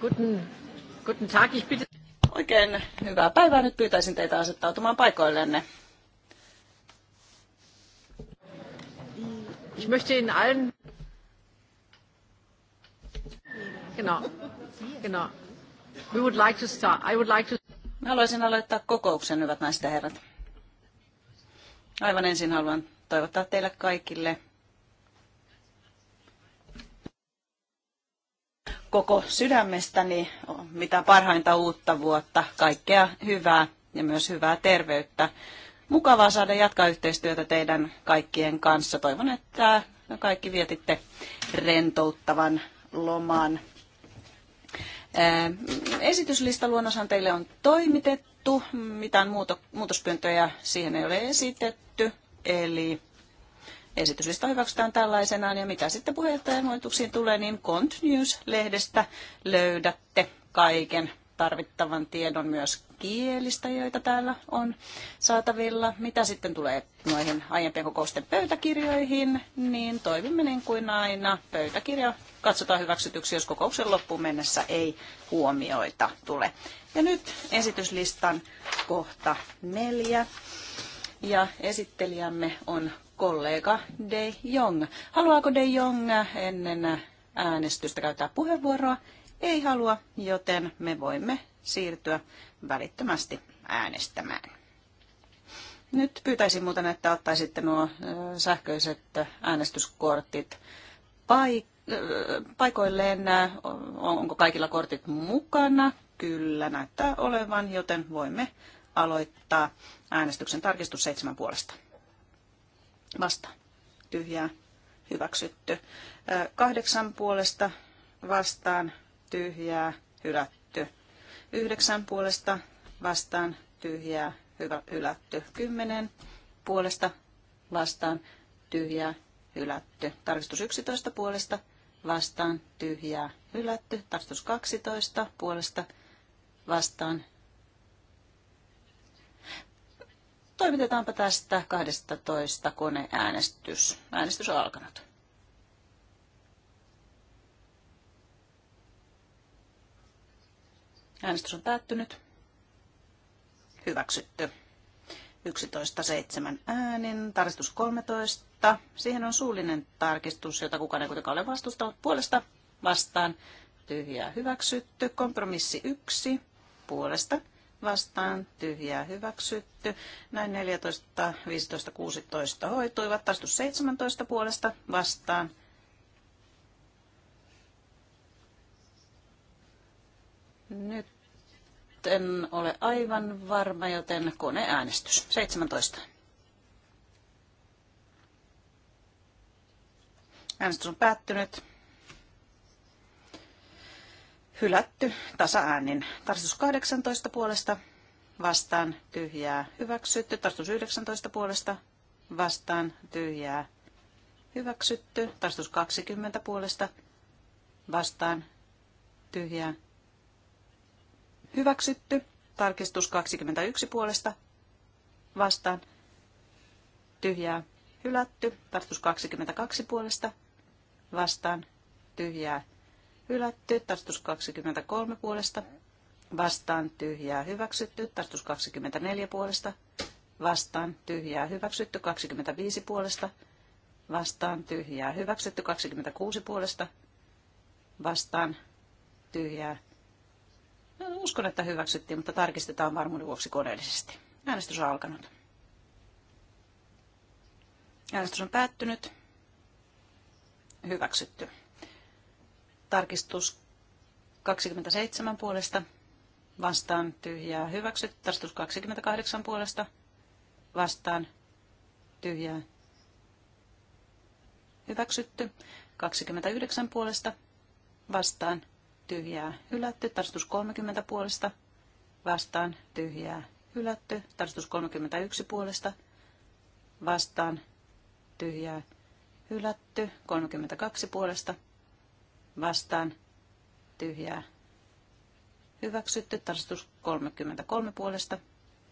Guten, guten Tag, ich bitte... Oikein hyvää päivää. Nyt pyytäisin teitä asettautumaan paikoillenne. Ich möchte Ihnen allen... Genau. Genau. We would like to start. I would like to... Mä Haluaisin aloittaa kokouksen, hyvät naiset ja herrat. Aivan ensin haluan toivottaa teille kaikille koko sydämestäni mitä parhainta uutta vuotta, kaikkea hyvää ja myös hyvää terveyttä. Mukavaa saada jatkaa yhteistyötä teidän kaikkien kanssa. Toivon, että kaikki vietitte rentouttavan loman. Esityslistaluonnoshan teille on toimitettu, mitään muutospyyntöjä siihen ei ole esitetty, eli esityslista hyväksytään tällaisenaan ja mitä sitten puheenjohtajan tulee, niin Cont News-lehdestä löydätte kaiken tarvittavan tiedon myös kielistä, joita täällä on saatavilla. Mitä sitten tulee noihin aiempien kokousten pöytäkirjoihin, niin toimimme niin kuin aina. Pöytäkirja katsotaan hyväksytyksi, jos kokouksen loppuun mennessä ei huomioita tule. Ja nyt esityslistan kohta neljä. Ja esittelijämme on kollega De Jong. Haluaako De Jong ennen äänestystä käyttää puheenvuoroa? Ei halua, joten me voimme siirtyä välittömästi äänestämään. Nyt pyytäisin muuten, että ottaisitte nuo sähköiset äänestyskortit paik- paikoilleen. Onko kaikilla kortit mukana? Kyllä näyttää olevan, joten voimme aloittaa äänestyksen tarkistus seitsemän puolesta vastaan tyhjää hyväksytty. Kahdeksan puolesta vastaan tyhjää hylätty. Yhdeksän puolesta vastaan tyhjää hyvä, hylätty. Kymmenen puolesta vastaan tyhjää hylätty. Tarkistus 11 puolesta vastaan tyhjää hylätty. Tarkistus 12 puolesta vastaan toimitetaanpa tästä 12 koneäänestys. Äänestys on alkanut. Äänestys on päättynyt. Hyväksytty. 11.7 äänin. Tarkistus 13. Siihen on suullinen tarkistus, jota kukaan ei kuitenkaan ole vastustanut puolesta vastaan. Tyhjää hyväksytty. Kompromissi 1 puolesta vastaan tyhjää hyväksytty. Näin 14, 15, 16 hoituivat. Vastus 17 puolesta vastaan Nyt en ole aivan varma, joten koneäänestys. 17. Äänestys on päättynyt. Hylätty tasaäänin. tarkastus 18 puolesta vastaan tyhjää hyväksytty. Tarkastus 19 puolesta vastaan tyhjää hyväksytty. Tarkastus 20 puolesta vastaan tyhjää hyväksytty. Tarkistus 21 puolesta vastaan tyhjää hylätty. Tarkistus 22 puolesta vastaan tyhjää hylätty, tarstus 23 puolesta, vastaan tyhjää hyväksytty, tarstus 24 puolesta, vastaan tyhjää hyväksytty, 25 puolesta, vastaan tyhjää hyväksytty, 26 puolesta, vastaan tyhjää. No, uskon, että hyväksyttiin, mutta tarkistetaan varmuuden vuoksi koneellisesti. Äänestys on alkanut. Äänestys on päättynyt. Hyväksytty. Tarkistus 27 puolesta vastaan tyhjää hyväksytty. Tarkistus 28 puolesta vastaan tyhjää hyväksytty. 29 puolesta vastaan tyhjää hylätty. Tarkistus 30 puolesta vastaan tyhjää hylätty. Tarkistus 31 puolesta vastaan tyhjää hylätty. 32 puolesta vastaan, vastaan tyhjää. Hyväksytty tarkistus 33 puolesta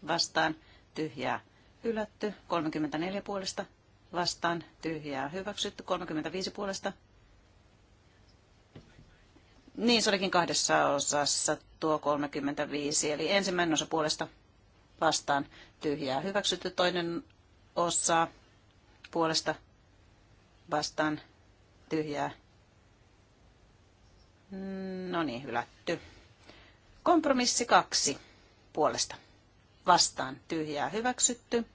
vastaan tyhjää. Hylätty 34 puolesta vastaan tyhjää. Hyväksytty 35 puolesta. Niin, se olikin kahdessa osassa tuo 35, eli ensimmäinen osa puolesta vastaan tyhjää. Hyväksytty toinen osa puolesta vastaan tyhjää No niin, hylätty. Kompromissi kaksi puolesta. Vastaan tyhjää hyväksytty.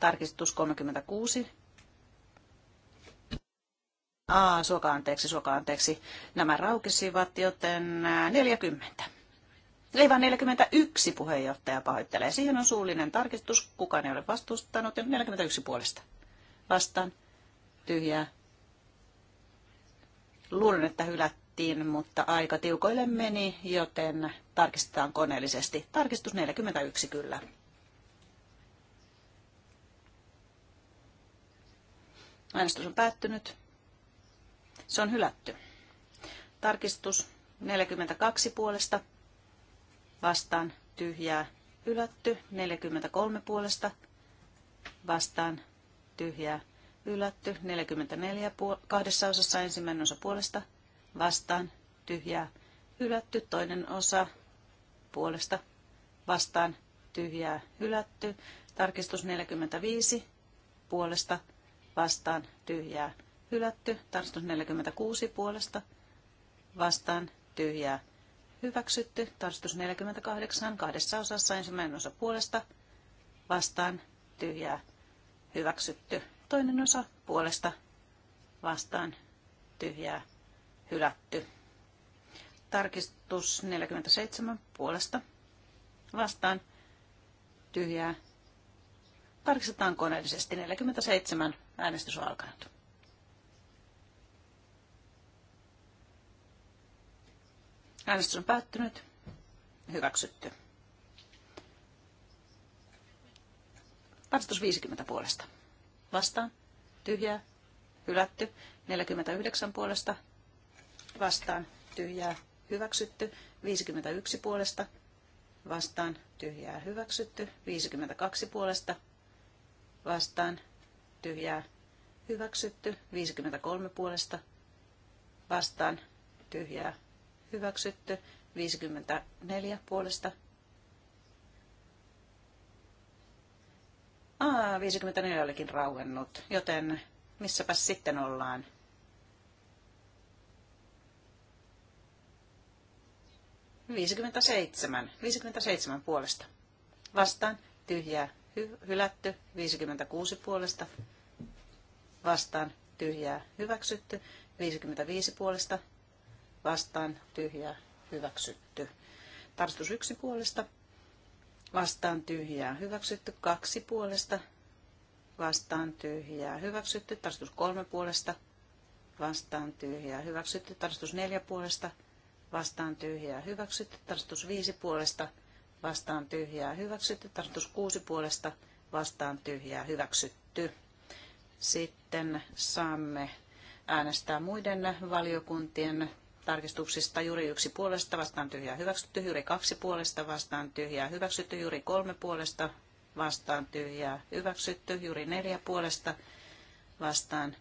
Tarkistus 36. Aa, suoka anteeksi, suoka anteeksi. Nämä raukisivat, joten 40. Ei vaan 41 puheenjohtaja pahoittelee. Siihen on suullinen tarkistus. Kukaan ei ole vastustanut. 41 puolesta. Vastaan. Tyhjää. Luulen, että hylätty päätettiin, mutta aika tiukoille meni, joten tarkistetaan koneellisesti. Tarkistus 41 kyllä. Äänestys on päättynyt. Se on hylätty. Tarkistus 42 puolesta vastaan tyhjää ylätty 43 puolesta vastaan tyhjää ylätty 44 puol- kahdessa osassa ensimmäinen osa puolesta vastaan tyhjää hylätty. Toinen osa puolesta vastaan tyhjää hylätty. Tarkistus 45 puolesta vastaan tyhjää hylätty. Tarkistus 46 puolesta vastaan tyhjää hyväksytty. Tarkistus 48 kahdessa osassa ensimmäinen osa puolesta vastaan tyhjää hyväksytty. Toinen osa puolesta vastaan tyhjää hylätty. Tarkistus 47 puolesta vastaan tyhjää. Tarkistetaan koneellisesti 47. Äänestys on alkanut. Äänestys on päättynyt. Hyväksytty. Tarkistus 50 puolesta. Vastaan. Tyhjää. Hylätty. 49 puolesta vastaan tyhjää hyväksytty, 51 puolesta vastaan tyhjää hyväksytty, 52 puolesta vastaan tyhjää hyväksytty, 53 puolesta vastaan tyhjää hyväksytty, 54 puolesta Aa, 54 olikin rauennut, joten missäpäs sitten ollaan? 57. 57 puolesta. Vastaan. Tyhjää. Hy- hylätty. 56 puolesta. Vastaan. Tyhjää. Hyväksytty. 55 puolesta. Vastaan. Tyhjää. Hyväksytty. Tarkistus 1 puolesta. Vastaan. Tyhjää. Hyväksytty. 2 puolesta. Vastaan. Tyhjää. Hyväksytty. Tarkistus 3 puolesta. Vastaan. Tyhjää. Hyväksytty. Tarkistus 4 puolesta vastaan tyhjää hyväksytty, tarkistus 5 puolesta vastaan tyhjää hyväksytty, tarkistus 6 puolesta vastaan tyhjää hyväksytty. Sitten saamme äänestää muiden valiokuntien tarkistuksista juuri yksi puolesta vastaan tyhjää hyväksytty, juuri kaksi puolesta vastaan tyhjää hyväksytty, juuri kolme puolesta vastaan tyhjää hyväksytty, juuri neljä puolesta vastaan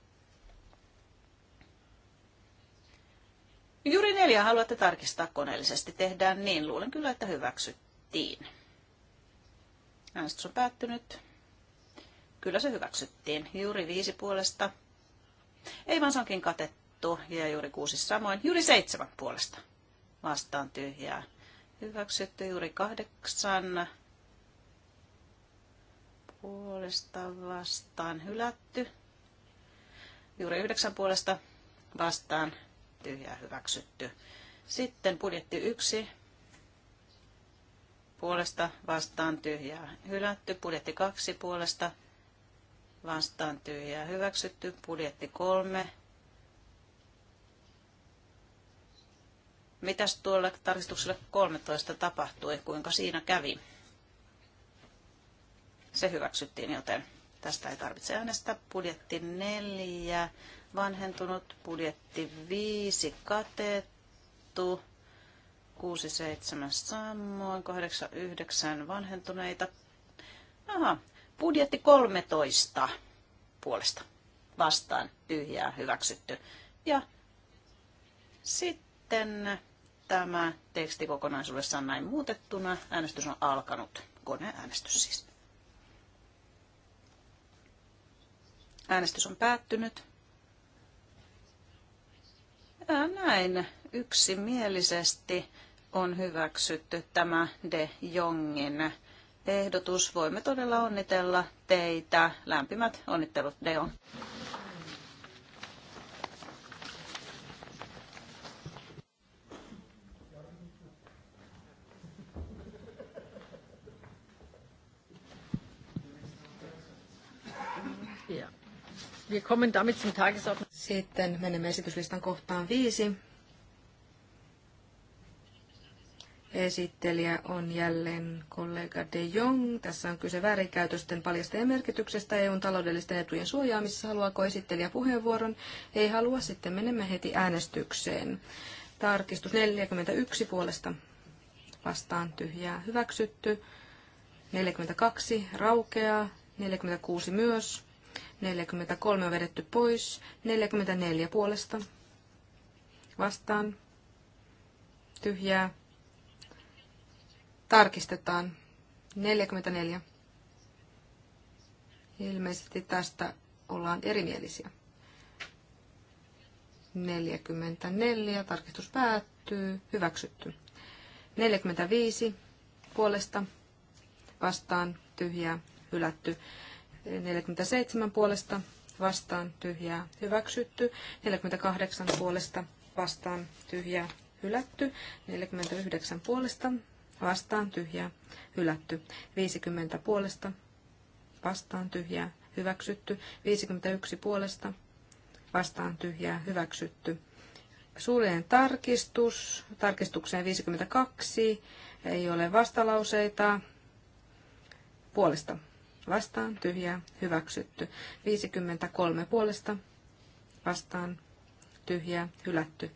Juuri neljä haluatte tarkistaa koneellisesti. Tehdään niin. Luulen kyllä, että hyväksyttiin. Äänestys on päättynyt. Kyllä se hyväksyttiin. Juuri viisi puolesta. Ei vaan sankin katettu. Ja juuri kuusi samoin. Juuri seitsemän puolesta. Vastaan tyhjää. Hyväksytty juuri kahdeksan. Puolesta vastaan hylätty. Juuri yhdeksän puolesta vastaan tyhjää hyväksytty. Sitten budjetti 1 puolesta vastaan tyhjää hylätty. Budjetti 2 puolesta vastaan tyhjää hyväksytty. Budjetti 3 Mitäs tuolle tarkistukselle 13 tapahtui, kuinka siinä kävi? Se hyväksyttiin, joten tästä ei tarvitse äänestää. Budjetti 4 vanhentunut, budjetti 5 katettu, 6, 7 samoin, 8, 9 vanhentuneita. Aha, budjetti 13 puolesta vastaan tyhjää hyväksytty. Ja sitten tämä teksti kokonaisuudessaan näin muutettuna. Äänestys on alkanut. Koneäänestys siis. Äänestys on päättynyt näin yksimielisesti on hyväksytty tämä De Jongin ehdotus. Voimme todella onnitella teitä. Lämpimät onnittelut, De Jong. Sitten menemme esityslistan kohtaan viisi. Esittelijä on jälleen kollega De Jong. Tässä on kyse väärinkäytösten paljastajien merkityksestä EUn taloudellisten etujen suojaamisessa. Haluaako esittelijä puheenvuoron? Ei halua. Sitten menemme heti äänestykseen. Tarkistus 41 puolesta vastaan tyhjää hyväksytty. 42 raukeaa. 46 myös. 43 on vedetty pois. 44 puolesta. Vastaan. Tyhjää. Tarkistetaan. 44. Ilmeisesti tästä ollaan erimielisiä. 44. Tarkistus päättyy. Hyväksytty. 45. Puolesta vastaan tyhjää hylätty. 47 puolesta vastaan tyhjää hyväksytty, 48 puolesta vastaan tyhjää hylätty, 49 puolesta vastaan tyhjää hylätty, 50 puolesta vastaan tyhjää hyväksytty, 51 puolesta vastaan tyhjää hyväksytty. Suullinen tarkistus, tarkistukseen 52, ei ole vastalauseita puolesta vastaan, tyhjää, hyväksytty. 53 puolesta vastaan, tyhjää, hylätty.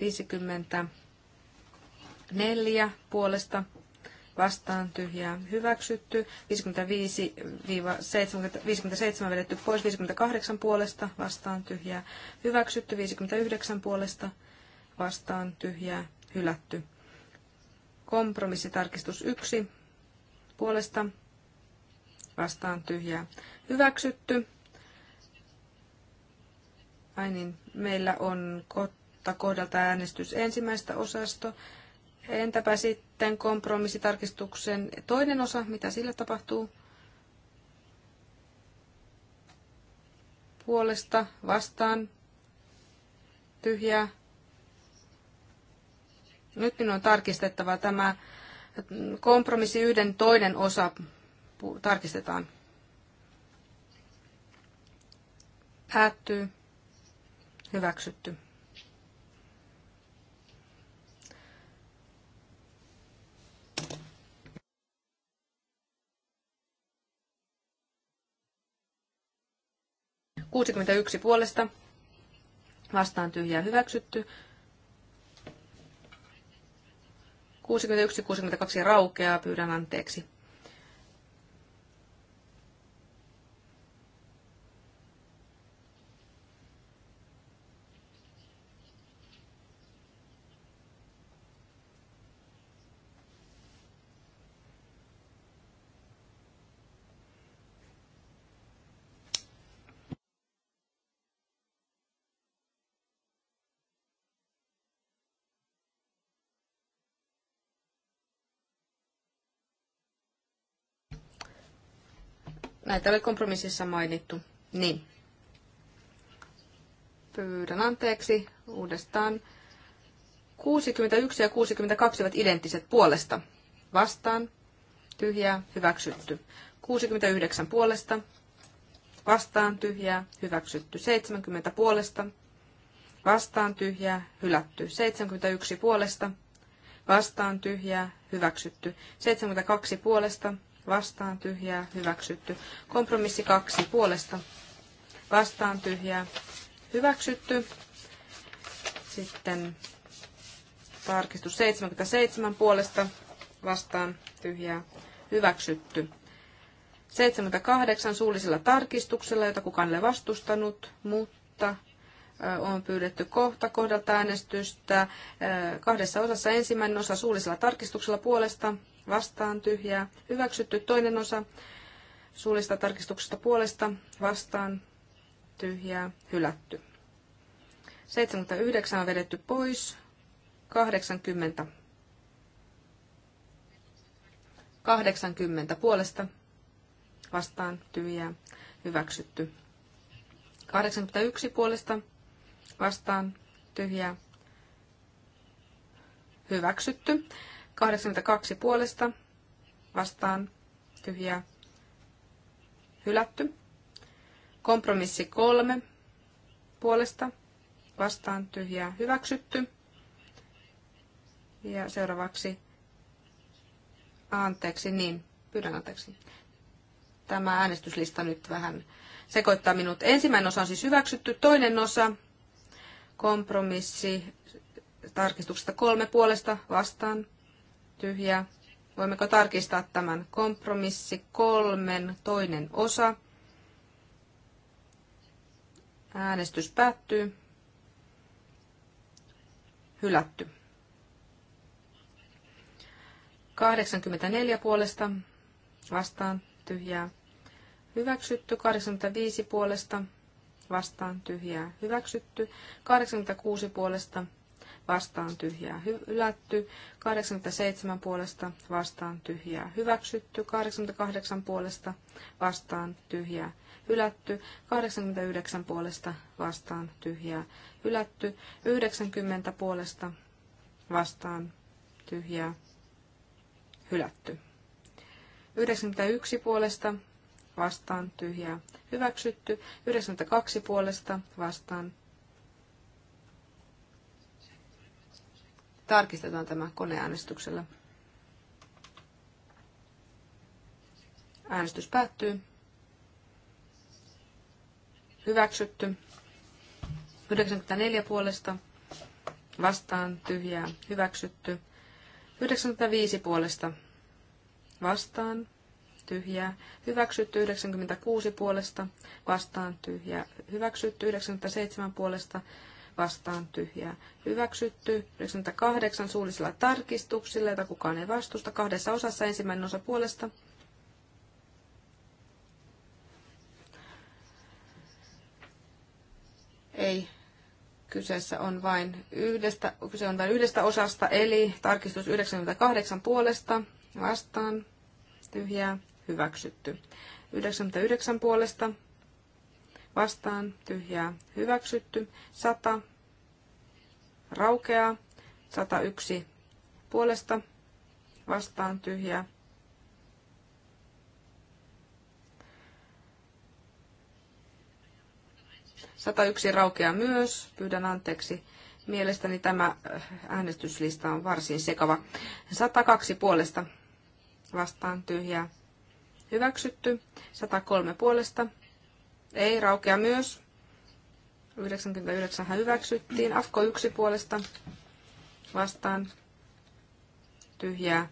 54 puolesta vastaan tyhjää hyväksytty, 55-57 vedetty pois, 58 puolesta vastaan tyhjää hyväksytty, 59 puolesta vastaan tyhjää hylätty. Kompromissitarkistus 1 puolesta vastaan tyhjää hyväksytty. Ai niin, meillä on kohta kohdalta äänestys ensimmäistä osasto. Entäpä sitten kompromissitarkistuksen toinen osa, mitä sillä tapahtuu? Puolesta, vastaan, tyhjää. Nyt minun on tarkistettava tämä kompromissi yhden toinen osa tarkistetaan. Päättyy. Hyväksytty. Kuusikymmentäyksi puolesta. Vastaan tyhjää hyväksytty. 61-62 raukeaa, pyydän anteeksi. Näitä oli kompromississa mainittu. Niin. Pyydän anteeksi uudestaan. 61 ja 62 ovat identtiset puolesta. Vastaan. Tyhjää. Hyväksytty. 69 puolesta. Vastaan tyhjää. Hyväksytty. 70 puolesta. Vastaan tyhjää. Hylätty. 71 puolesta. Vastaan tyhjää. Hyväksytty. 72 puolesta vastaan tyhjää, hyväksytty. Kompromissi kaksi puolesta, vastaan tyhjää, hyväksytty. Sitten tarkistus 77 puolesta, vastaan tyhjää, hyväksytty. 78 suullisella tarkistuksella, jota kukaan ei ole vastustanut, mutta on pyydetty kohta kohdalta äänestystä. Kahdessa osassa ensimmäinen osa suullisella tarkistuksella puolesta vastaan tyhjää hyväksytty. Toinen osa suullista tarkistuksesta puolesta vastaan tyhjää hylätty. 79 on vedetty pois. 80. 80 puolesta vastaan tyhjää hyväksytty. 81 puolesta vastaan tyhjää hyväksytty. 82 puolesta vastaan tyhjää hylätty. Kompromissi 3 puolesta vastaan tyhjää hyväksytty. Ja seuraavaksi anteeksi, niin pyydän anteeksi. Tämä äänestyslista nyt vähän sekoittaa minut. Ensimmäinen osa on siis hyväksytty, toinen osa kompromissi tarkistuksesta kolme puolesta vastaan tyhjä, Voimmeko tarkistaa tämän? Kompromissi kolmen toinen osa. Äänestys päättyy. Hylätty. 84 puolesta vastaan tyhjää. Hyväksytty 85 puolesta vastaan tyhjää. Hyväksytty 86 puolesta vastaan tyhjää hylätty, 87 puolesta vastaan tyhjää hyväksytty, 88 puolesta vastaan tyhjää hylätty, 89 puolesta vastaan tyhjää hylätty, 90 puolesta vastaan tyhjää hylätty. 91 puolesta vastaan tyhjää hyväksytty, 92 puolesta vastaan Tarkistetaan tämä koneäänestyksellä. Äänestys päättyy. Hyväksytty. 94 puolesta vastaan tyhjää. Hyväksytty. 95 puolesta vastaan tyhjää. Hyväksytty 96 puolesta vastaan tyhjää. Hyväksytty 97 puolesta vastaan tyhjää. Hyväksytty 98 suullisilla tarkistuksilla, jota kukaan ei vastusta. Kahdessa osassa ensimmäinen osa puolesta. Ei. Kyseessä on vain yhdestä, kyse on vain yhdestä osasta, eli tarkistus 98 puolesta vastaan tyhjää hyväksytty. 99 puolesta vastaan tyhjää hyväksytty. 100 raukeaa. 101 puolesta vastaan tyhjää. Sata yksi raukeaa myös, pyydän anteeksi. Mielestäni tämä äh, äänestyslista on varsin sekava. 102 puolesta vastaan tyhjää hyväksytty. 103 puolesta ei, raukea myös. 99 hyväksyttiin. Afko 1 puolesta vastaan tyhjää.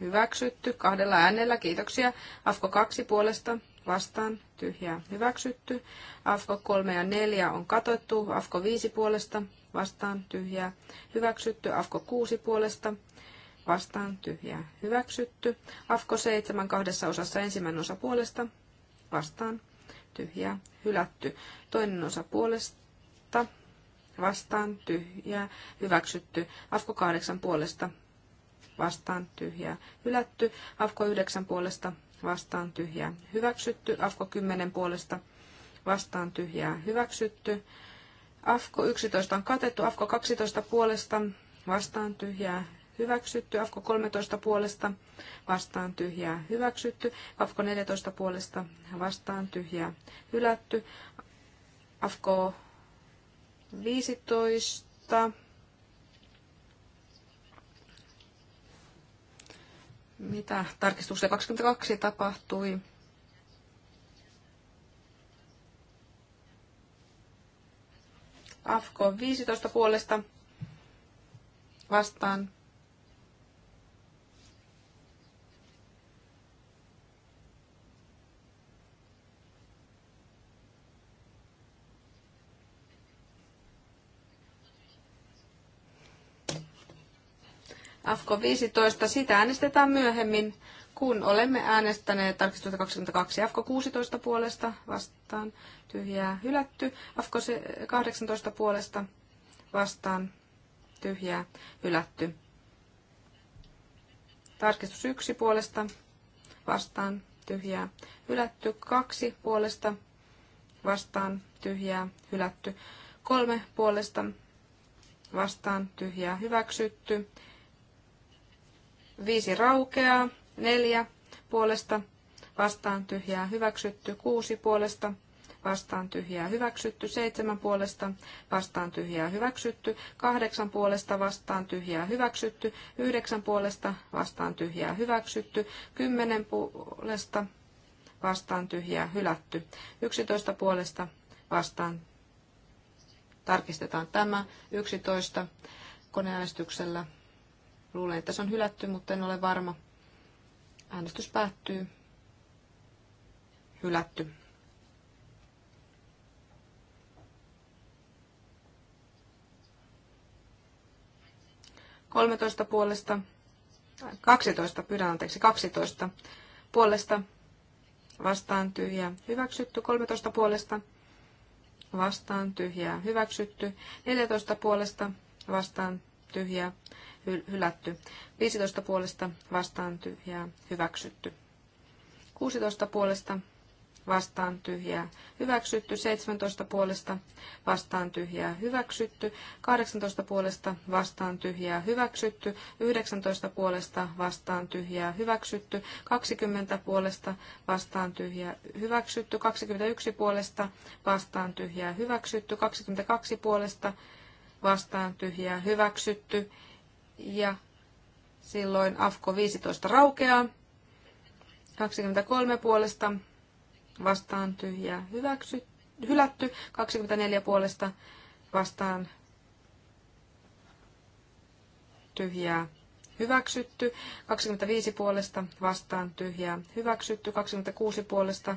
Hyväksytty kahdella äänellä, kiitoksia. Afko 2 puolesta vastaan tyhjää hyväksytty. Afko 3 ja 4 on katottu. Afko 5 puolesta vastaan tyhjää hyväksytty. Afko 6 puolesta vastaan tyhjää hyväksytty. Afko 7 kahdessa osassa ensimmäinen osa puolesta vastaan tyhjää hylätty. Toinen osa puolesta vastaan tyhjää hyväksytty. Afko 8 puolesta vastaan tyhjää hylätty. Afko 9 puolesta vastaan tyhjää hyväksytty. Afko 10 puolesta vastaan tyhjää hyväksytty. Afko 11 on katettu, Afko 12 puolesta vastaan tyhjää hyväksytty, AFKO 13 puolesta vastaan tyhjää hyväksytty, AFKO 14 puolesta vastaan tyhjää hylätty, AFKO 15 mitä tarkistukselle 22 tapahtui. AFK 15 puolesta vastaan AFKO 15, sitä äänestetään myöhemmin, kun olemme äänestäneet tarkistusta 22 AFKO 16 puolesta vastaan, tyhjää hylätty, AFKO 18 puolesta vastaan, tyhjää hylätty. Tarkistus 1 puolesta vastaan, tyhjää hylätty, 2 puolesta vastaan, tyhjää hylätty, 3 puolesta vastaan, tyhjää hyväksytty, 5 raukeaa, 4 puolesta vastaan tyhjää hyväksytty, 6 puolesta vastaan tyhjää hyväksytty, 7 puolesta vastaan tyhjää hyväksytty, 8 puolesta vastaan tyhjää hyväksytty, 9 puolesta vastaan tyhjää hyväksytty, 10 puolesta vastaan tyhjää hylätty, 11 puolesta vastaan tarkistetaan tämä, 11 koneäänestyksellä Luulen, että se on hylätty, mutta en ole varma. Äänestys päättyy. Hylätty. Kolmetoista puolesta. 12, pyydän anteeksi, 12 puolesta vastaan tyhjää hyväksytty, 13 puolesta vastaan tyhjää hyväksytty, 14 puolesta vastaan tyhjää, hylätty. 15 puolesta vastaan tyhjää, hyväksytty. 16 puolesta vastaan tyhjää, hyväksytty. 17 puolesta vastaan tyhjää, hyväksytty. 18 puolesta vastaan tyhjää, hyväksytty. 19 puolesta vastaan tyhjää, hyväksytty. 20 puolesta vastaan tyhjää, hyväksytty. 21 puolesta vastaan tyhjää, hyväksytty. 22 puolesta vastaan tyhjää, hyväksytty vastaan tyhjää hyväksytty ja silloin AFKO 15 raukeaa. 23 puolesta vastaan tyhjää hyväksy, hylätty, 24 puolesta vastaan tyhjää hyväksytty, 25 puolesta vastaan tyhjää hyväksytty, 26 puolesta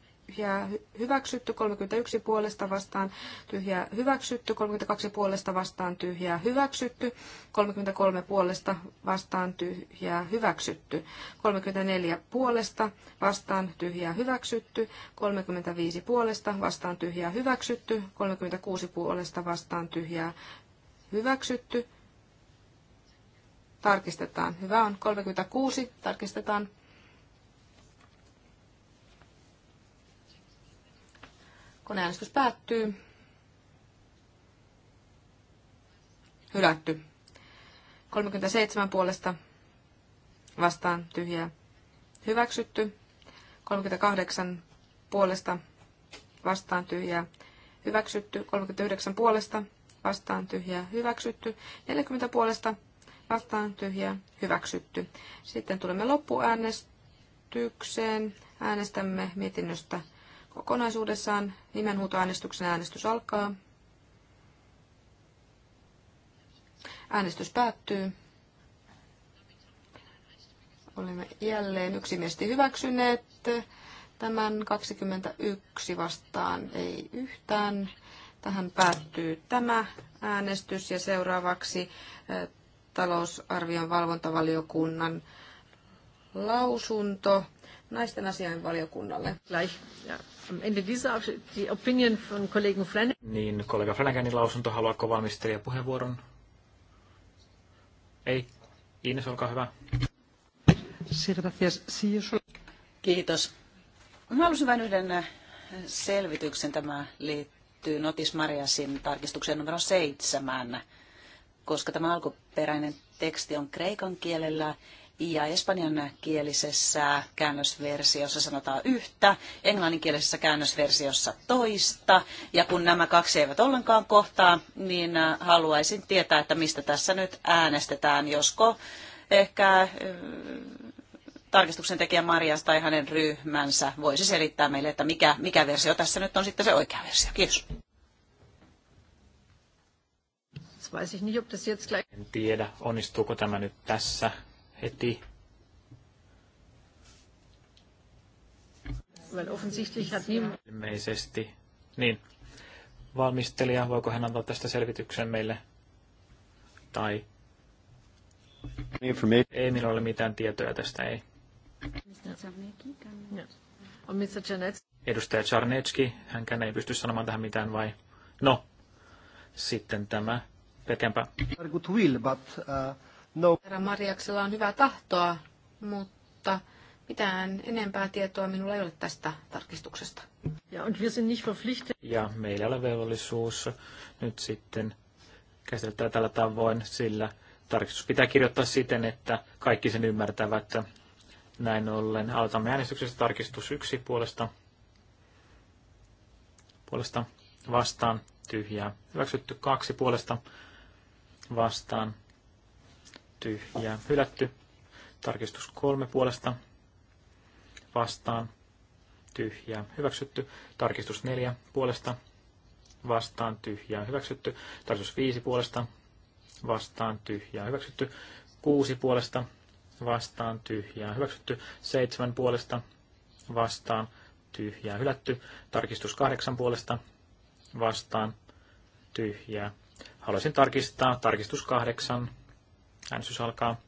tyhjää hyväksytty, 31 puolesta vastaan tyhjää hyväksytty, 32 puolesta vastaan tyhjää hyväksytty, 33 puolesta vastaan tyhjää hyväksytty, 34 puolesta vastaan tyhjää hyväksytty, 35 puolesta vastaan tyhjää hyväksytty, 36 puolesta vastaan tyhjää hyväksytty, tarkistetaan. Hyvä on. 36. Tarkistetaan. Koneäänestys päättyy. Hylätty. 37 puolesta vastaan tyhjää. Hyväksytty. 38 puolesta vastaan tyhjää. Hyväksytty. 39 puolesta vastaan tyhjää. Hyväksytty. 40 puolesta vastaan tyhjää. Hyväksytty. Sitten tulemme loppuäänestykseen. Äänestämme mietinnöstä Kokonaisuudessaan nimenhuutoäänestyksen äänestys alkaa. Äänestys päättyy. Olemme jälleen yksimiesti hyväksyneet tämän 21 vastaan ei yhtään. Tähän päättyy tämä äänestys ja seuraavaksi eh, talousarvion valvontavaliokunnan lausunto naisten asiain valiokunnalle. Niin, kollega Flanaganin lausunto, haluatko valmistelija puheenvuoron? Ei. Ines, olkaa hyvä. Kiitos. Mä halusin vain yhden äh, selvityksen. Tämä liittyy Notis Mariasin tarkistukseen numero seitsemän, koska tämä alkuperäinen teksti on kreikan kielellä ja espanjan kielisessä käännösversiossa sanotaan yhtä, englanninkielisessä käännösversiossa toista. Ja kun nämä kaksi eivät ollenkaan kohtaa, niin äh, haluaisin tietää, että mistä tässä nyt äänestetään, josko ehkä äh, tarkistuksen tekijä Maria tai hänen ryhmänsä voisi selittää meille, että mikä, mikä versio tässä nyt on sitten se oikea versio. Kiitos. En tiedä, onnistuuko tämä nyt tässä heti. Ilmeisesti. Niin. Valmistelija, voiko hän antaa tästä selvityksen meille? Tai ei minulla ole mitään tietoja tästä, ei. Edustaja Czarnecki, hänkään ei pysty sanomaan tähän mitään vai? No, sitten tämä Pekenpä. Good will, but, uh... No. Herra Mariaksella on hyvää tahtoa, mutta mitään enempää tietoa minulla ei ole tästä tarkistuksesta. Ja, und wir sind nicht verpflichtet. ja meillä on velvollisuus nyt sitten käsitellä tällä tavoin, sillä tarkistus pitää kirjoittaa siten, että kaikki sen ymmärtävät. Näin ollen aloitamme äänestyksestä tarkistus yksi puolesta. Puolesta vastaan tyhjää. Hyväksytty kaksi puolesta vastaan tyhjää hylätty. Tarkistus kolme puolesta vastaan tyhjää hyväksytty. Tarkistus neljä puolesta vastaan tyhjää hyväksytty. Tarkistus viisi puolesta vastaan tyhjää hyväksytty. kuusi puolesta vastaan tyhjää hyväksytty. seitsemän puolesta vastaan tyhjää hylätty. Tarkistus kahdeksan puolesta vastaan tyhjää. Haluaisin tarkistaa tarkistus kahdeksan Äänestys alkaa.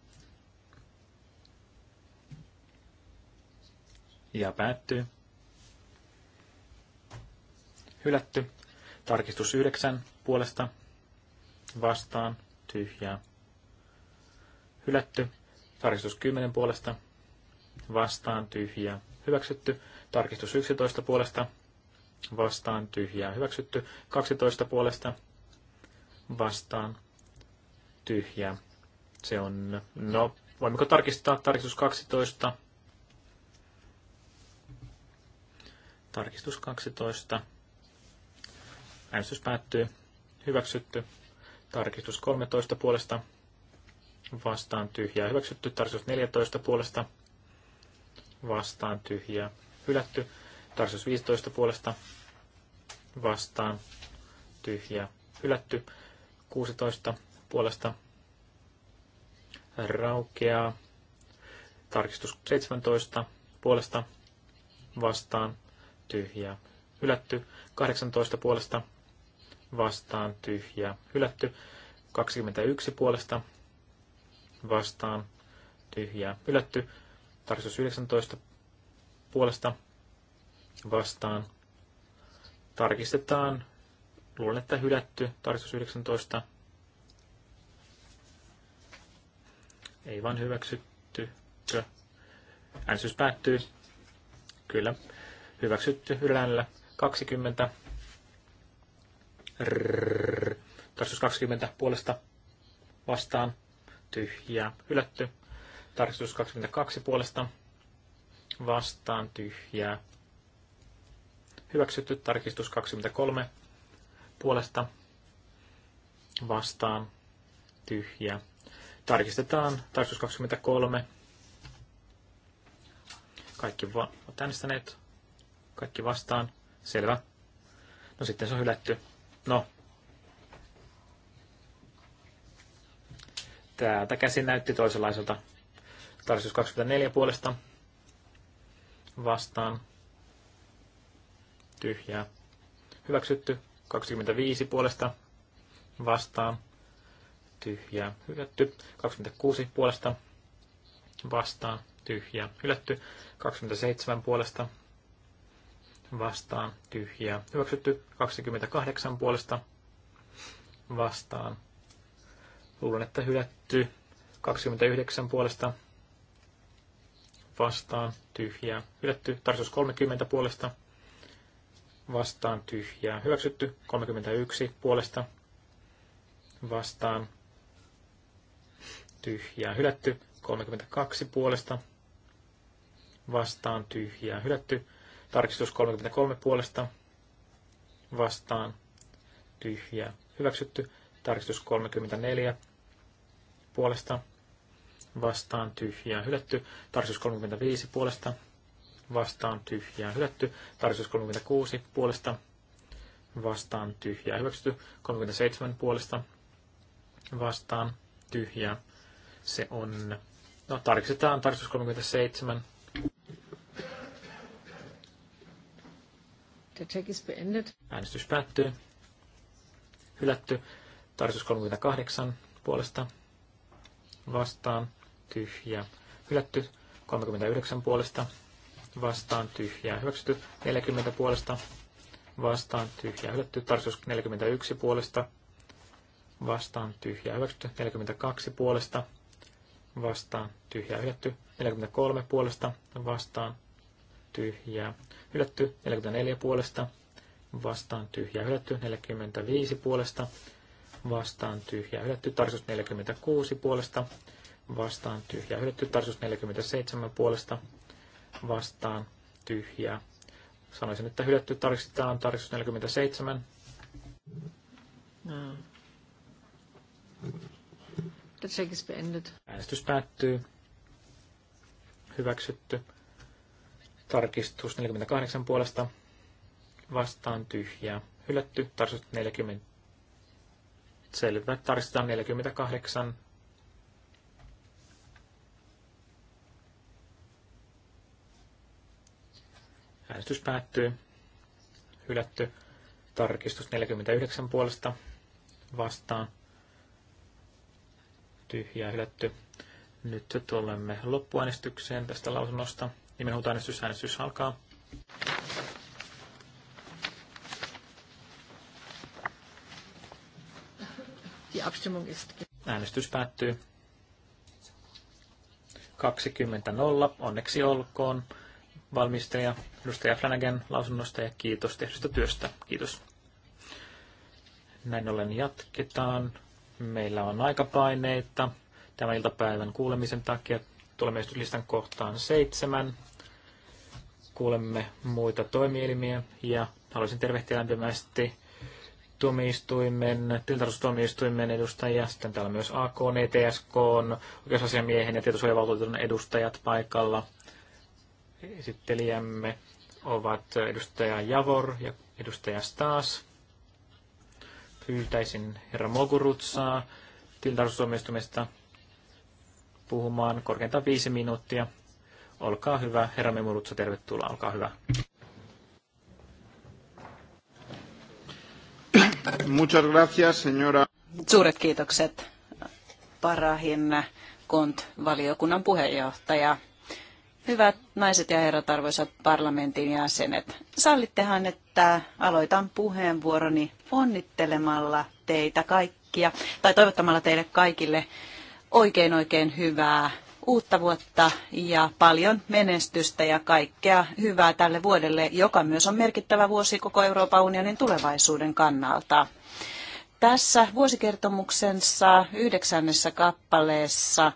Ja päättyy. Hylätty. Tarkistus 9 puolesta. Vastaan. Tyhjää. Hylätty. Tarkistus 10 puolesta. Vastaan. Tyhjää. Hyväksytty. Tarkistus 11 puolesta. Vastaan. Tyhjää. Hyväksytty. 12 puolesta. Vastaan. Tyhjää se on, no, voimmeko tarkistaa tarkistus 12? Tarkistus 12. Äänestys päättyy. Hyväksytty. Tarkistus 13 puolesta. Vastaan tyhjää. Hyväksytty. Tarkistus 14 puolesta. Vastaan tyhjää. Hylätty. Tarkistus 15 puolesta. Vastaan tyhjää. Hylätty. 16 puolesta raukeaa. Tarkistus 17 puolesta vastaan tyhjä hylätty. 18 puolesta vastaan tyhjä hylätty. 21 puolesta vastaan tyhjä hylätty. Tarkistus 19 puolesta vastaan. Tarkistetaan. Luulen, että hylätty. Tarkistus 19 Ei vaan hyväksytty. Äänsys päättyy. Kyllä. Hyväksytty ylällä 20. Rrrr. Tarkistus 20 puolesta vastaan. Tyhjää. Hylätty. Tarkistus 22 puolesta vastaan. Tyhjää. Hyväksytty. Tarkistus 23 puolesta vastaan. Tyhjää Tarkistetaan. Tarkistus 23. Kaikki va- ovat äänestäneet. Kaikki vastaan. Selvä. No sitten se on hylätty. No. Täältä käsi näytti toisenlaiselta. Tarkistus 24 puolesta. Vastaan. Tyhjää. Hyväksytty. 25 puolesta. Vastaan tyhjää, hylätty. 26 puolesta vastaan, tyhjää, hylätty. 27 puolesta vastaan, tyhjää, hyväksytty. 28 puolesta vastaan, luulen, että hylätty. 29 puolesta vastaan, tyhjää, hylätty. tarkoitus 30 puolesta vastaan, tyhjää, hyväksytty. 31 puolesta vastaan, tyhjää hylätty. 32 puolesta vastaan tyhjää hylätty. Tarkistus 33 puolesta vastaan tyhjää hyväksytty. Tarkistus 34 puolesta vastaan tyhjää hylätty. Tarkistus 35 puolesta vastaan tyhjää hylätty. Tarkistus 36 puolesta vastaan tyhjää hyväksytty. 37 puolesta vastaan tyhjää se on, no tarkistetaan, tarkistus 37. Der check is beendet. Äänestys päättyy. Hylätty. Tarkistus 38 puolesta. Vastaan. Tyhjä. Hylätty. 39 puolesta. Vastaan. Tyhjä. Hyväksytty. 40 puolesta. Vastaan. Tyhjä. Hylätty. Tarkistus 41 puolesta. Vastaan. Tyhjä. Hyväksytty. 42 puolesta vastaan tyhjää hylätty. 43 puolesta vastaan tyhjää hylätty. 44 puolesta vastaan tyhjää hylätty. 45 puolesta vastaan tyhjää hylätty. tarkoitus 46 puolesta vastaan tyhjää hylätty. tarkoitus 47 puolesta vastaan tyhjää. Sanoisin, että hylätty tarkistetaan tarkistus 47. Mm. Check is beendet. Äänestys päättyy. Hyväksytty. Tarkistus 48 puolesta. Vastaan tyhjää. Hylätty. Tarkistus 40. Selvä. Tarkistetaan 48. Äänestys päättyy. Hylätty. Tarkistus 49 puolesta vastaan tyhjää hylätty. Nyt tulemme loppuäänestykseen tästä lausunnosta. Nimenhuutoäänestys, äänestys alkaa. Äänestys päättyy. 20.0. Onneksi olkoon valmistaja edustaja Flanagan lausunnosta ja kiitos tehdystä työstä. Kiitos. Näin ollen jatketaan Meillä on aikapaineita tämän iltapäivän kuulemisen takia. Tulemme listan kohtaan seitsemän. Kuulemme muita toimielimiä ja haluaisin tervehtiä lämpimästi tuomioistuimen, tiltarustuomioistuimen edustajia. Sitten täällä on myös AK, ETSK, oikeusasiamiehen ja tietosuojavaltuutetun edustajat paikalla. Esittelijämme ovat edustaja Javor ja edustaja Staas pyytäisin herra Mogurutsaa tilintarkastustuomioistumista puhumaan korkeintaan viisi minuuttia. Olkaa hyvä, herra Mogurutsa, tervetuloa, olkaa hyvä. Muchas gracias, señora. Suuret kiitokset, Parahin Kont, valiokunnan puheenjohtaja. Hyvät naiset ja herrat, arvoisat parlamentin jäsenet, sallittehan, että aloitan puheenvuoroni onnittelemalla teitä kaikkia, tai toivottamalla teille kaikille oikein oikein hyvää uutta vuotta ja paljon menestystä ja kaikkea hyvää tälle vuodelle, joka myös on merkittävä vuosi koko Euroopan unionin tulevaisuuden kannalta. Tässä vuosikertomuksensa yhdeksännessä kappaleessa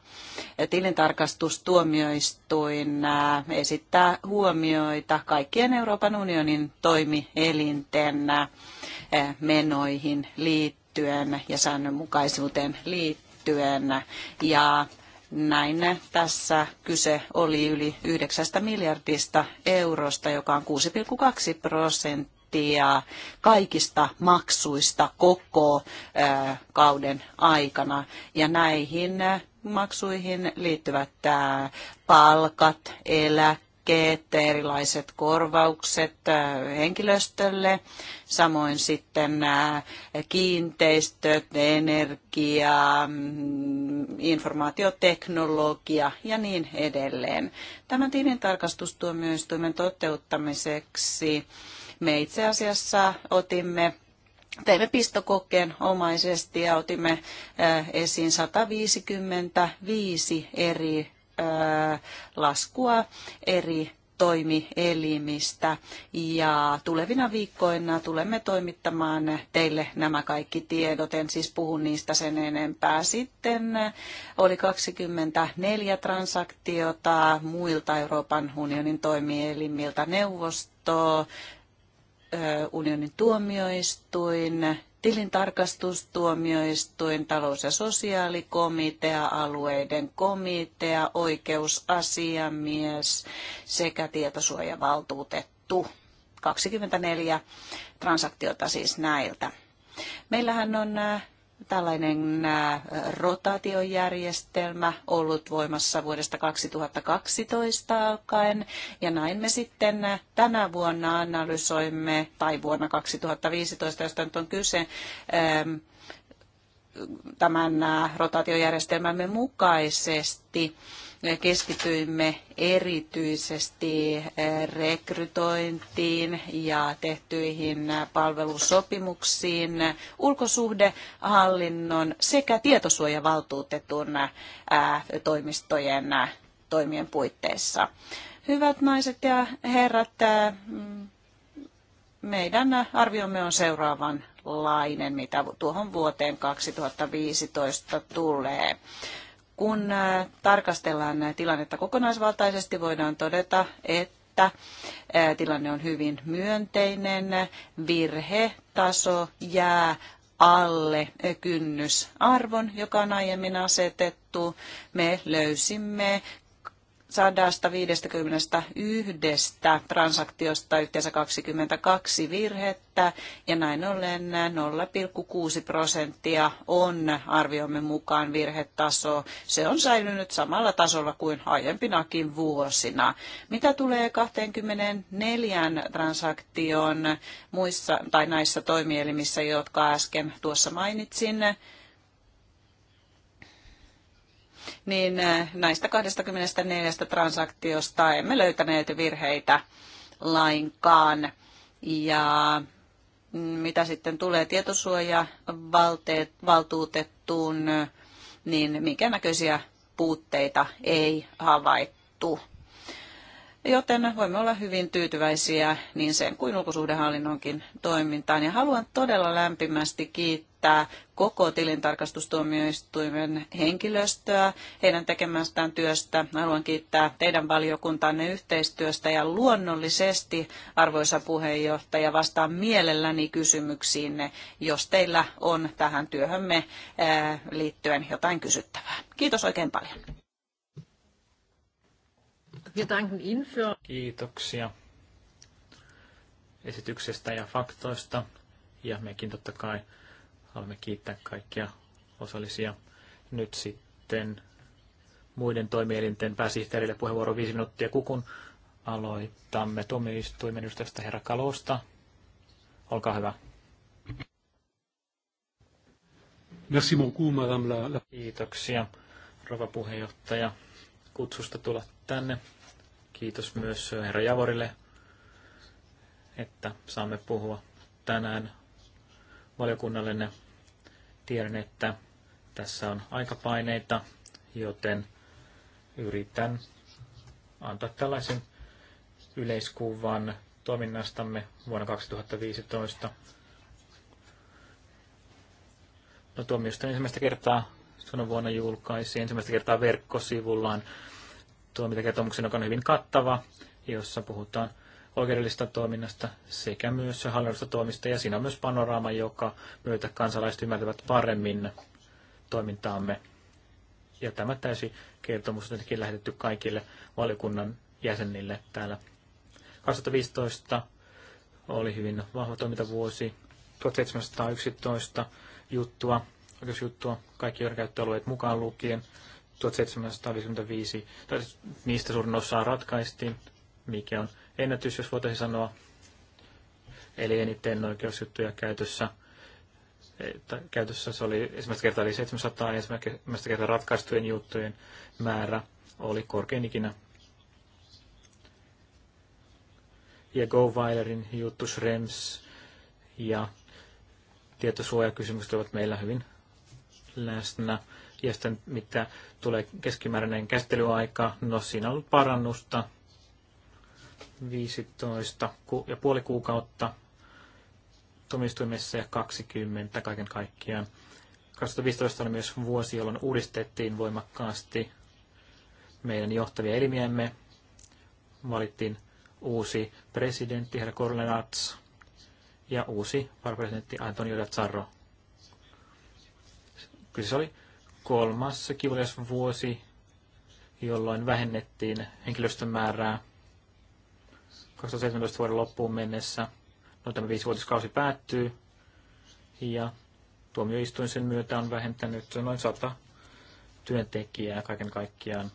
tilintarkastustuomioistuin esittää huomioita kaikkien Euroopan unionin toimielinten menoihin liittyen ja säännönmukaisuuteen liittyen. Ja näin tässä kyse oli yli 9 miljardista eurosta, joka on 6,2 prosenttia prosenttia kaikista maksuista koko kauden aikana. Ja näihin maksuihin liittyvät palkat, eläkkeet, erilaiset korvaukset henkilöstölle, samoin sitten kiinteistöt, energia, mm, informaatioteknologia ja niin edelleen. Tämän tilintarkastustuomioistuimen toteuttamiseksi me itse asiassa otimme Teimme pistokokeen omaisesti ja otimme äh, esiin 155 eri äh, laskua eri toimielimistä ja tulevina viikkoina tulemme toimittamaan teille nämä kaikki tiedot. En siis puhu niistä sen enempää. Sitten äh, oli 24 transaktiota muilta Euroopan unionin toimielimiltä neuvosto, unionin tuomioistuin, tilintarkastustuomioistuin, talous- ja sosiaalikomitea, alueiden komitea, oikeusasiamies sekä tietosuojavaltuutettu. 24 transaktiota siis näiltä. Meillähän on tällainen rotaatiojärjestelmä ollut voimassa vuodesta 2012 alkaen. Ja näin me sitten tänä vuonna analysoimme, tai vuonna 2015, josta nyt on kyse, tämän rotaatiojärjestelmämme mukaisesti keskityimme erityisesti eh, rekrytointiin ja tehtyihin palvelusopimuksiin, ulkosuhdehallinnon sekä tietosuojavaltuutetun eh, toimistojen eh, toimien puitteissa. Hyvät naiset ja herrat, meidän arviomme on seuraavanlainen, mitä tuohon vuoteen 2015 tulee. Kun äh, tarkastellaan tilannetta kokonaisvaltaisesti, voidaan todeta, että äh, tilanne on hyvin myönteinen, virhetaso jää alle äh, kynnysarvon, joka on aiemmin asetettu. Me löysimme 151 transaktiosta yhteensä 22 virhettä ja näin ollen 0,6 prosenttia on arviomme mukaan virhetaso. Se on säilynyt samalla tasolla kuin aiempinakin vuosina. Mitä tulee 24 transaktioon muissa tai näissä toimielimissä, jotka äsken tuossa mainitsin, niin äh, näistä 24 transaktiosta emme löytäneet virheitä lainkaan. Ja mm, mitä sitten tulee tietosuojavaltuutettuun, niin minkä näköisiä puutteita ei havaittu. Joten voimme olla hyvin tyytyväisiä niin sen kuin ulkosuhdehallinnonkin toimintaan. Ja haluan todella lämpimästi kiittää kiittää koko tilintarkastustuomioistuimen henkilöstöä heidän tekemästään työstä. Haluan kiittää teidän valiokuntanne yhteistyöstä ja luonnollisesti, arvoisa puheenjohtaja, vastaan mielelläni kysymyksiinne, jos teillä on tähän työhömme liittyen jotain kysyttävää. Kiitos oikein paljon. Kiitoksia esityksestä ja faktoista. Ja mekin totta kai Haluamme kiittää kaikkia osallisia. Nyt sitten muiden toimielinten pääsihteerille puheenvuoro viisi minuuttia, kukun aloitamme tuomioistuimen edustajasta herra Kalosta. Olkaa hyvä. Merci beaucoup, madame la... Kiitoksia, rouva puheenjohtaja, kutsusta tulla tänne. Kiitos myös herra Javorille, että saamme puhua tänään valiokunnallenne Tiedän, että tässä on aikapaineita, joten yritän antaa tällaisen yleiskuvan toiminnastamme vuonna 2015. No tuomioistuin ensimmäistä kertaa sanon vuonna julkaisi ensimmäistä kertaa verkkosivullaan toimintakertomuksen, joka on hyvin kattava, jossa puhutaan oikeudellisesta toiminnasta sekä myös hallinnollisesta toimista. Ja siinä on myös panoraama, joka myötä kansalaiset ymmärtävät paremmin toimintaamme. Ja tämä täysi kertomus on tietenkin lähetetty kaikille valiokunnan jäsenille täällä. 2015 oli hyvin vahva toimintavuosi. 1711 juttua, oikeusjuttua, kaikki oikeudenkäyttöalueet mukaan lukien. 1755, tai siis niistä suurin osa ratkaistiin, mikä on ennätys, jos voitaisiin sanoa. Eli eniten oikeusjuttuja käytössä. Käytössä se oli ensimmäistä kertaa oli 700 ja ensimmäistä kertaa ratkaistujen juttujen määrä oli korkein ikinä. Ja GoWilerin juttu Schrems ja tietosuojakysymykset ovat meillä hyvin läsnä. Ja sitten mitä tulee keskimääräinen käsittelyaika, no siinä on ollut parannusta 15 ja puoli kuukautta tuomioistuimessa ja 20 kaiken kaikkiaan. 2015 oli myös vuosi, jolloin uudistettiin voimakkaasti meidän johtavia elimiämme. Valittiin uusi presidentti herra Korlenats ja uusi varapresidentti Antonio Kyllä se oli kolmas kivulias vuosi, jolloin vähennettiin henkilöstön määrää 2017 vuoden loppuun mennessä. No tämä viisivuotiskausi päättyy ja tuomioistuin sen myötä on vähentänyt noin 100 työntekijää kaiken kaikkiaan.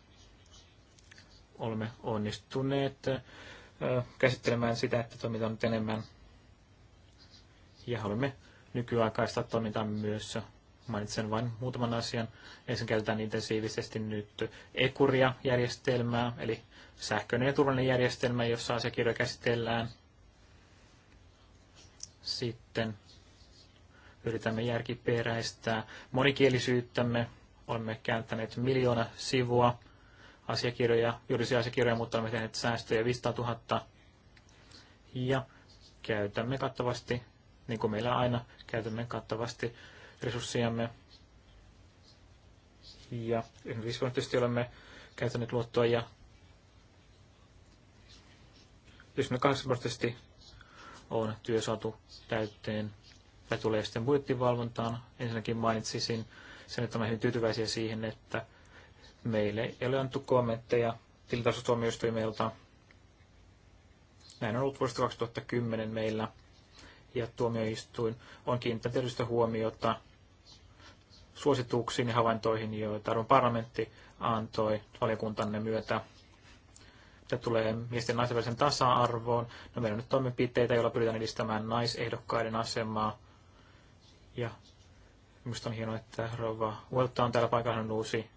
Olemme onnistuneet käsittelemään sitä, että toiminta on nyt enemmän ja haluamme nykyaikaista toimintaa myös Mainitsen vain muutaman asian. Ensin käytetään intensiivisesti nyt Ekuria-järjestelmää, eli sähköinen ja turvallinen järjestelmä, jossa asiakirjoja käsitellään. Sitten yritämme järkiperäistää monikielisyyttämme. Olemme kääntäneet miljoona sivua asiakirjoja, juridisia asiakirjoja, mutta olemme tehneet säästöjä 500 000. Ja käytämme kattavasti, niin kuin meillä aina, käytämme kattavasti resurssiamme. Ja viisi vuonna tietysti olemme käyttäneet luottoa ja 98 prosenttisesti on työ saatu täyteen. Tämä tulee sitten budjettivalvontaan. Ensinnäkin mainitsisin sen, että olen hyvin tyytyväisiä siihen, että meille ei ole annettu kommentteja tilintasuustuomioistuimelta. Näin on ollut vuodesta 2010 meillä, ja tuomioistuin on kiinnittänyt huomiota suosituksiin ja havaintoihin, joita Arvon parlamentti antoi valiokuntanne myötä. Mitä tulee miesten ja naisten välisen tasa-arvoon, no meillä on nyt toimenpiteitä, joilla pyritään edistämään naisehdokkaiden asemaa. Ja minusta on hienoa, että Rova Uelta on täällä paikalla on uusi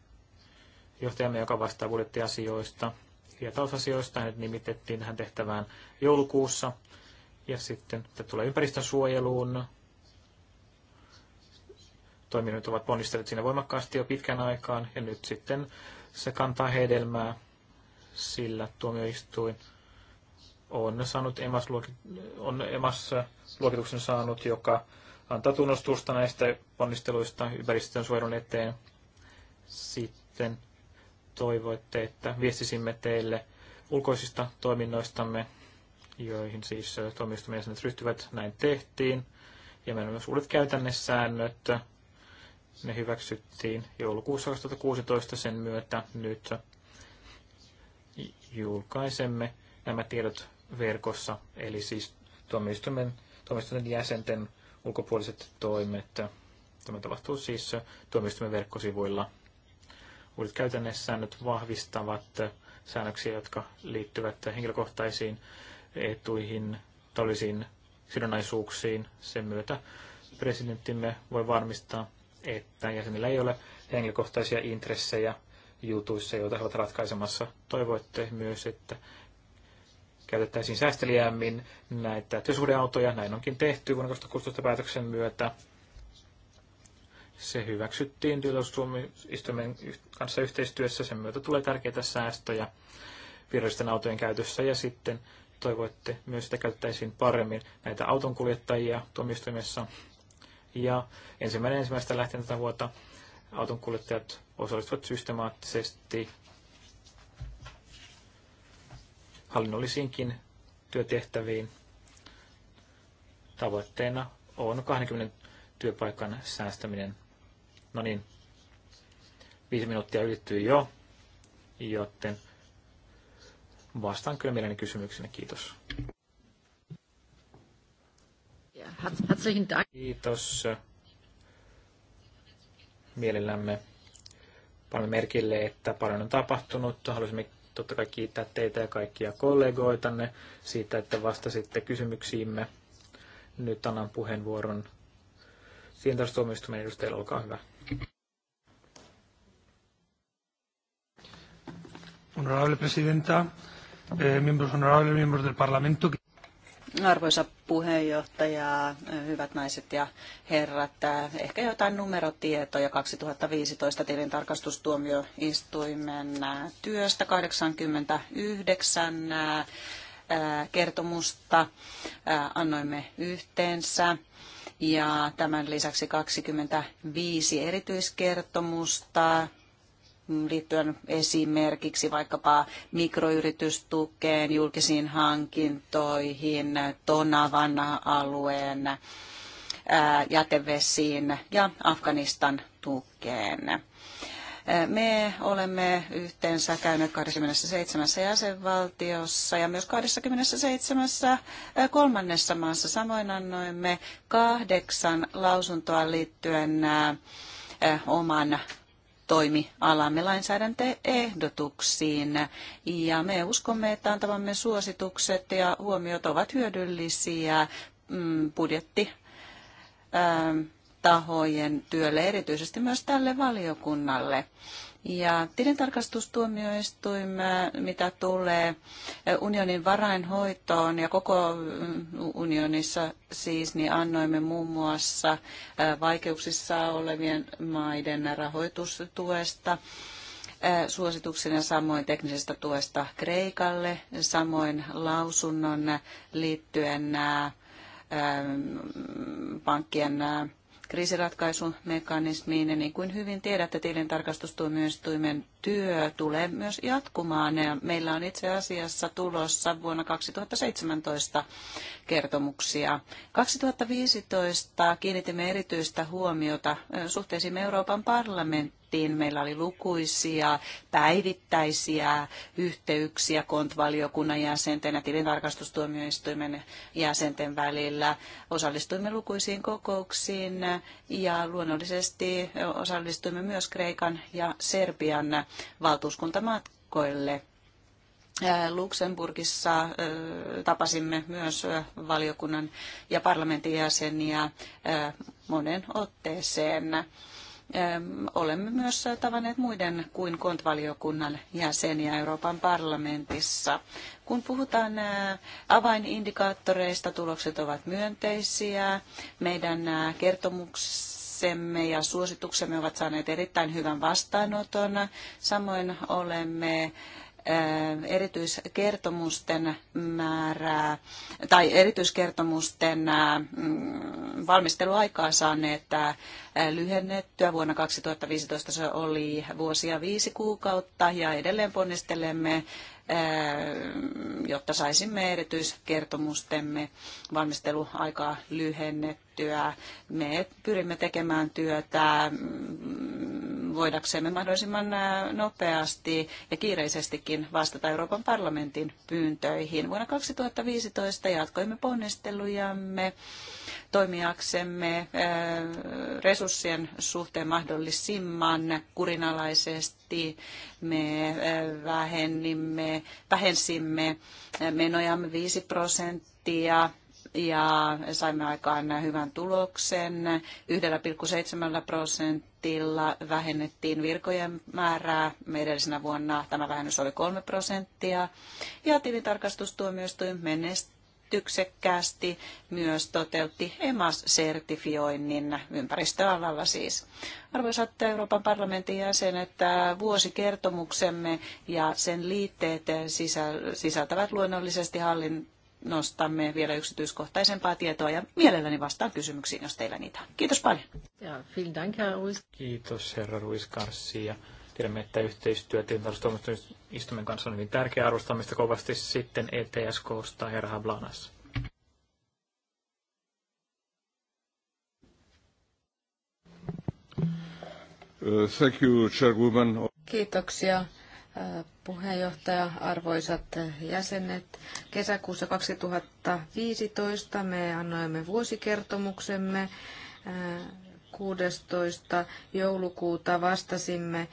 johtajamme, joka vastaa budjettiasioista ja talousasioista. Hänet nimitettiin tähän tehtävään joulukuussa. Ja sitten tulee ympäristönsuojeluun, toiminut ovat ponnistelleet siinä voimakkaasti jo pitkän aikaan, ja nyt sitten se kantaa hedelmää, sillä tuomioistuin on saanut emas, on emas luokituksen saanut, joka antaa tunnustusta näistä ponnisteluista ympäristön suojelun eteen. Sitten toivoitte, että viestisimme teille ulkoisista toiminnoistamme, joihin siis toimistumiesenet ryhtyvät. Näin tehtiin. Ja meillä on myös uudet käytännessäännöt ne hyväksyttiin joulukuussa 2016 sen myötä nyt julkaisemme nämä tiedot verkossa, eli siis tuomioistuimen, tuomioistuimen jäsenten ulkopuoliset toimet. Tämä tapahtuu siis tuomioistuimen verkkosivuilla. Uudet säännöt vahvistavat säännöksiä, jotka liittyvät henkilökohtaisiin etuihin, taloudellisiin sidonnaisuuksiin. Sen myötä presidenttimme voi varmistaa, että jäsenillä ei ole henkilökohtaisia intressejä jutuissa, joita he ovat ratkaisemassa. Toivoitte myös, että käytettäisiin säästeliäämmin näitä työsuhdeautoja. Näin onkin tehty vuonna 2016 päätöksen myötä. Se hyväksyttiin työsuomistuimen kanssa yhteistyössä. Sen myötä tulee tärkeitä säästöjä virallisten autojen käytössä ja sitten toivoitte myös, että käyttäisiin paremmin näitä autonkuljettajia tuomioistuimessa. Ja ensimmäinen ensimmäistä lähtien tätä vuotta auton kuljettajat osallistuvat systemaattisesti hallinnollisiinkin työtehtäviin. Tavoitteena on 20 työpaikan säästäminen. No niin, viisi minuuttia ylittyy jo, joten vastaan kyllä mielelläni kysymyksenä. Kiitos. Kiitos. Mielellämme panemme merkille, että paljon on tapahtunut. Haluaisimme totta kai kiittää teitä ja kaikkia kollegoitanne siitä, että vastasitte kysymyksiimme. Nyt annan puheenvuoron tientastuomioistuimen edustajalle, olkaa hyvä. Honorable presidenta, eh, miembros honorables, miembros del Parlamento. Arvoisa puheenjohtaja, hyvät naiset ja herrat, ehkä jotain numerotietoja 2015 tilintarkastustuomioistuimen työstä 89 kertomusta annoimme yhteensä ja tämän lisäksi 25 erityiskertomusta liittyen esimerkiksi vaikkapa mikroyritystukeen, julkisiin hankintoihin, Tonavan alueen jätevesiin ja Afganistan tukeen. Me olemme yhteensä käyneet 27 jäsenvaltiossa ja myös 27 kolmannessa maassa. Samoin annoimme kahdeksan lausuntoa liittyen oman toimialamme lainsäädäntöehdotuksiin. Ja me uskomme, että antavamme suositukset ja huomiot ovat hyödyllisiä mm, budjetti ähm, tahojen työlle, erityisesti myös tälle valiokunnalle. Ja tilintarkastustuomioistuin, mitä tulee unionin varainhoitoon ja koko unionissa siis, niin annoimme muun muassa vaikeuksissa olevien maiden rahoitustuesta suosituksena samoin teknisestä tuesta Kreikalle, samoin lausunnon liittyen pankkien mekanismiin. Ja niin kuin hyvin tiedätte, tilintarkastustuomioistuimen työ tulee myös jatkumaan. Ja meillä on itse asiassa tulossa vuonna 2017 kertomuksia. 2015 kiinnitimme erityistä huomiota suhteisiin Euroopan parlamenttiin tehtiin. Meillä oli lukuisia päivittäisiä yhteyksiä kontvaliokunnan jäsenten ja tilintarkastustuomioistuimen jäsenten välillä. Osallistuimme lukuisiin kokouksiin ja luonnollisesti osallistuimme myös Kreikan ja Serbian valtuuskuntamatkoille. Äh, Luxemburgissa äh, tapasimme myös äh, valiokunnan ja parlamentin jäseniä monen otteeseen. Olemme myös tavanneet muiden kuin kontvaliokunnan jäseniä Euroopan parlamentissa. Kun puhutaan avainindikaattoreista, tulokset ovat myönteisiä. Meidän kertomuksemme ja suosituksemme ovat saaneet erittäin hyvän vastaanoton. Samoin olemme erityiskertomusten määrää tai erityiskertomusten mm, valmisteluaikaa saaneet lyhennettyä. Vuonna 2015 se oli vuosia viisi kuukautta ja edelleen ponnistelemme jotta saisimme erityiskertomustemme valmisteluaikaa lyhennettyä. Me pyrimme tekemään työtä mm, voidaksemme mahdollisimman nopeasti ja kiireisestikin vastata Euroopan parlamentin pyyntöihin. Vuonna 2015 jatkoimme ponnistelujamme toimijaksemme resurssien suhteen mahdollisimman kurinalaisesti. Me vähennimme, vähensimme menojamme 5 prosenttia ja saimme aikaan hyvän tuloksen 1,7 prosenttia prosentilla vähennettiin virkojen määrää. Edellisenä vuonna tämä vähennys oli 3 prosenttia. Ja tilintarkastustuomioistuin menestyksekkäästi myös toteutti EMAS-sertifioinnin ympäristöalalla siis. Arvoisat Euroopan parlamentin jäsenet, vuosikertomuksemme ja sen liitteet sisältävät luonnollisesti hallin nostamme vielä yksityiskohtaisempaa tietoa ja mielelläni vastaan kysymyksiin, jos teillä niitä on. Kiitos paljon. Ja, vielen dank, herra Ruiz. Kiitos, herra Ruiz Garcia. Tiedämme, että yhteistyö tilintarkastustuomioistuimen kanssa on hyvin tärkeä arvostamista kovasti sitten ETSKsta, herra Hablanas. Uh, thank you, Chairwoman. Kiitoksia puheenjohtaja, arvoisat jäsenet. Kesäkuussa 2015 me annoimme vuosikertomuksemme. 16. joulukuuta vastasimme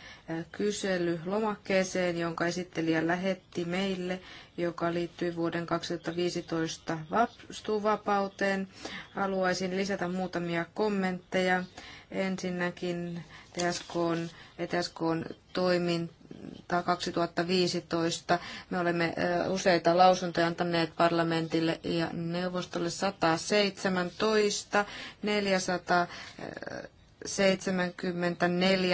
kyselylomakkeeseen, jonka esittelijä lähetti meille, joka liittyy vuoden 2015 vastuuvapauteen. Haluaisin lisätä muutamia kommentteja. Ensinnäkin ETSK on toimin. 2015. Me olemme useita lausuntoja antaneet parlamentille ja neuvostolle 117, 400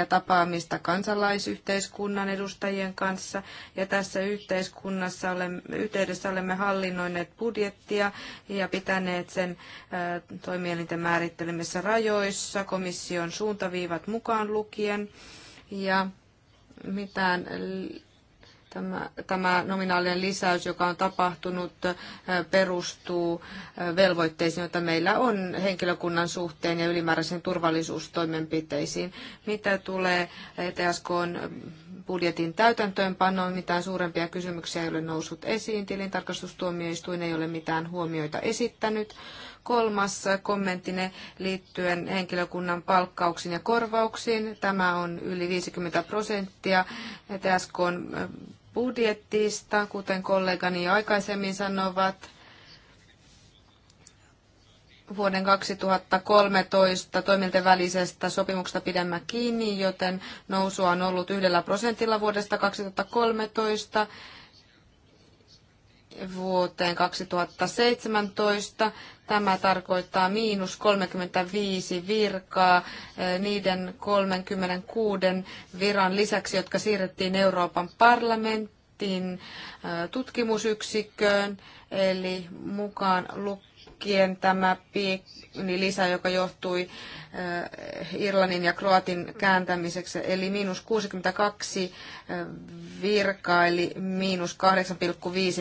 tapaamista kansalaisyhteiskunnan edustajien kanssa. Ja tässä yhteiskunnassa olemme, yhteydessä olemme hallinnoineet budjettia ja pitäneet sen toimielinten määrittelemissä rajoissa, komission suuntaviivat mukaan lukien. Ja mitään Tämä, tämä nominaalinen lisäys, joka on tapahtunut, perustuu velvoitteisiin, joita meillä on henkilökunnan suhteen ja ylimääräisiin turvallisuustoimenpiteisiin. Mitä tulee ETSK budjetin täytäntöönpanoon, mitään suurempia kysymyksiä ei ole noussut esiin. Tilintarkastustuomioistuin ei ole mitään huomioita esittänyt. Kolmas kommenttine liittyen henkilökunnan palkkauksiin ja korvauksiin. Tämä on yli 50 prosenttia TSK budjettista, kuten kollegani jo aikaisemmin sanovat vuoden 2013 toiminten välisestä sopimuksesta pidemmän kiinni, joten nousua on ollut yhdellä prosentilla vuodesta 2013 vuoteen 2017. Tämä tarkoittaa miinus 35 virkaa eh, niiden 36 viran lisäksi, jotka siirrettiin Euroopan parlamenttiin eh, tutkimusyksikköön, eli mukaan lukien lukien tämä pieni lisä, joka johtui eh, Irlannin ja Kroatin kääntämiseksi, eli miinus 62 virka eli miinus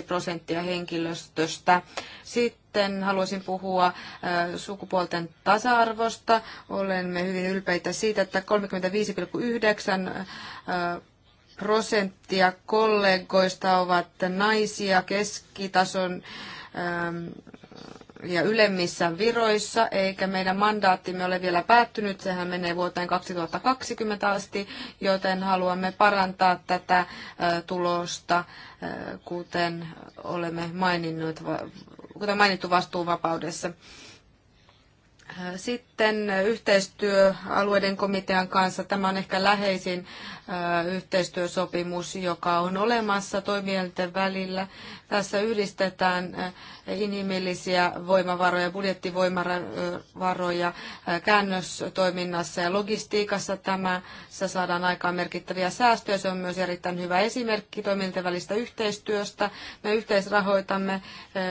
8,5 prosenttia henkilöstöstä. Sitten haluaisin puhua eh, sukupuolten tasa-arvosta. Olemme hyvin ylpeitä siitä, että 35,9 eh, prosenttia kollegoista ovat naisia, keskitason ja ylemmissä viroissa, eikä meidän mandaattimme ole vielä päättynyt. Sehän menee vuoteen 2020 asti, joten haluamme parantaa tätä tulosta, kuten olemme maininnut, kuten mainittu vastuuvapaudessa. Sitten yhteistyö alueiden komitean kanssa. Tämä on ehkä läheisin Äh, yhteistyösopimus, joka on olemassa toimielten välillä. Tässä yhdistetään äh, inhimillisiä voimavaroja, budjettivoimavaroja äh, käännöstoiminnassa ja logistiikassa. Tämä saadaan aikaan merkittäviä säästöjä. Se on myös erittäin hyvä esimerkki toimielten välistä yhteistyöstä. Me yhteisrahoitamme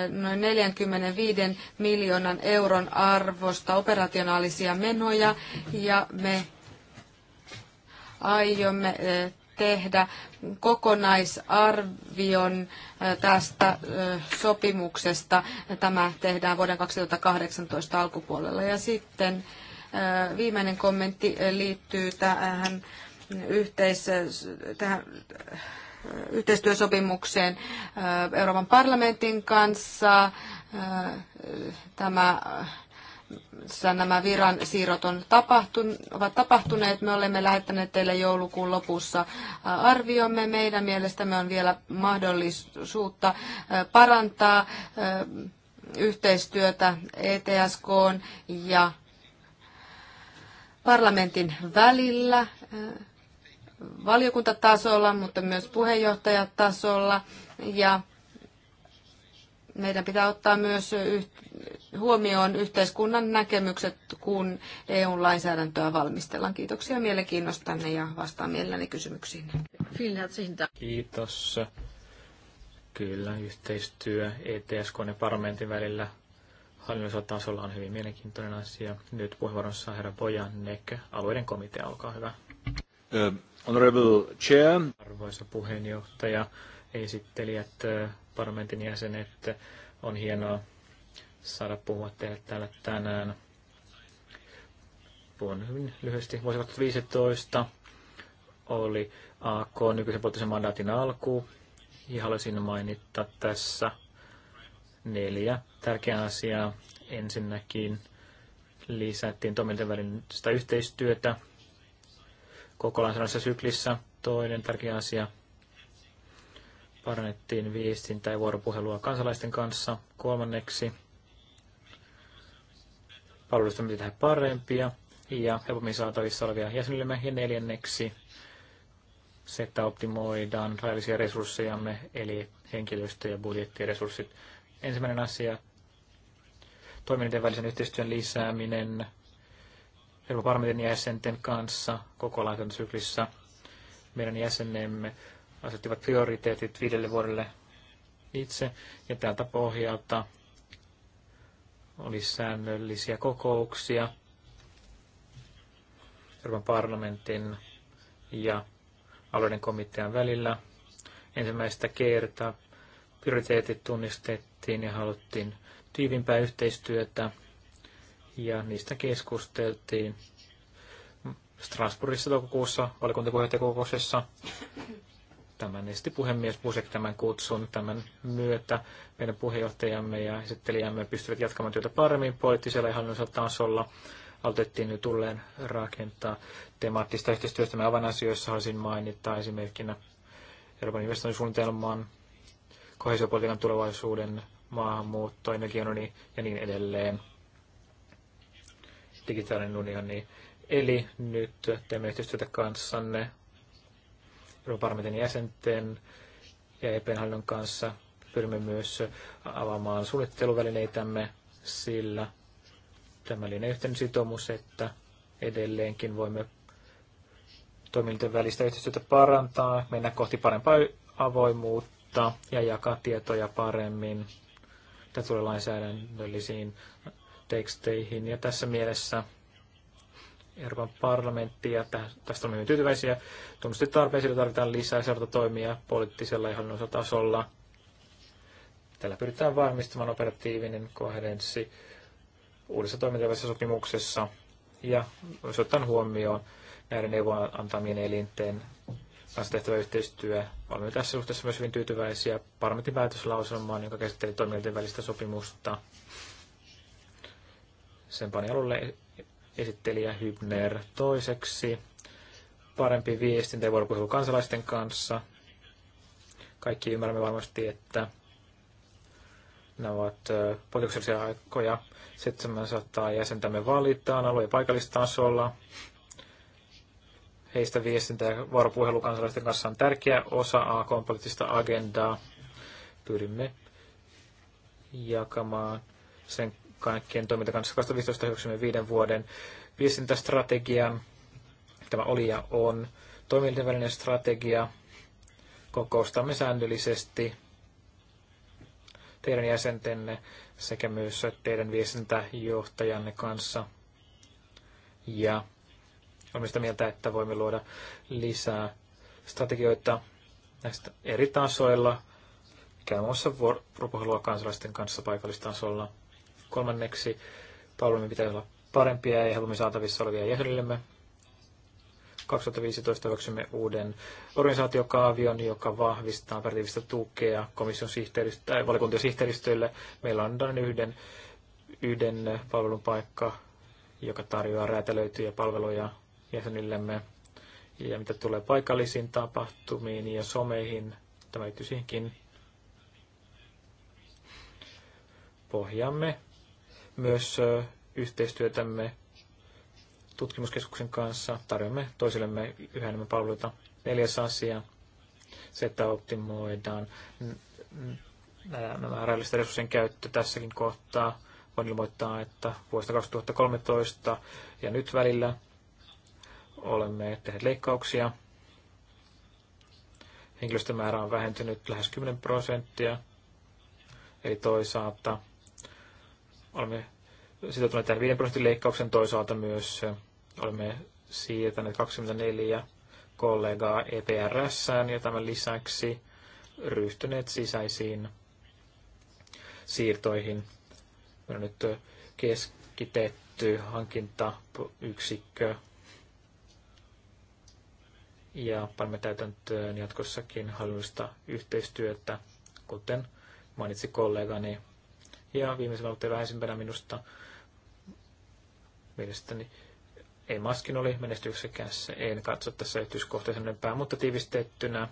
noin 45 miljoonan euron arvosta operationaalisia menoja ja me aiomme tehdä kokonaisarvion tästä sopimuksesta. Tämä tehdään vuoden 2018 alkupuolella. Ja sitten viimeinen kommentti liittyy tähän, yhteis, tähän yhteistyösopimukseen Euroopan parlamentin kanssa. Tämä jossa nämä siirrot on tapahtunut ovat tapahtuneet. Me olemme lähettäneet teille joulukuun lopussa äh, arviomme. Meidän mielestämme on vielä mahdollisuutta äh, parantaa äh, yhteistyötä ETSK ja parlamentin välillä valiokuntatasolla, mutta myös puheenjohtajatasolla. Ja meidän pitää ottaa myös huomioon yhteiskunnan näkemykset, kun eu lainsäädäntöä valmistellaan. Kiitoksia mielenkiinnostanne ja vastaan mielelläni kysymyksiin. Kiitos. Kyllä, yhteistyö ets ja parlamentin välillä hallinnollisella tasolla on hyvin mielenkiintoinen asia. Nyt puheenvuorossa herra Bojanek, alueiden komitea, olkaa hyvä. Uh, honorable Chair. Arvoisa puheenjohtaja, esittelijät, eh, parlamentin jäsenet. On hienoa saada puhua teille täällä tänään. Puhun hyvin lyhyesti. Vuosi 2015 oli AK nykyisen poliittisen mandaatin alku. Ja haluaisin mainita tässä neljä tärkeää asiaa. Ensinnäkin lisättiin toimijoiden välistä yhteistyötä koko lainsäädännössä syklissä. Toinen tärkeä asia parannettiin viestintää ja vuoropuhelua kansalaisten kanssa. Kolmanneksi palveluista piti tehdä parempia ja helpommin saatavissa olevia jäsenillemme. Ja neljänneksi se, että optimoidaan rajallisia resurssejamme, eli henkilöstö- ja budjettiresurssit. Ensimmäinen asia, toiminnan välisen yhteistyön lisääminen Euroopan parlamentin jäsenten kanssa koko laitonsyklissä. Meidän jäsenemme asettivat prioriteetit viidelle vuodelle itse, ja tältä pohjalta oli säännöllisiä kokouksia Euroopan parlamentin ja alueiden komitean välillä. Ensimmäistä kertaa prioriteetit tunnistettiin ja haluttiin tiivimpää yhteistyötä ja niistä keskusteltiin Strasbourgissa toukokuussa valikuntapuheenjohtajakokouksessa Tämän esti puhemies Busek tämän kutsun. Tämän myötä meidän puheenjohtajamme ja esittelijämme pystyvät jatkamaan työtä paremmin poliittisella ja hallinnollisella tasolla. Autettiin nyt tulleen rakentaa temaattista yhteistyöstä. Me avainasioissa haluaisin mainita esimerkkinä Euroopan investointisuunnitelman, kohesiopolitiikan tulevaisuuden, maahanmuutto, energiaunioni ja niin edelleen. Digitaalinen unioni. Eli nyt teemme yhteistyötä kanssanne parlamentin jäsenten ja EPn hallinnon kanssa. Pyrimme myös avaamaan suunnitteluvälineitämme, sillä tämä oli yhteinen sitoumus, että edelleenkin voimme toimintojen välistä yhteistyötä parantaa, mennä kohti parempaa avoimuutta ja jakaa tietoja paremmin. Tämä tulee lainsäädännöllisiin teksteihin ja tässä mielessä Euroopan parlamentti ja tähän, tästä olemme tyytyväisiä. Tunnusti tarpeisiin tarvitaan lisää toimia poliittisella ja hallinnollisella tasolla. Tällä pyritään varmistamaan operatiivinen koherenssi uudessa toimintavälisessä sopimuksessa ja myös ottaen huomioon näiden neuvon antamien elinten kanssa tehtävä yhteistyö. Olemme tässä suhteessa myös hyvin tyytyväisiä parlamentin päätöslauselmaan, joka käsitteli toimijoiden välistä sopimusta. Sen pani alulle esittelijä Hybner. Toiseksi parempi viestintä ja vuoropuhelu kansalaisten kanssa. Kaikki ymmärrämme varmasti, että nämä ovat poikkeuksellisia aikoja. 700 jäsentämme valitaan alue- ja paikallistasolla. Heistä viestintä ja vuoropuhelu kansalaisten kanssa on tärkeä osa AK-poliittista agendaa. Pyrimme jakamaan sen kaikkien toimintakannassa 2015 hyväksymme viiden vuoden viestintästrategian. Tämä oli ja on toimintavälinen strategia. Kokoustamme säännöllisesti teidän jäsentenne sekä myös teidän viestintäjohtajanne kanssa. Ja on sitä mieltä, että voimme luoda lisää strategioita näistä eri tasoilla, käy muassa vuoropuhelua kansalaisten kanssa paikallistasolla. Kolmanneksi, palvelumme pitäisi olla parempia ja helpommin saatavissa olevia jäsenillemme. 2015 hyväksymme uuden organisaatiokaavion, joka vahvistaa operatiivista tukea komission sihteeristö, valiokuntien sihteeristöille. Meillä on yhden, yhden palvelun paikka, joka tarjoaa räätälöityjä palveluja jäsenillemme. Ja mitä tulee paikallisiin tapahtumiin ja someihin, tämä liittyy siihenkin. Pohjaamme myös yhteistyötämme tutkimuskeskuksen kanssa. Tarjoamme toisillemme yhä enemmän palveluita. Neljäs asia, se, että optimoidaan nämä rajallisten resurssien käyttö tässäkin kohtaa. Voin ilmoittaa, että vuodesta 2013 ja nyt välillä olemme tehneet leikkauksia. Henkilöstömäärä on vähentynyt lähes 10 prosenttia. Eli toisaalta olemme sitoutuneet tähän 5 prosentin leikkauksen toisaalta myös olemme siirtäneet 24 kollegaa EPRS ja tämän lisäksi ryhtyneet sisäisiin siirtoihin. Meillä on nyt keskitetty hankintayksikkö ja panemme täytäntöön jatkossakin hallinnollista yhteistyötä, kuten mainitsi kollegani ja viimeisellä valtteen vähäisimpänä minusta mielestäni ei maskin oli menestyksekäs. En katso tässä yhtyskohtaisen enempää, mutta tiivistettynä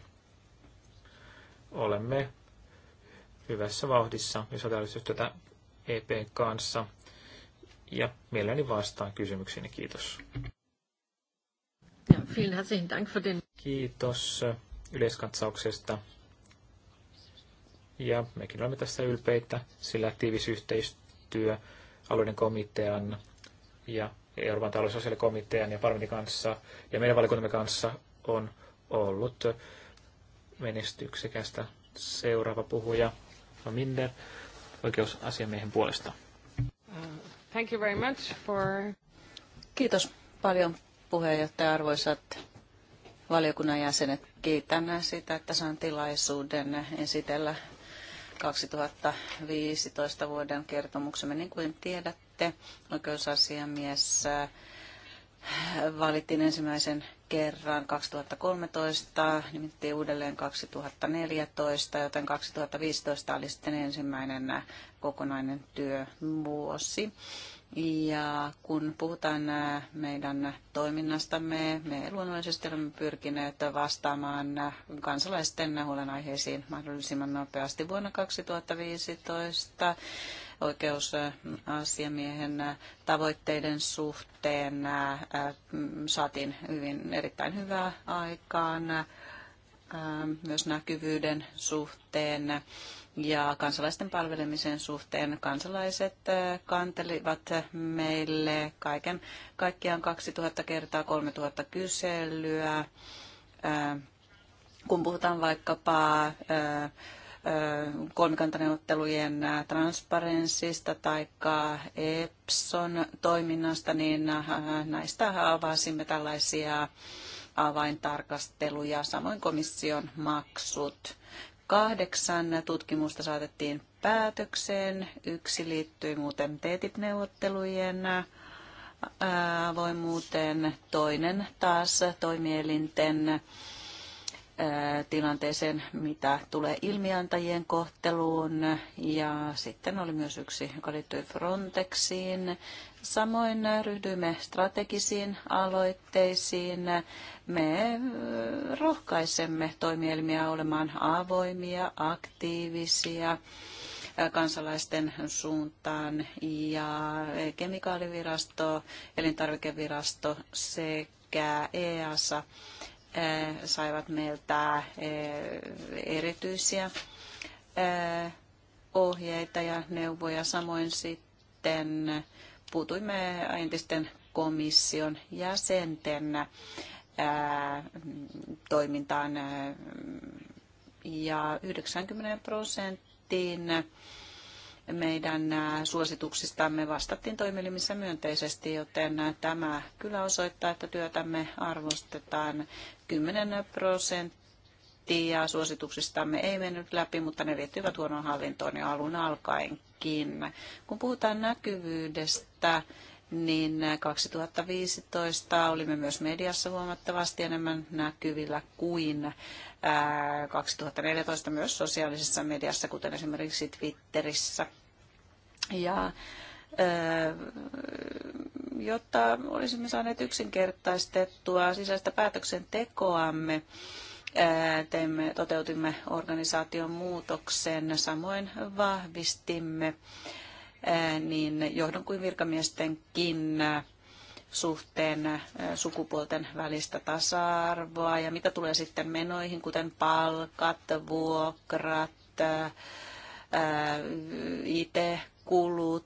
olemme hyvässä vauhdissa, jos ajatellaan siis tätä EPn kanssa. Ja mielelläni vastaan kysymyksiin. Kiitos. Ja, vielen herzlichen Dank für den... Kiitos yleiskatsauksesta. Ja mekin olemme tässä ylpeitä, sillä tiivis yhteistyö alueiden komitean ja Euroopan talous- ja ja parlamentin kanssa ja meidän valikuntamme kanssa on ollut menestyksekästä. Seuraava puhuja on Minder oikeusasiamiehen puolesta. Thank you very much for... Kiitos paljon puheenjohtaja arvoisat valiokunnan jäsenet. Kiitän sitä, että saan tilaisuuden esitellä 2015 vuoden kertomuksemme. Niin kuin tiedätte, oikeusasiamies äh, valittiin ensimmäisen kerran 2013, nimittäin uudelleen 2014, joten 2015 oli sitten ensimmäinen äh, kokonainen työvuosi. Ja kun puhutaan äh, meidän toiminnastamme, me luonnollisesti olemme pyrkineet vastaamaan äh, kansalaisten huolenaiheisiin mahdollisimman nopeasti. Vuonna 2015 oikeusasiamiehen äh, tavoitteiden suhteen saatiin hyvin erittäin hyvää aikaan myös näkyvyyden suhteen ja kansalaisten palvelemisen suhteen kansalaiset äh, kantelivat meille kaiken kaikkiaan 2000 kertaa 3000 kyselyä. Äh, kun puhutaan vaikkapa äh, kolmikantaneuvottelujen transparenssista tai EPSON toiminnasta, niin näistä avasimme tällaisia avaintarkasteluja, samoin komission maksut. Kahdeksan tutkimusta saatettiin päätökseen. Yksi liittyi muuten TTIP-neuvottelujen avoimuuteen, toinen taas toimielinten tilanteeseen, mitä tulee ilmiantajien kohteluun. Ja sitten oli myös yksi, joka liittyy Frontexiin. Samoin ryhdyimme strategisiin aloitteisiin. Me rohkaisemme toimielmiä olemaan avoimia, aktiivisia kansalaisten suuntaan ja kemikaalivirasto, elintarvikevirasto sekä EASA saivat meiltä erityisiä ohjeita ja neuvoja. Samoin sitten puutuimme entisten komission jäsenten toimintaan ja 90 prosenttiin meidän suosituksistamme vastattiin toimielimissä myönteisesti, joten tämä kyllä osoittaa, että työtämme arvostetaan 10 prosenttia suosituksistamme ei mennyt läpi, mutta ne liittyvät huonoon hallintoon jo alun alkaenkin. Kun puhutaan näkyvyydestä, niin 2015 äh, olimme myös mediassa huomattavasti enemmän näkyvillä kuin 2014 äh, myös sosiaalisessa mediassa, kuten esimerkiksi Twitterissä. Ja äh, jotta olisimme saaneet yksinkertaistettua sisäistä päätöksentekoamme, teimme, toteutimme organisaation muutoksen, samoin vahvistimme niin johdon kuin virkamiestenkin suhteen sukupuolten välistä tasa-arvoa ja mitä tulee sitten menoihin, kuten palkat, vuokrat, IT-kulut,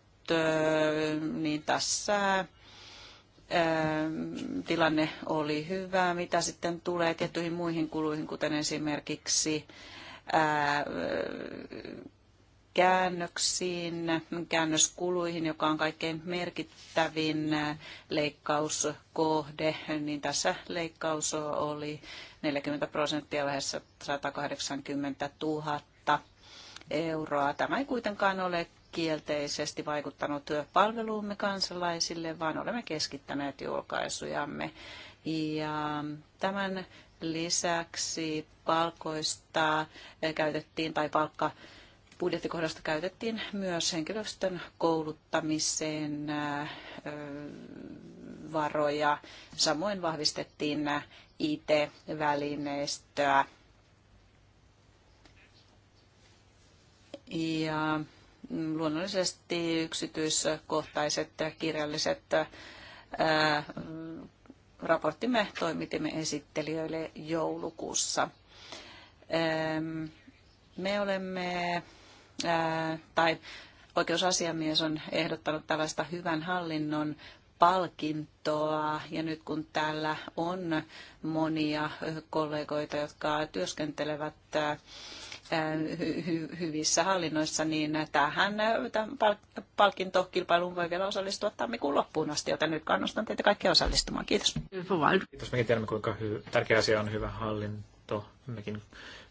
niin tässä tilanne oli hyvä. Mitä sitten tulee tiettyihin muihin kuluihin, kuten esimerkiksi käännöksiin, käännöskuluihin, joka on kaikkein merkittävin leikkauskohde, niin tässä leikkaus oli 40 prosenttia lähes 180 000 euroa. Tämä ei kuitenkaan ole kielteisesti vaikuttanut työpalveluumme kansalaisille, vaan olemme keskittäneet julkaisujamme. Ja tämän lisäksi palkoista käytettiin tai palkka budjettikohdasta käytettiin myös henkilöstön kouluttamiseen varoja. Samoin vahvistettiin IT-välineistöä. Ja mm, luonnollisesti yksityiskohtaiset kirjalliset raporttimme toimitimme esittelijöille joulukuussa. Me olemme tai oikeusasiamies on ehdottanut tällaista hyvän hallinnon palkintoa. Ja nyt kun täällä on monia kollegoita, jotka työskentelevät hyvissä hallinnoissa, niin tähän palkintokilpailuun voi vielä osallistua tammikuun loppuun asti, joten nyt kannustan teitä kaikkia osallistumaan. Kiitos. Kiitos. Mekin tiedämme, kuinka hy- tärkeä asia on hyvä hallinto. Mekin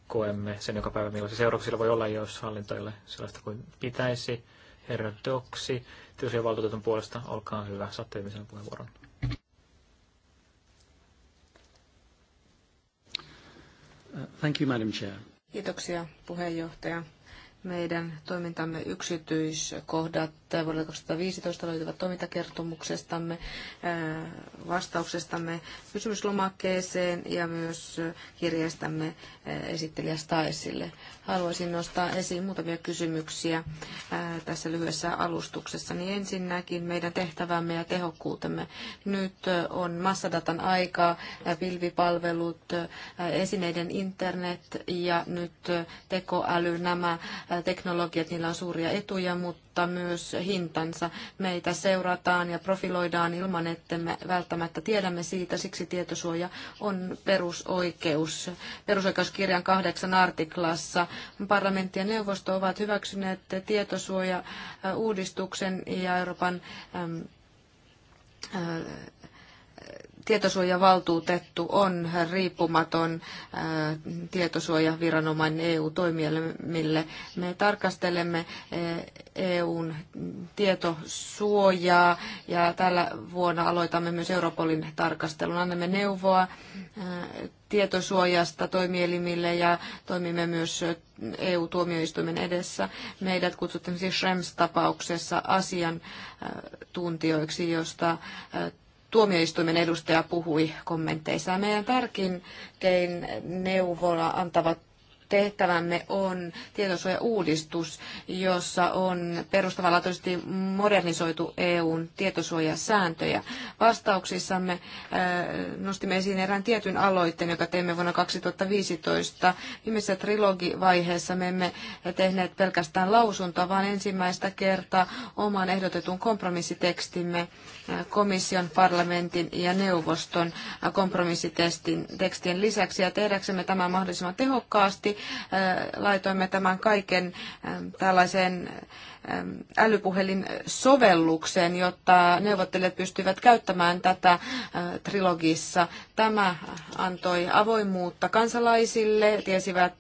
koemme sen joka päivä, millaisia seurauksia voi olla, jos hallinto ei ole sellaista kuin pitäisi. Herra Doksi, työsien valtuutetun puolesta, olkaa hyvä, saatte viimeisen puheenvuoron. Thank you, Madam Chair. Kiitoksia puheenjohtaja meidän toimintamme yksityiskohdat vuodelta 2015 löytyvät toimintakertomuksestamme, äh, vastauksestamme kysymyslomakkeeseen ja myös kirjeestämme äh, esittelijä Staisille. Haluaisin nostaa esiin muutamia kysymyksiä äh, tässä lyhyessä alustuksessa. Niin ensinnäkin meidän tehtävämme ja tehokkuutemme. Nyt on massadatan aika, pilvipalvelut, esineiden internet ja nyt tekoäly, nämä teknologiat, niillä on suuria etuja, mutta myös hintansa. Meitä seurataan ja profiloidaan ilman, että me välttämättä tiedämme siitä. Siksi tietosuoja on perusoikeus. Perusoikeuskirjan kahdeksan artiklassa parlamentti ja neuvosto ovat hyväksyneet tietosuoja-uudistuksen ja Euroopan tietosuojavaltuutettu on riippumaton tietosuojaviranomainen EU-toimielimille. Me tarkastelemme EUn tietosuojaa ja tällä vuonna aloitamme myös Europolin tarkastelun. Annamme neuvoa tietosuojasta toimielimille ja toimimme myös EU-tuomioistuimen edessä. Meidät kutsuttiin siis Schrems-tapauksessa asiantuntijoiksi, josta tuomioistuimen edustaja puhui kommenteissa. Meidän tärkein neuvola antavat tehtävämme on tietosuojauudistus, jossa on perustavanlaatuisesti modernisoitu EUn tietosuojasääntöjä. Vastauksissamme äh, nostimme esiin erään tietyn aloitteen, joka teimme vuonna 2015. Viimeisessä trilogivaiheessa me emme tehneet pelkästään lausuntoa, vaan ensimmäistä kertaa oman ehdotetun kompromissitekstimme äh, komission, parlamentin ja neuvoston äh, kompromissitekstien lisäksi. Ja tehdäksemme tämän mahdollisimman tehokkaasti laitoimme tämän kaiken tällaiseen älypuhelin sovellukseen, jotta neuvottelijat pystyvät käyttämään tätä trilogissa. Tämä antoi avoimuutta kansalaisille, tiesivät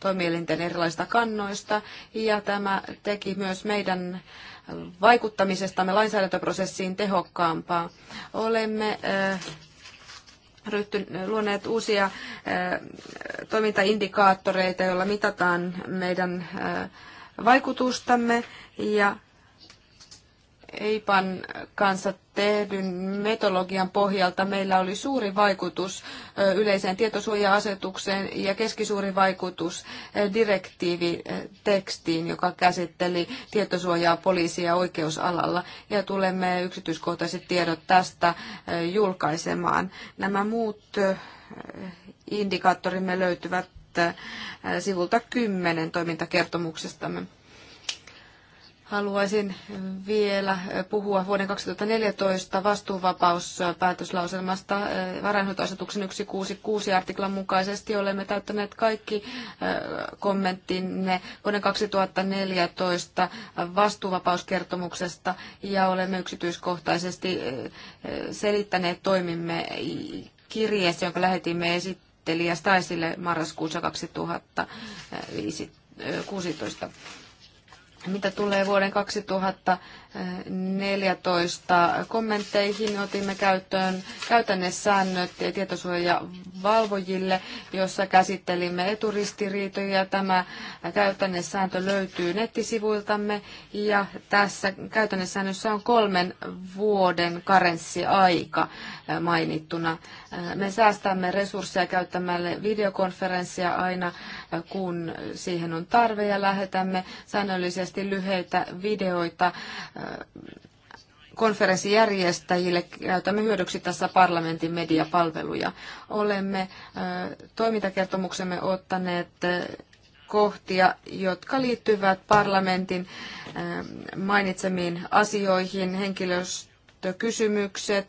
toimielinten erilaisista kannoista ja tämä teki myös meidän vaikuttamisestamme lainsäädäntöprosessiin tehokkaampaa. Olemme ryhtyn, luoneet uusia eh, toimintaindikaattoreita, joilla mitataan meidän eh, vaikutustamme ja EIPAN kanssa tehdyn metodologian pohjalta meillä oli suuri vaikutus yleiseen tietosuoja-asetukseen ja keskisuuri vaikutus direktiivitekstiin, joka käsitteli tietosuojaa poliisia ja oikeusalalla. Ja tulemme yksityiskohtaiset tiedot tästä julkaisemaan. Nämä muut indikaattorimme löytyvät sivulta 10 toimintakertomuksestamme. Haluaisin vielä puhua vuoden 2014 vastuuvapauspäätöslauselmasta eh, varainhoitoasetuksen 166 artiklan mukaisesti. Olemme täyttäneet kaikki eh, kommenttinne vuoden 2014 vastuuvapauskertomuksesta ja olemme yksityiskohtaisesti eh, selittäneet toimimme kirjeessä, jonka lähetimme esittelijä Staisille marraskuussa 2016. Mitä tulee vuoden 2000 14 kommentteihin otimme käyttöön käytännessäännöt tietosuojavalvojille, jossa käsittelimme eturistiriitoja. Tämä käytännessääntö löytyy nettisivuiltamme ja tässä käytännessäännössä on kolmen vuoden karenssiaika mainittuna. Me säästämme resursseja käyttämällä videokonferenssia aina, kun siihen on tarve ja lähetämme säännöllisesti lyhyitä videoita konferenssijärjestäjille. käytämme hyödyksi tässä parlamentin mediapalveluja. Olemme toimintakertomuksemme ottaneet kohtia, jotka liittyvät parlamentin mainitsemiin asioihin, henkilöstökysymykset,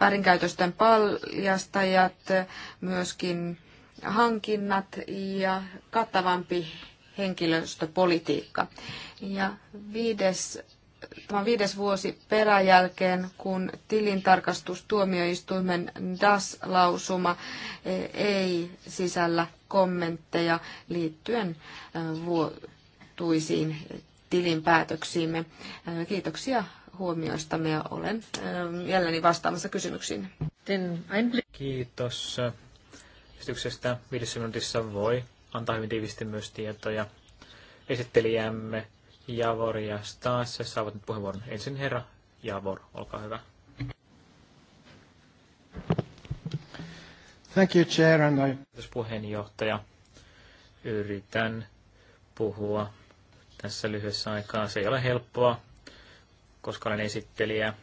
väärinkäytösten paljastajat, myöskin hankinnat ja kattavampi henkilöstöpolitiikka. Ja viides tämä viides vuosi peräjälkeen, kun tilintarkastustuomioistuimen DAS-lausuma e, ei sisällä kommentteja liittyen e, vuotuisiin tilinpäätöksiimme. E, kiitoksia huomioista. ja olen jälleen vastaamassa kysymyksiin. Kiitos esityksestä. Viidessä minuutissa voi antaa hyvin tiivisti myös tietoja esittelijämme Javor ja Stas saavat nyt puheenvuoron. Ensin herra Javor, olkaa hyvä. Thank you, Chair, and I... Kiitos puheenjohtaja. Yritän puhua tässä lyhyessä aikaa. Se ei ole helppoa, koska olen esittelijä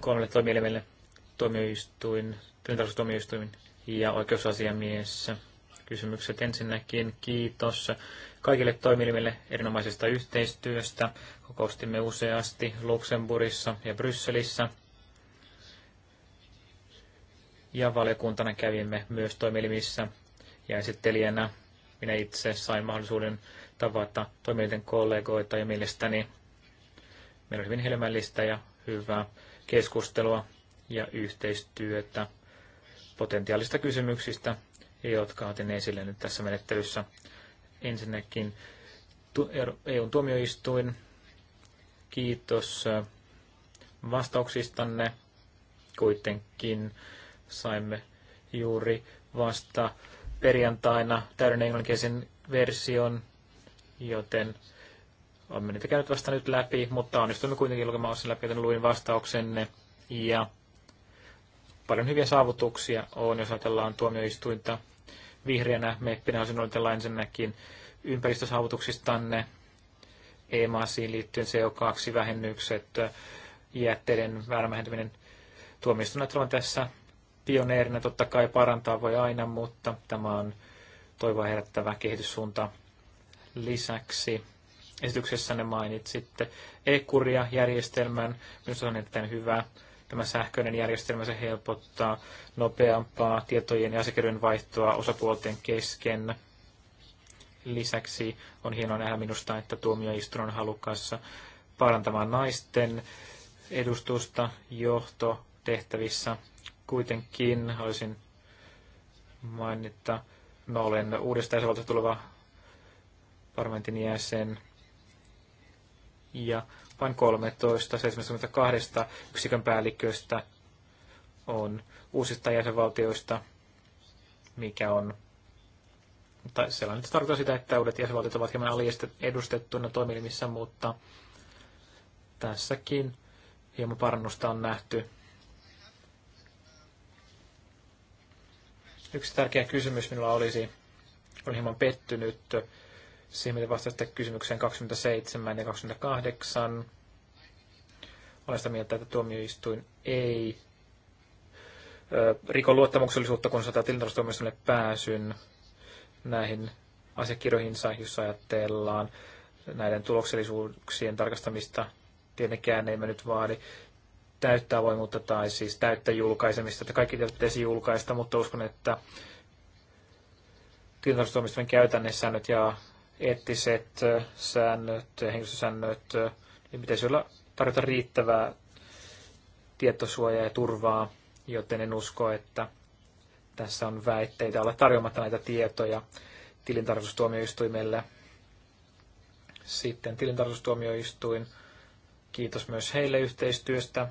kolmelle toimielimelle tuomioistuin, tuomioistuin ja oikeusasiamies. Kysymykset ensinnäkin. Kiitos kaikille toimilimille erinomaisesta yhteistyöstä. Kokoustimme useasti Luxemburgissa ja Brysselissä. Ja valiokuntana kävimme myös toimilimissä ja esittelijänä minä itse sain mahdollisuuden tavata toimielinten kollegoita ja mielestäni meillä oli hyvin helmällistä ja hyvää keskustelua ja yhteistyötä potentiaalista kysymyksistä, jotka otin esille nyt tässä menettelyssä. Ensinnäkin EUn e tuomioistuin, kiitos äh, vastauksistanne. Kuitenkin saimme juuri vasta perjantaina täyden englanninkielisen version, joten olemme niitä käynyt vasta nyt läpi, mutta onnistuimme kuitenkin lukemaan sen läpi, joten luin vastauksenne. Ja paljon hyviä saavutuksia on, jos ajatellaan tuomioistuinta vihreänä meppinä olisin onnitella ensinnäkin ympäristösaavutuksistanne, EMASiin liittyen CO2-vähennykset, jätteiden vääränvähentäminen. Tuomioistuimet on tässä pioneerina, totta kai parantaa voi aina, mutta tämä on toivoa herättävä kehityssuunta lisäksi. ne mainitsitte e-kuria-järjestelmän. Minusta on erittäin hyvä Tämä sähköinen järjestelmä se helpottaa nopeampaa tietojen ja asiakirjojen vaihtoa osapuolten kesken. Lisäksi on hienoa nähdä minusta, että tuomioistuin on halukkaassa parantamaan naisten edustusta johtotehtävissä. Kuitenkin haluaisin mainita, no olen uudesta tuleva parlamentin jäsen ja vain 13 72 yksikön päälliköstä on uusista jäsenvaltioista, mikä on tai sellainen, tarkoittaa sitä, että uudet jäsenvaltiot ovat hieman aliedustettuina toimielimissä, mutta tässäkin hieman parannusta on nähty. Yksi tärkeä kysymys minulla olisi, olen hieman pettynyt siihen, miten vastasitte kysymykseen 27 ja 28. Olen sitä mieltä, että tuomioistuin ei riko luottamuksellisuutta, kun saattaa tilintarkastustuomioistuimelle pääsyn näihin asiakirjoihinsa, jos ajatellaan näiden tuloksellisuuksien tarkastamista. Tietenkään ei me nyt vaadi täyttä avoimuutta tai siis täyttä julkaisemista, että kaikki pitäisi julkaista, mutta uskon, että käytännössä nyt ja eettiset säännöt, henkilöstösäännöt, niin pitäisi olla tarjota riittävää tietosuojaa ja turvaa, joten en usko, että tässä on väitteitä olla tarjoamatta näitä tietoja tilintarkastustuomioistuimelle. Sitten tilintarkastustuomioistuin, kiitos myös heille yhteistyöstä.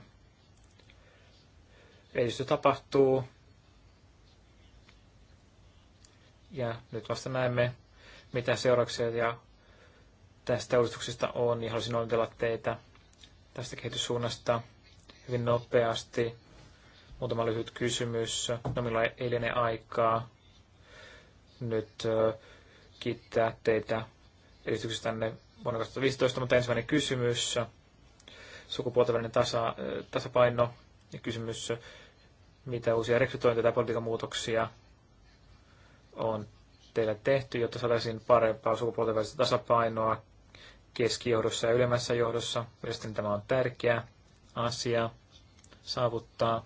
Edistö tapahtuu. Ja nyt vasta näemme, mitä seurauksia ja tästä uudistuksesta on, niin haluaisin onnitella teitä tästä kehityssuunnasta hyvin nopeasti. Muutama lyhyt kysymys. No, milloin ei liene aikaa nyt kiittää teitä edistyksestänne vuonna 2015, mutta ensimmäinen kysymys, sukupuolten välinen tasa, tasapaino ja kysymys, mitä uusia rekrytointeja tai politiikan muutoksia on teille tehty, jotta saataisiin parempaa sukupuolten välistä tasapainoa keskijohdossa ja ylemmässä johdossa. Mielestäni tämä on tärkeä asia saavuttaa.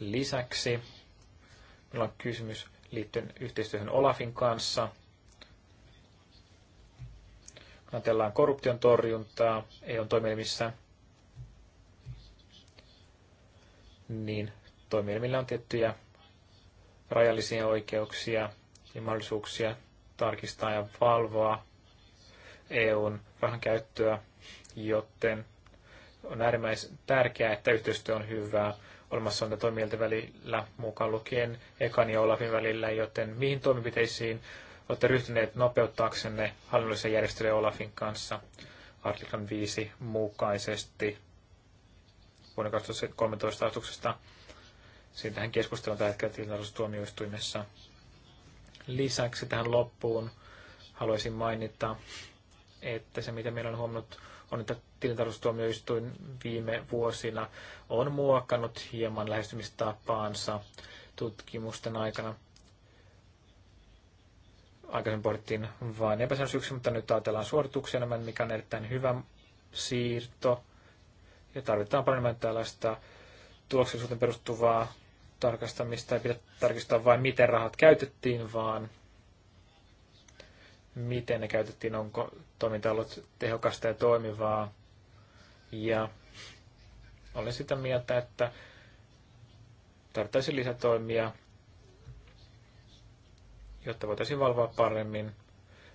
Lisäksi meillä on kysymys liittyen yhteistyöhön Olafin kanssa. Ajatellaan korruption torjuntaa EUn toimielimissä, niin toimielimillä on tiettyjä rajallisia oikeuksia ja mahdollisuuksia tarkistaa ja valvoa EUn rahan käyttöä, joten on äärimmäisen tärkeää, että yhteistyö on hyvää olemassa on toimijoiden välillä, mukaan lukien Ekan ja Olafin välillä, joten mihin toimenpiteisiin olette ryhtyneet nopeuttaaksenne hallinnollisen järjestelyjen Olafin kanssa artiklan 5 mukaisesti vuoden 2013 asetuksesta Siitähän keskustellaan tällä hetkellä tilintarkastustuomioistuimessa. Lisäksi tähän loppuun haluaisin mainita, että se mitä meillä on huomannut on, että tilintarkastustuomioistuin viime vuosina on muokannut hieman lähestymistapaansa tutkimusten aikana. Aikaisemmin pohdittiin vain epäsäännösyyksiä, mutta nyt ajatellaan suorituksia enemmän, mikä on erittäin hyvä siirto. Ja tarvitaan paljon tällaista tuloksellisuuteen perustuvaa tarkastamista ei pidä tarkistaa vain miten rahat käytettiin, vaan miten ne käytettiin, onko toiminta ollut tehokasta ja toimivaa. Ja olen sitä mieltä, että tarvittaisiin lisätoimia, jotta voitaisiin valvoa paremmin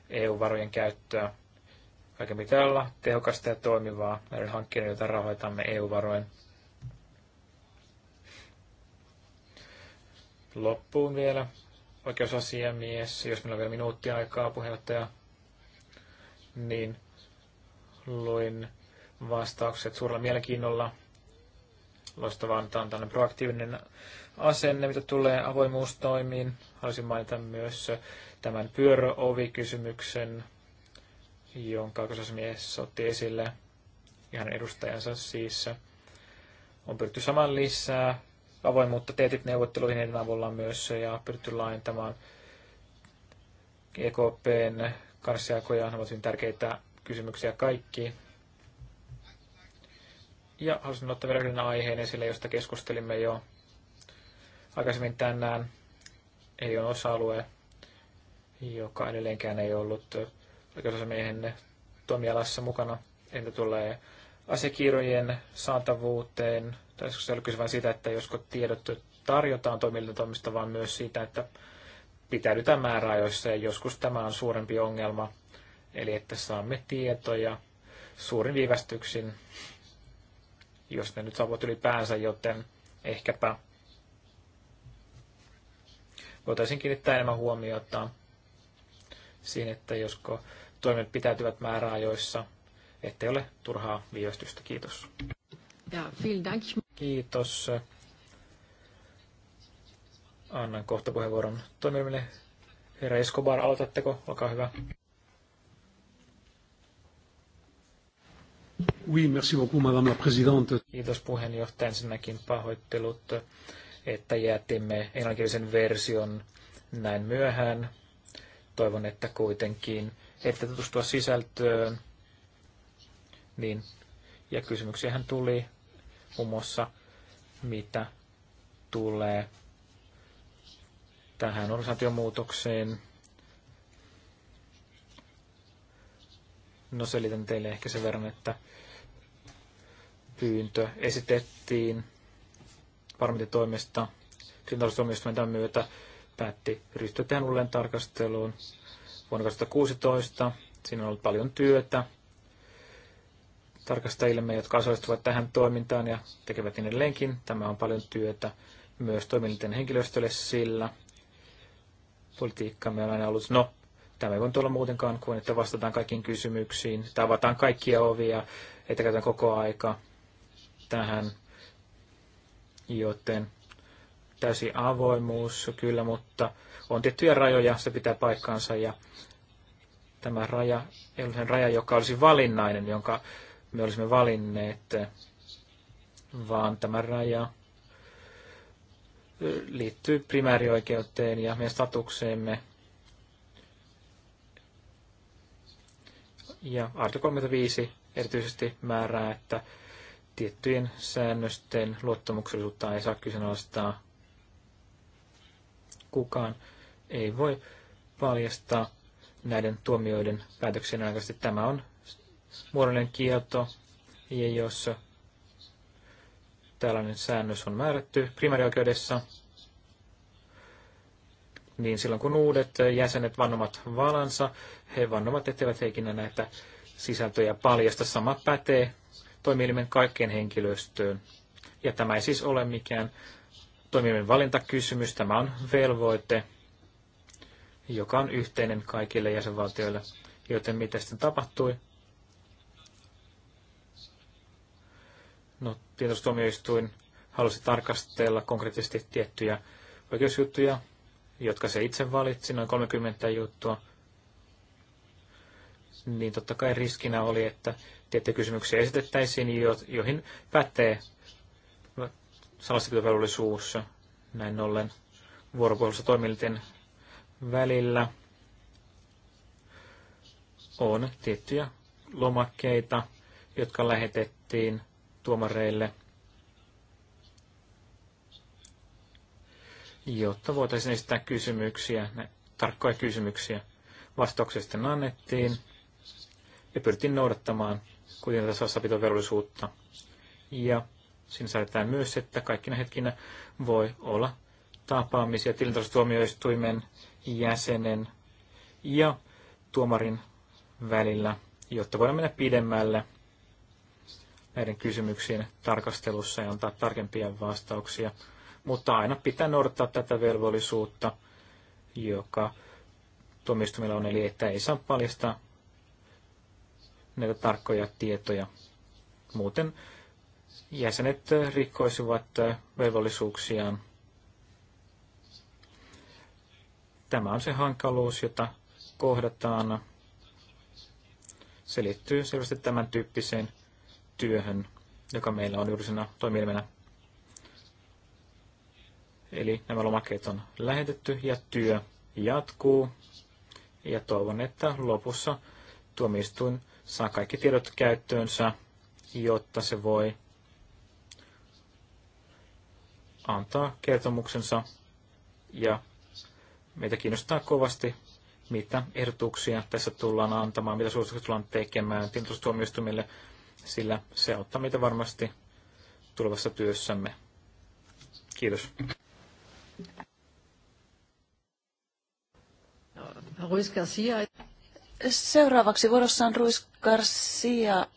EU-varojen käyttöä. Kaiken pitää olla tehokasta ja toimivaa näiden hankkeiden, joita rahoitamme eu varojen Loppuun vielä oikeusasiamies, jos meillä on vielä minuuttia aikaa puheenjohtaja, niin luin vastaukset suurella mielenkiinnolla. Loistavaa, että on tällainen proaktiivinen asenne, mitä tulee avoimuustoimiin. Haluaisin mainita myös tämän pyöröovikysymyksen, jonka oikeusasiamies otti esille ihan edustajansa siis. On pyritty saman lisää avoimuutta TTIP-neuvotteluihin niiden avulla myös ja pyritty laajentamaan EKPn kanssiakoja. Ne ovat hyvin tärkeitä kysymyksiä kaikki. Ja haluaisin ottaa vielä yhden aiheen esille, josta keskustelimme jo aikaisemmin tänään. Ei ole osa-alue, joka edelleenkään ei ollut oikeusasemiehen toimialassa mukana. Entä tulee asiakirjojen saatavuuteen, tai se oli kyse vain siitä, että josko tiedot tarjotaan toimintatoimista, vaan myös siitä, että pitäydytään määräajoissa, ja joskus tämä on suurempi ongelma, eli että saamme tietoja suurin viivästyksin, jos ne nyt saavut ylipäänsä, joten ehkäpä voitaisiin kiinnittää enemmän huomiota siihen, että josko toimet pitäytyvät määräajoissa – ettei ole turhaa viivästystä. Kiitos. Ja, vielen dank. Kiitos. Annan kohta puheenvuoron toimimille. Herra Eskobar, aloitatteko? Olkaa hyvä. Oui, merci beaucoup, madame la présidente. Kiitos puheenjohtaja. Ensinnäkin pahoittelut, että jätimme englanninkielisen version näin myöhään. Toivon, että kuitenkin ette tutustua sisältöön niin. Ja kysymyksiähän tuli muun muassa, mitä tulee tähän organisaatiomuutokseen. No selitän teille ehkä sen verran, että pyyntö esitettiin parlamentin toimesta. tämän myötä päätti ryhtyä tähän uudelleen tarkasteluun vuonna 2016. Siinä on ollut paljon työtä tarkastajillemme, jotka osallistuvat tähän toimintaan ja tekevät edelleenkin. Tämä on paljon työtä myös toimielinten henkilöstölle, sillä politiikkamme on aina ollut, no, tämä ei voi olla muutenkaan kuin, että vastataan kaikkiin kysymyksiin, että avataan kaikkia ovia, että käytetään koko aika tähän, joten täysi avoimuus kyllä, mutta on tiettyjä rajoja, se pitää paikkaansa ja tämä raja ei ole raja, joka olisi valinnainen, jonka me olisimme valinneet, vaan tämä raja liittyy primäärioikeuteen ja meidän statukseemme. Ja artikla 35 erityisesti määrää, että tiettyjen säännösten luottamuksellisuutta ei saa kyseenalaistaa. Kukaan ei voi paljastaa näiden tuomioiden päätöksien aikaisesti. Tämä on muodollinen kielto, ja jos tällainen säännös on määrätty primäärioikeudessa, niin silloin kun uudet jäsenet vannomat valansa, he vannomat etteivät heikinä näitä sisältöjä paljasta. Sama pätee toimielimen kaikkeen henkilöstöön. Ja tämä ei siis ole mikään toimielimen valintakysymys, tämä on velvoite, joka on yhteinen kaikille jäsenvaltioille. Joten mitä sitten tapahtui? No, tietostuomioistuin halusi tarkastella konkreettisesti tiettyjä oikeusjuttuja, jotka se itse valitsi, noin 30 juttua. Niin totta kai riskinä oli, että tiettyjä kysymyksiä esitettäisiin, joihin pätee salassapitovelvollisuus näin ollen vuoropuhelussa toimilten välillä on tiettyjä lomakkeita, jotka lähetettiin tuomareille, jotta voitaisiin esittää kysymyksiä, tarkkoja kysymyksiä. Vastauksia sitten annettiin ja pyrittiin noudattamaan kuitenkin tätä sassapitovelvollisuutta. Ja siinä säädetään myös, että kaikkina hetkinä voi olla tapaamisia tilintarkastustuomioistuimen jäsenen ja tuomarin välillä, jotta voidaan mennä pidemmälle näiden kysymyksien tarkastelussa ja antaa tarkempia vastauksia. Mutta aina pitää noudattaa tätä velvollisuutta, joka tuomioistuimella on, eli että ei saa paljastaa näitä tarkkoja tietoja. Muuten jäsenet rikkoisivat velvollisuuksiaan. Tämä on se hankaluus, jota kohdataan. Se liittyy selvästi tämän tyyppiseen työhön, joka meillä on julkisena toimielimenä. Eli nämä lomakkeet on lähetetty ja työ jatkuu. Ja toivon, että lopussa tuomioistuin saa kaikki tiedot käyttöönsä, jotta se voi antaa kertomuksensa. Ja meitä kiinnostaa kovasti, mitä ehdotuksia tässä tullaan antamaan, mitä suosituksia tullaan tekemään tilintustuomioistuimille sillä se auttaa meitä varmasti tulevassa työssämme. Kiitos. Ruiz Garcia. Seuraavaksi vuorossa on Ruiz Garcia.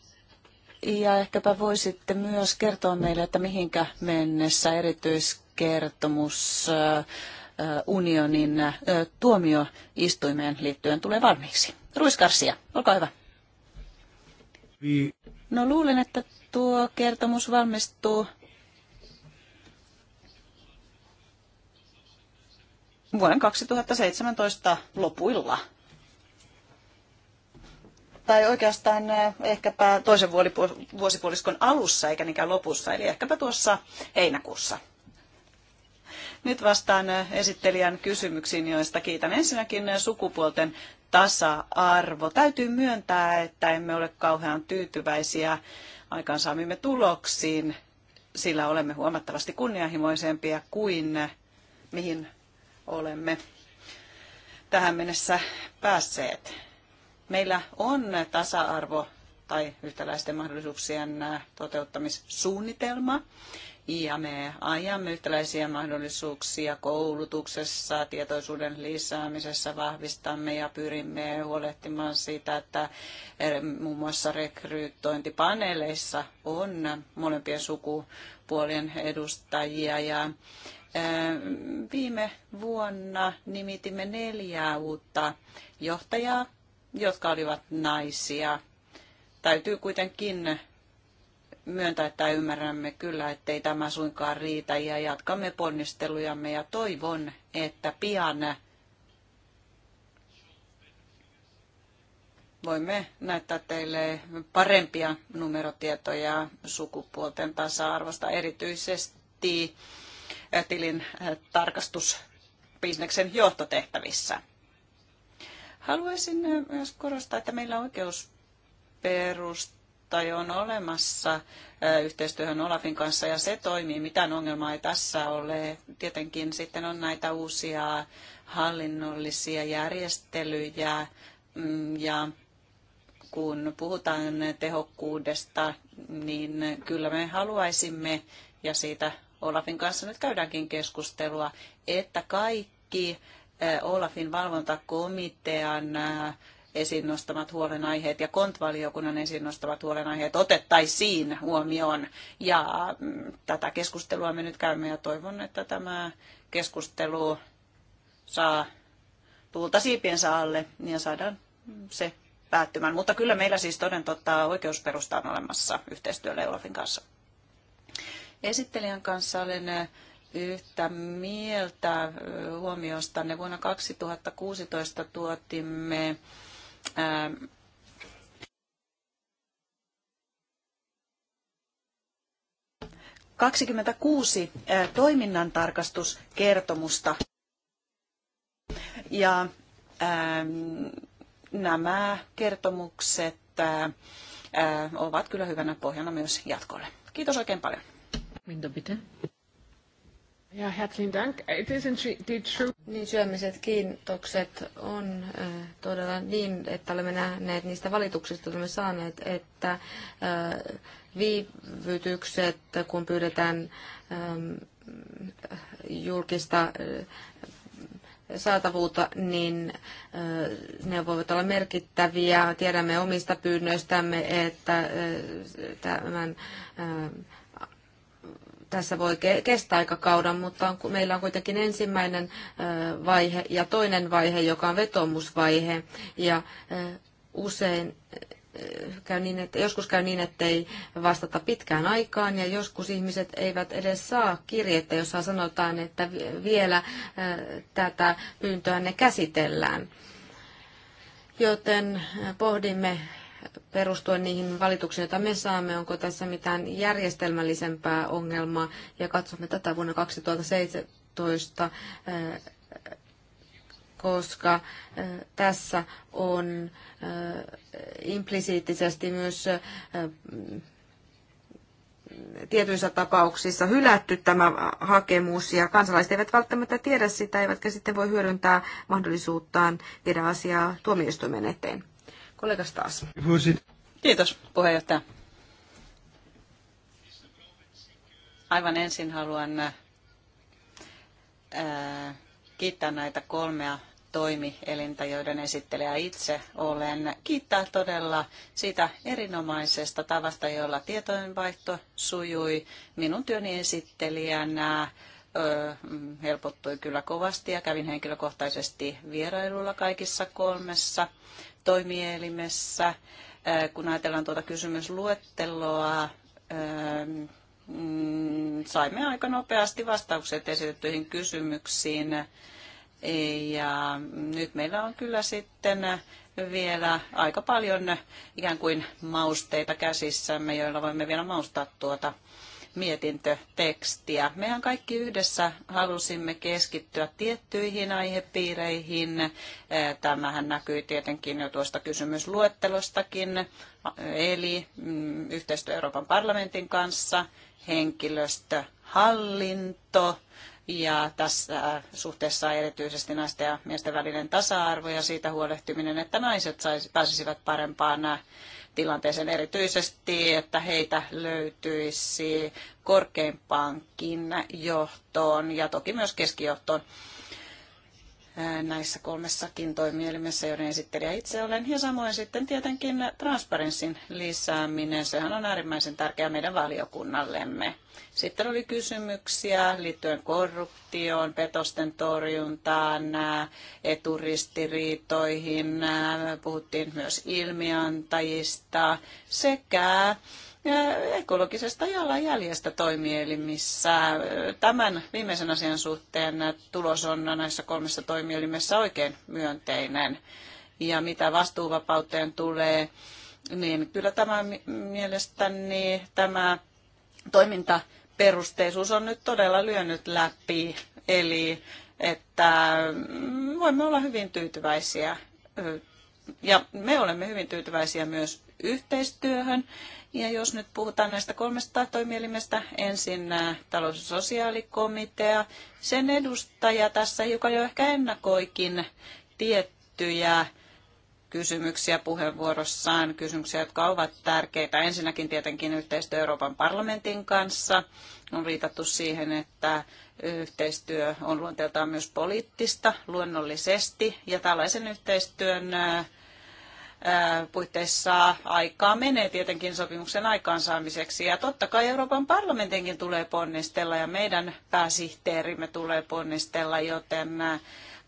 Ja ehkäpä voisitte myös kertoa meille, että mihinkä mennessä erityiskertomus unionin tuomioistuimeen liittyen tulee valmiiksi. Ruiz Garcia, olkaa hyvä. No luulen, että tuo kertomus valmistuu vuoden 2017 lopuilla. Tai oikeastaan eh, ehkäpä toisen vuosipuoliskon alussa, eikä niinkään lopussa, eli ehkäpä tuossa heinäkuussa. Nyt vastaan esittelijän kysymyksiin, joista kiitän. Ensinnäkin sukupuolten tasa-arvo. Täytyy myöntää, että emme ole kauhean tyytyväisiä aikaansaamimme tuloksiin, sillä olemme huomattavasti kunnianhimoisempia kuin mihin olemme tähän mennessä päässeet. Meillä on tasa-arvo tai yhtäläisten mahdollisuuksien toteuttamissuunnitelma, ja me ajamme yhtäläisiä mahdollisuuksia koulutuksessa, tietoisuuden lisäämisessä vahvistamme ja pyrimme huolehtimaan siitä, että eh, muun muassa rekrytointipaneeleissa on molempien sukupuolien edustajia ja eh, Viime vuonna nimitimme neljää uutta johtajaa, jotka olivat naisia. Täytyy kuitenkin myöntää että ymmärrämme kyllä, ettei tämä suinkaan riitä ja jatkamme ponnistelujamme ja toivon, että pian voimme näyttää teille parempia numerotietoja sukupuolten tasa-arvosta, erityisesti eh, tilin eh, tarkastusbisneksen johtotehtävissä. Haluaisin eh, myös korostaa, että meillä on oikeus perustaa mutta jo on olemassa yhteistyöhön Olafin kanssa ja se toimii. Mitään ongelmaa ei tässä ole. Tietenkin sitten on näitä uusia hallinnollisia järjestelyjä mm, ja kun puhutaan tehokkuudesta, niin kyllä me haluaisimme, ja siitä Olafin kanssa nyt käydäänkin keskustelua, että kaikki Olafin valvontakomitean esiin nostamat huolenaiheet ja kontvaliokunnan esiin nostamat huolenaiheet otettaisiin huomioon. Ja mm, tätä keskustelua me nyt käymme ja toivon, että tämä keskustelu saa tuulta siipiensä alle ja saadaan se päättymään. Mutta kyllä meillä siis toden totta oikeusperusta on olemassa yhteistyöllä Olafin kanssa. Esittelijän kanssa olen äh, yhtä mieltä äh, ne Vuonna 2016 tuotimme 26 toiminnan tarkastuskertomusta. Ja nämä kertomukset ovat kyllä hyvänä pohjana myös jatkolle. Kiitos oikein paljon. Minto pitää. Ja herzlichen Dank. It Niin syömiset kiitokset on äh, todella niin, että olemme nähneet niistä valituksista, joita olemme saaneet, että äh, viivytykset, kun pyydetään äh, julkista äh, saatavuutta, niin ne voivat olla merkittäviä. Tiedämme omista pyynnöistämme, että tämän tässä voi kestää aikakauden, mutta on, meillä on kuitenkin ensimmäinen vaihe ja toinen vaihe, joka on vetomusvaihe. Ja usein käy niin, että joskus käy niin, että ei vastata pitkään aikaan ja joskus ihmiset eivät edes saa kirjettä, jossa sanotaan, että vielä tätä pyyntöä ne käsitellään. Joten pohdimme perustuen niihin valituksiin, joita me saamme, onko tässä mitään järjestelmällisempää ongelmaa, ja katsomme tätä vuonna 2017, eh, koska eh, tässä on eh, implisiittisesti myös tietyissä tapauksissa hylätty tämä hakemus ja kansalaiset eivät välttämättä tiedä sitä, eivätkä sitten voi hyödyntää mahdollisuuttaan viedä asiaa tuomioistuimen eteen. Kollegas taas. Kiitos puheenjohtaja. Aivan ensin haluan ää, äh, kiittää näitä kolmea toimielintä, joiden esittelijä itse olen. Kiittää todella siitä erinomaisesta tavasta, jolla tietojenvaihto sujui. Minun työni esittelijänä ö, helpottui kyllä kovasti ja kävin henkilökohtaisesti vierailulla kaikissa kolmessa toimielimessä, äh, kun ajatellaan tuota kysymysluetteloa, äh, mm, saimme aika nopeasti vastaukset esitettyihin kysymyksiin. Ja nyt meillä on kyllä sitten vielä aika paljon ikään kuin mausteita käsissämme, joilla voimme vielä maustaa tuota mietintötekstiä. Mehän kaikki yhdessä halusimme keskittyä tiettyihin aihepiireihin. Tämähän näkyy tietenkin jo tuosta kysymysluettelostakin, eli mm, yhteistyö Euroopan parlamentin kanssa, hallinto ja tässä suhteessa erityisesti naisten ja miesten välinen tasa-arvo ja siitä huolehtiminen, että naiset sais, pääsisivät parempaan tilanteeseen erityisesti, että heitä löytyisi korkeimpaankin johtoon ja toki myös keskijohtoon näissä kolmessakin toimielimessä, joiden esittelijä itse olen. Ja samoin sitten tietenkin transparenssin lisääminen, sehän on äärimmäisen tärkeää meidän valiokunnallemme. Sitten oli kysymyksiä liittyen korruptioon, petosten torjuntaan, eturistiriitoihin, puhuttiin myös ilmiantajista sekä ekologisesta jalanjäljestä toimielimissä. Tämän viimeisen asian suhteen tulos on näissä kolmessa toimielimessä oikein myönteinen. Ja mitä vastuuvapauteen tulee, niin kyllä tämä mielestäni tämä toimintaperusteisuus on nyt todella lyönyt läpi. Eli että mm, voimme olla hyvin tyytyväisiä. Ja me olemme hyvin tyytyväisiä myös yhteistyöhön. Ja jos nyt puhutaan näistä kolmesta toimielimestä, ensin äh, talous- ja sosiaalikomitea, sen edustaja tässä, joka jo ehkä ennakoikin tiettyjä kysymyksiä puheenvuorossaan, kysymyksiä, jotka ovat tärkeitä. Ensinnäkin tietenkin yhteistyö Euroopan parlamentin kanssa. On viitattu siihen, että yhteistyö on luonteeltaan myös poliittista luonnollisesti, ja tällaisen yhteistyön äh, puitteissa aikaa menee tietenkin sopimuksen aikaansaamiseksi. Ja totta kai Euroopan parlamentinkin tulee ponnistella ja meidän pääsihteerimme tulee ponnistella, joten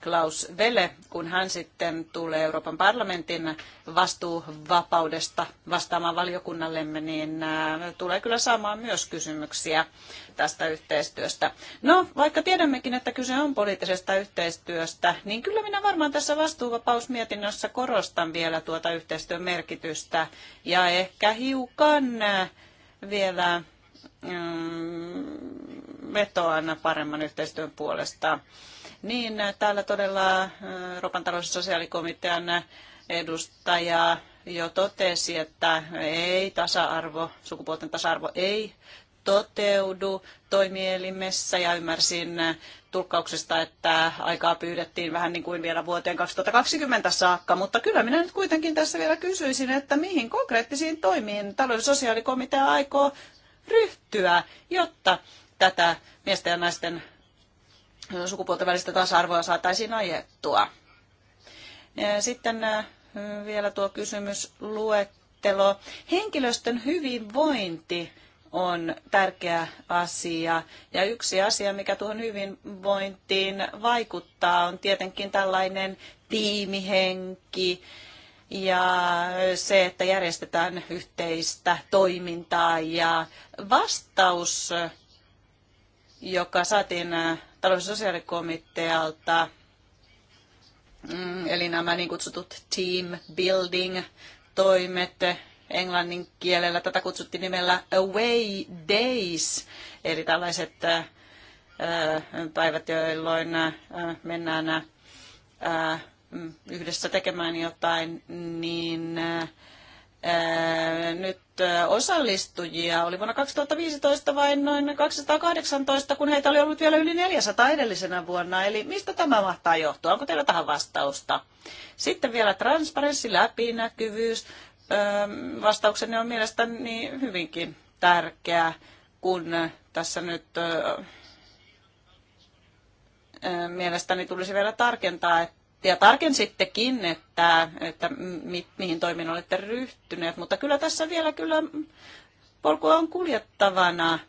Klaus Vele, kun hän sitten tulee Euroopan parlamentin vastuuvapaudesta vastaamaan valiokunnallemme, niin äh, tulee kyllä saamaan myös kysymyksiä tästä yhteistyöstä. No, vaikka tiedämmekin, että kyse on poliittisesta yhteistyöstä, niin kyllä minä varmaan tässä vastuuvapausmietinnössä korostan vielä tuota yhteistyön merkitystä ja ehkä hiukan äh, vielä mm, vetoan paremman yhteistyön puolesta. Niin, täällä todella Euroopan talous- ja sosiaalikomitean edustaja jo totesi, että ei tasa-arvo, sukupuolten tasa-arvo ei toteudu toimielimessä ja ymmärsin tulkkauksesta, että aikaa pyydettiin vähän niin kuin vielä vuoteen 2020 saakka, mutta kyllä minä nyt kuitenkin tässä vielä kysyisin, että mihin konkreettisiin toimiin talous- ja sosiaalikomitea aikoo ryhtyä, jotta tätä miesten ja naisten sukupuolten välistä tasa-arvoa saataisiin ajettua. Sitten äh, vielä tuo kysymys luettelo. Henkilöstön hyvinvointi on tärkeä asia. Ja yksi asia, mikä tuohon hyvinvointiin vaikuttaa, on tietenkin tällainen tiimihenki ja se, että järjestetään yhteistä toimintaa. Ja vastaus, joka saatiin äh, talous- ja sosiaalikomitealta. Mm, eli nämä niin kutsutut team building toimet englannin kielellä. Tätä kutsuttiin nimellä away days, eli tällaiset äh, äh, päivät, jolloin äh, mennään mm, yhdessä tekemään jotain, niin nyt osallistujia oli vuonna 2015 vain noin 218, kun heitä oli ollut vielä yli 400 edellisenä vuonna. Eli mistä tämä mahtaa johtua? Onko teillä tähän vastausta? Sitten vielä transparenssi, läpinäkyvyys. Vastauksenne on mielestäni hyvinkin tärkeä, kun tässä nyt mielestäni tulisi vielä tarkentaa, että ja tarkensittekin, että, että mi, mihin toimiin olette ryhtyneet, mutta kyllä tässä vielä kyllä polkua on kuljettavana.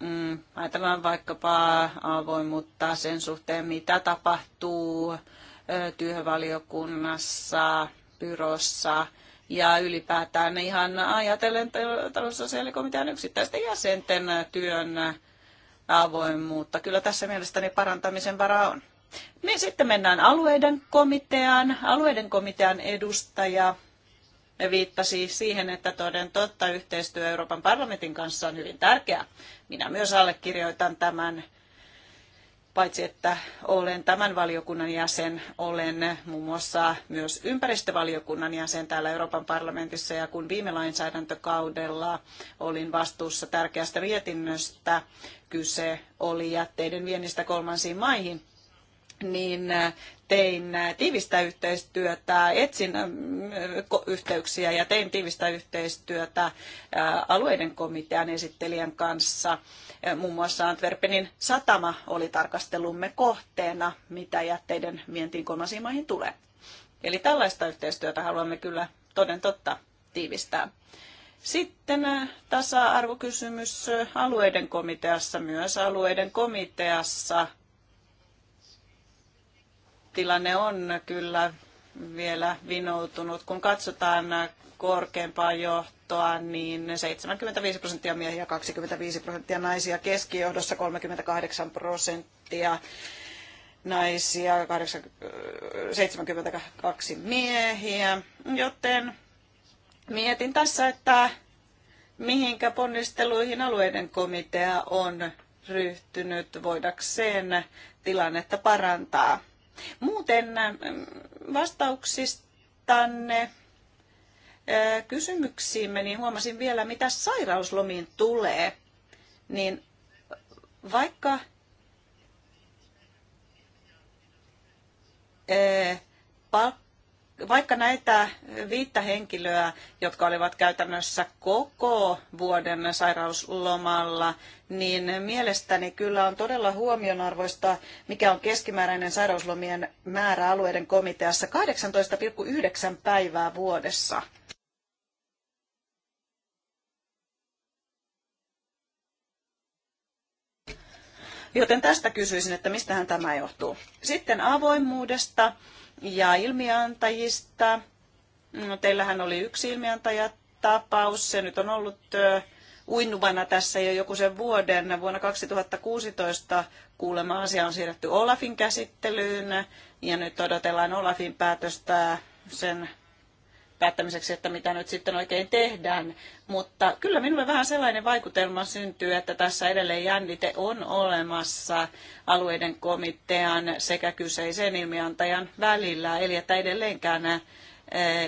Mm, ajatellaan vaikkapa avoimuutta sen suhteen, mitä tapahtuu työvaliokunnassa, pyrossa ja ylipäätään ihan ajatellen taloussosiaalikomitean yksittäisten jäsenten työn avoimuutta. Kyllä tässä mielestäni parantamisen varaa on. Niin sitten mennään alueiden komiteaan. Alueiden komitean edustaja viittasi siihen, että toden totta yhteistyö Euroopan parlamentin kanssa on hyvin tärkeää. Minä myös allekirjoitan tämän, paitsi että olen tämän valiokunnan jäsen, olen muun muassa myös ympäristövaliokunnan jäsen täällä Euroopan parlamentissa ja kun viime lainsäädäntökaudella olin vastuussa tärkeästä mietinnöstä, kyse oli jätteiden viennistä kolmansiin maihin, niin äh, tein äh, tiivistä yhteistyötä, etsin äh, yhteyksiä ja tein tiivistä yhteistyötä alueiden komitean esittelijän kanssa. Muun muassa Antwerpenin satama oli tarkastelumme kohteena, mitä jätteiden vientiin kolmansiin maihin tulee. Eli tällaista yhteistyötä haluamme kyllä toden totta tiivistää. Sitten tasa-arvokysymys alueiden komiteassa, myös alueiden komiteassa tilanne on kyllä vielä vinoutunut. Kun katsotaan korkeampaa johtoa, niin 75 prosenttia miehiä, 25 prosenttia naisia, keskijohdossa 38 prosenttia naisia, 72 miehiä, joten mietin tässä, että mihinkä ponnisteluihin alueiden komitea on ryhtynyt voidakseen tilannetta parantaa. Muuten ähm, vastauksistanne äh, kysymyksiin niin huomasin vielä, mitä sairauslomiin tulee, niin vaikka äh, palkka vaikka näitä viittä henkilöä, jotka olivat käytännössä koko vuoden sairauslomalla, niin mielestäni kyllä on todella huomionarvoista, mikä on keskimääräinen sairauslomien määrä alueiden komiteassa 18,9 päivää vuodessa. Joten tästä kysyisin, että mistähän tämä johtuu. Sitten avoimuudesta ja ilmiantajista. No, teillähän oli yksi ilmiantajatapaus, se nyt on ollut uinnuvana tässä jo joku sen vuoden. Vuonna 2016 kuulemma asia on siirretty Olafin käsittelyyn ja nyt odotellaan Olafin päätöstä sen päättämiseksi, että mitä nyt sitten oikein tehdään. Mutta kyllä minulle vähän sellainen vaikutelma syntyy, että tässä edelleen jännite on olemassa alueiden komitean sekä kyseisen ilmiantajan välillä. Eli että edelleenkään eh,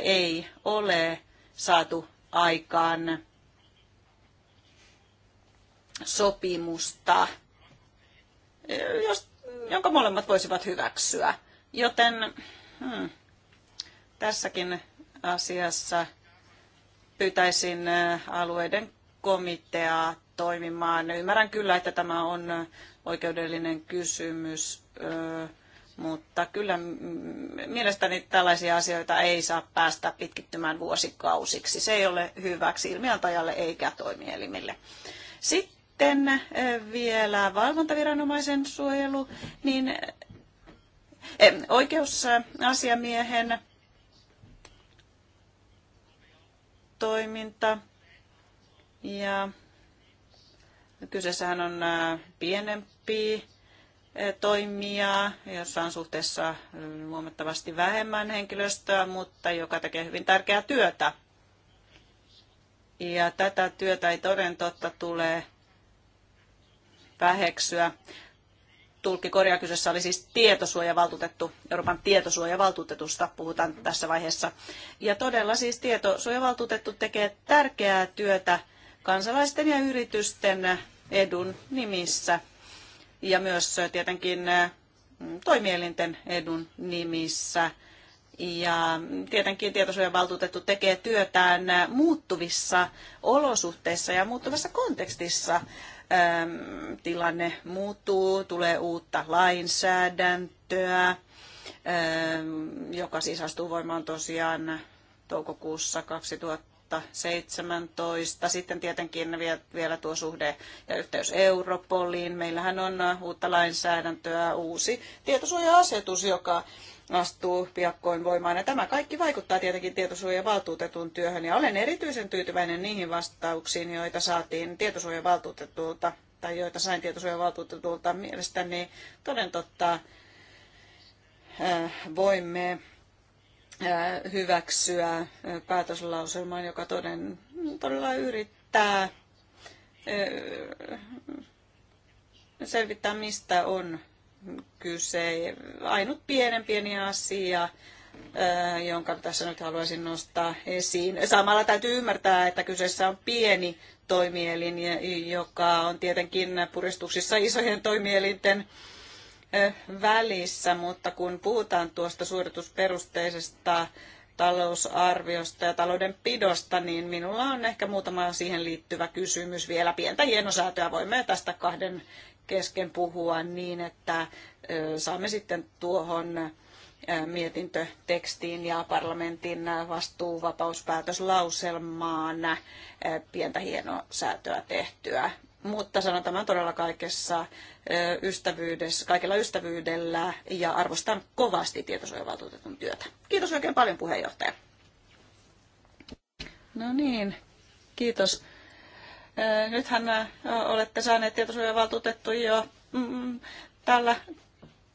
ei ole saatu aikaan sopimusta, eh, jos, jonka molemmat voisivat hyväksyä. Joten hmm, tässäkin asiassa pyytäisin alueiden komiteaa toimimaan. Ymmärrän kyllä, että tämä on oikeudellinen kysymys, mutta kyllä mielestäni tällaisia asioita ei saa päästä pitkittymään vuosikausiksi. Se ei ole hyväksi ilmiantajalle eikä toimielimille. Sitten vielä valvontaviranomaisen suojelu, niin oikeusasiamiehen toiminta. Ja kyseessähän on pienempi toimija, jossa on suhteessa huomattavasti vähemmän henkilöstöä, mutta joka tekee hyvin tärkeää työtä. Ja tätä työtä ei toden totta tule väheksyä tulkki korjaa kyseessä oli siis tietosuojavaltuutettu, Euroopan tietosuojavaltuutetusta puhutaan tässä vaiheessa. Ja todella siis tietosuojavaltuutettu tekee tärkeää työtä kansalaisten ja yritysten edun nimissä ja myös tietenkin toimielinten edun nimissä. Ja tietenkin tietosuojavaltuutettu tekee työtään muuttuvissa olosuhteissa ja muuttuvassa kontekstissa tilanne muuttuu, tulee uutta lainsäädäntöä, joka siis astuu voimaan tosiaan toukokuussa 2017. Sitten tietenkin vielä tuo suhde ja yhteys Europoliin. Meillähän on uutta lainsäädäntöä, uusi tietosuoja-asetus, joka astuu piakkoin voimaan. Ja tämä kaikki vaikuttaa tietenkin tietosuojavaltuutetun työhön ja olen erityisen tyytyväinen niihin vastauksiin, joita saatiin tietosuojavaltuutetulta tai joita sain tietosuojavaltuutetulta mielestäni toden totta äh, voimme äh, hyväksyä äh, päätöslauselman, joka toden, todella yrittää selvittää, mistä on kyse. Ainut pienen pieni asia, jonka tässä nyt haluaisin nostaa esiin. Samalla täytyy ymmärtää, että kyseessä on pieni toimielin, joka on tietenkin puristuksissa isojen toimielinten välissä, mutta kun puhutaan tuosta suoritusperusteisesta talousarviosta ja talouden pidosta, niin minulla on ehkä muutama siihen liittyvä kysymys vielä. Pientä hienosäätöä voimme tästä kahden kesken puhua niin, että saamme sitten tuohon mietintötekstiin ja parlamentin vastuuvapauspäätöslauselmaan pientä säätöä tehtyä. Mutta sanon tämän todella kaikessa ystävyydessä, kaikella ystävyydellä ja arvostan kovasti tietosuojavaltuutetun työtä. Kiitos oikein paljon puheenjohtaja. No niin, kiitos. Äh, nythän äh, olette saaneet tietosuojavaltuutettu jo mm, tällä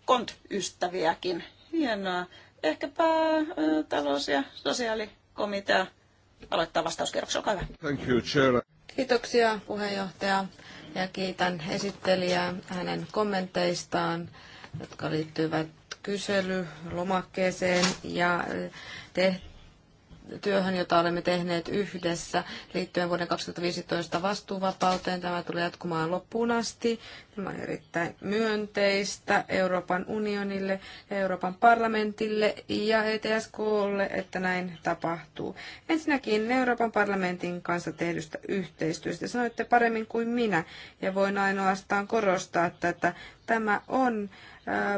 kont-ystäviäkin. Hienoa. Ehkäpä äh, talous- ja sosiaalikomitea aloittaa vastauskierroksen. Olkaa hyvä. Thank you, chair. Kiitoksia puheenjohtaja ja kiitän esittelijää hänen kommenteistaan, jotka liittyvät kyselylomakkeeseen ja tehtäviin työhön, jota olemme tehneet yhdessä liittyen vuoden 2015 vastuuvapauteen. Tämä tulee jatkumaan loppuun asti. Tämä on erittäin myönteistä Euroopan unionille, Euroopan parlamentille ja ETSKlle, että näin tapahtuu. Ensinnäkin Euroopan parlamentin kanssa tehdystä yhteistyöstä. Sanoitte paremmin kuin minä ja voin ainoastaan korostaa tätä. Tämä on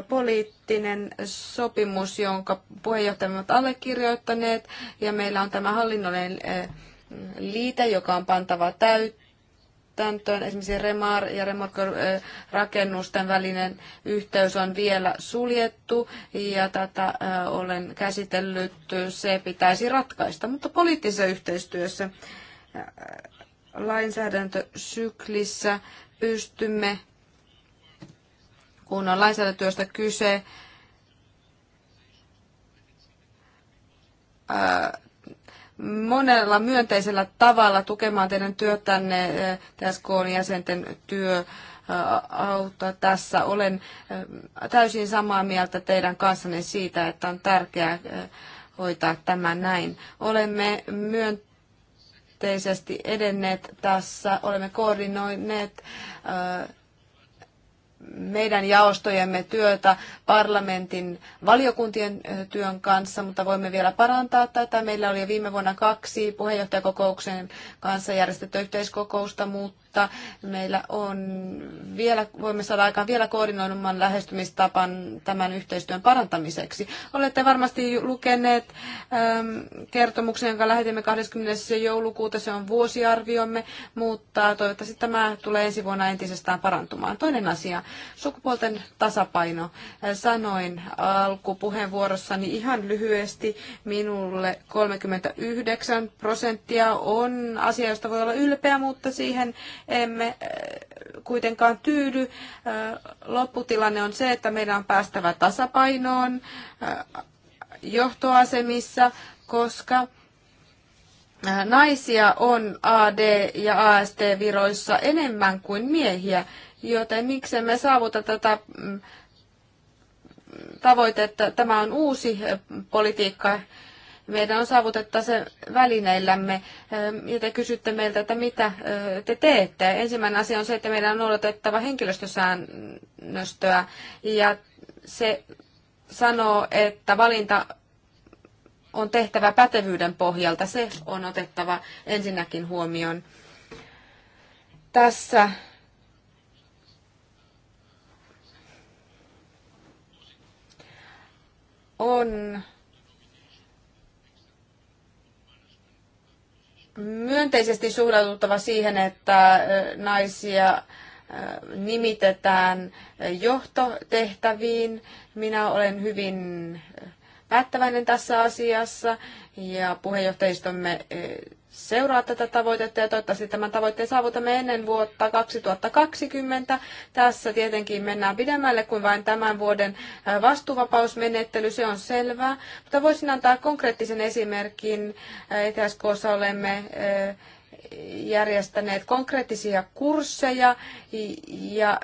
poliittinen sopimus, jonka puheenjohtajamme ovat allekirjoittaneet, ja meillä on tämä hallinnollinen liite, joka on pantava täytäntöön. Esimerkiksi Remar ja Remorko-rakennusten välinen yhteys on vielä suljettu, ja tätä olen käsitellyt. Se pitäisi ratkaista, mutta poliittisessa yhteistyössä lainsäädäntösyklissä pystymme kun on lainsäädäntötyöstä kyse, monella myönteisellä tavalla tukemaan teidän työtänne, TSK jäsenten työ auttaa tässä. Olen täysin samaa mieltä teidän kanssanne siitä, että on tärkeää hoitaa tämä näin. Olemme myönteisesti edenneet tässä, olemme koordinoineet meidän jaostojemme työtä parlamentin valiokuntien työn kanssa, mutta voimme vielä parantaa tätä. Meillä oli viime vuonna kaksi puheenjohtajakokouksen kanssa järjestettyä yhteiskokousta, mutta mutta meillä on vielä, voimme saada aikaan vielä koordinoidumman lähestymistapan tämän yhteistyön parantamiseksi. Olette varmasti lukeneet ähm, kertomuksen, jonka lähetimme 20. joulukuuta, se on vuosiarviomme, mutta toivottavasti tämä tulee ensi vuonna entisestään parantumaan. Toinen asia, sukupuolten tasapaino. Äh, sanoin alkupuheenvuorossani ihan lyhyesti minulle 39 prosenttia on asia, josta voi olla ylpeä, mutta siihen emme äh, kuitenkaan tyydy. Äh, lopputilanne on se, että meidän on päästävä tasapainoon äh, johtoasemissa, koska naisia on AD- ja AST-viroissa enemmän kuin miehiä, joten miksemme saavuta tätä mm, tavoitetta. Tämä on uusi politiikka, meidän on saavutettava se välineillämme. Ehm, ja te kysytte meiltä, että mitä te teette. Ensimmäinen asia on se, että meidän on noudatettava henkilöstösäännöstöä. Ja se sanoo, että valinta on tehtävä pätevyyden pohjalta. Se on otettava ensinnäkin huomioon. Tässä on myönteisesti suhtauduttava siihen, että naisia nimitetään johtotehtäviin. Minä olen hyvin päättäväinen tässä asiassa ja puheenjohtajistomme seuraa tätä tavoitetta ja toivottavasti tämän tavoitteen saavutamme ennen vuotta 2020. Tässä tietenkin mennään pidemmälle kuin vain tämän vuoden vastuuvapausmenettely, se on selvää. Mutta voisin antaa konkreettisen esimerkin. Etäskoossa olemme järjestäneet konkreettisia kursseja ja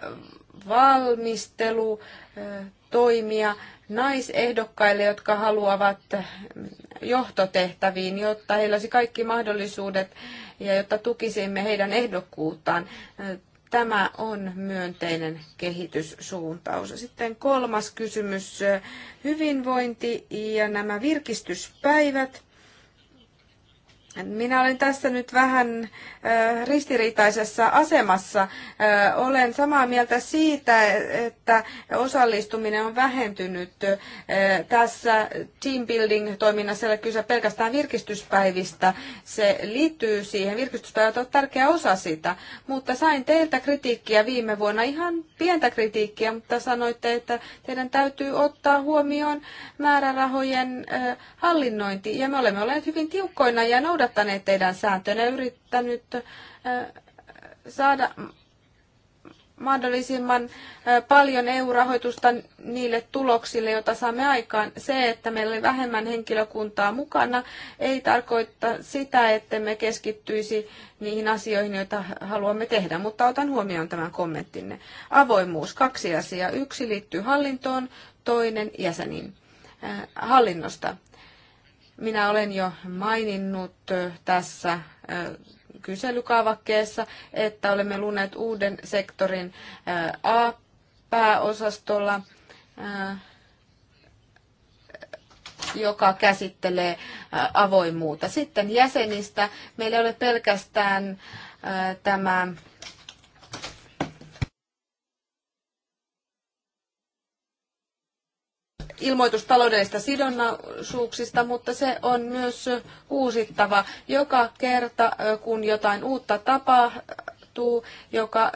valmistelutoimia naisehdokkaille, jotka haluavat johtotehtäviin, jotta heillä olisi kaikki mahdollisuudet ja jotta tukisimme heidän ehdokkuuttaan. Tämä on myönteinen kehityssuuntaus. Sitten kolmas kysymys, hyvinvointi ja nämä virkistyspäivät. Minä olen tässä nyt vähän ristiriitaisessa asemassa. Olen samaa mieltä siitä, että osallistuminen on vähentynyt tässä team building-toiminnassa, ei kyse pelkästään virkistyspäivistä. Se liittyy siihen, virkistyspäivät ovat tärkeä osa sitä, mutta sain teiltä kritiikkiä viime vuonna, ihan pientä kritiikkiä, mutta sanoitte, että teidän täytyy ottaa huomioon määrärahojen hallinnointi, ja me olemme olleet hyvin tiukkoina ja noudattaneet noudattaneet teidän sääntöjä ja yrittänyt saada mahdollisimman paljon EU-rahoitusta niille tuloksille, joita saamme aikaan. Se, että meillä oli vähemmän henkilökuntaa mukana, ei tarkoita sitä, että me keskittyisi niihin asioihin, joita haluamme tehdä, mutta otan huomioon tämän kommenttinne. Avoimuus, kaksi asiaa. Yksi liittyy hallintoon, toinen jäseniin hallinnosta. Minä olen jo maininnut tässä kyselykaavakkeessa, että olemme luneet uuden sektorin A-pääosastolla, joka käsittelee avoimuutta. Sitten jäsenistä. Meillä ei ole pelkästään tämä ilmoitus taloudellisista sidonnaisuuksista, mutta se on myös uusittava joka kerta, kun jotain uutta tapahtuu, joka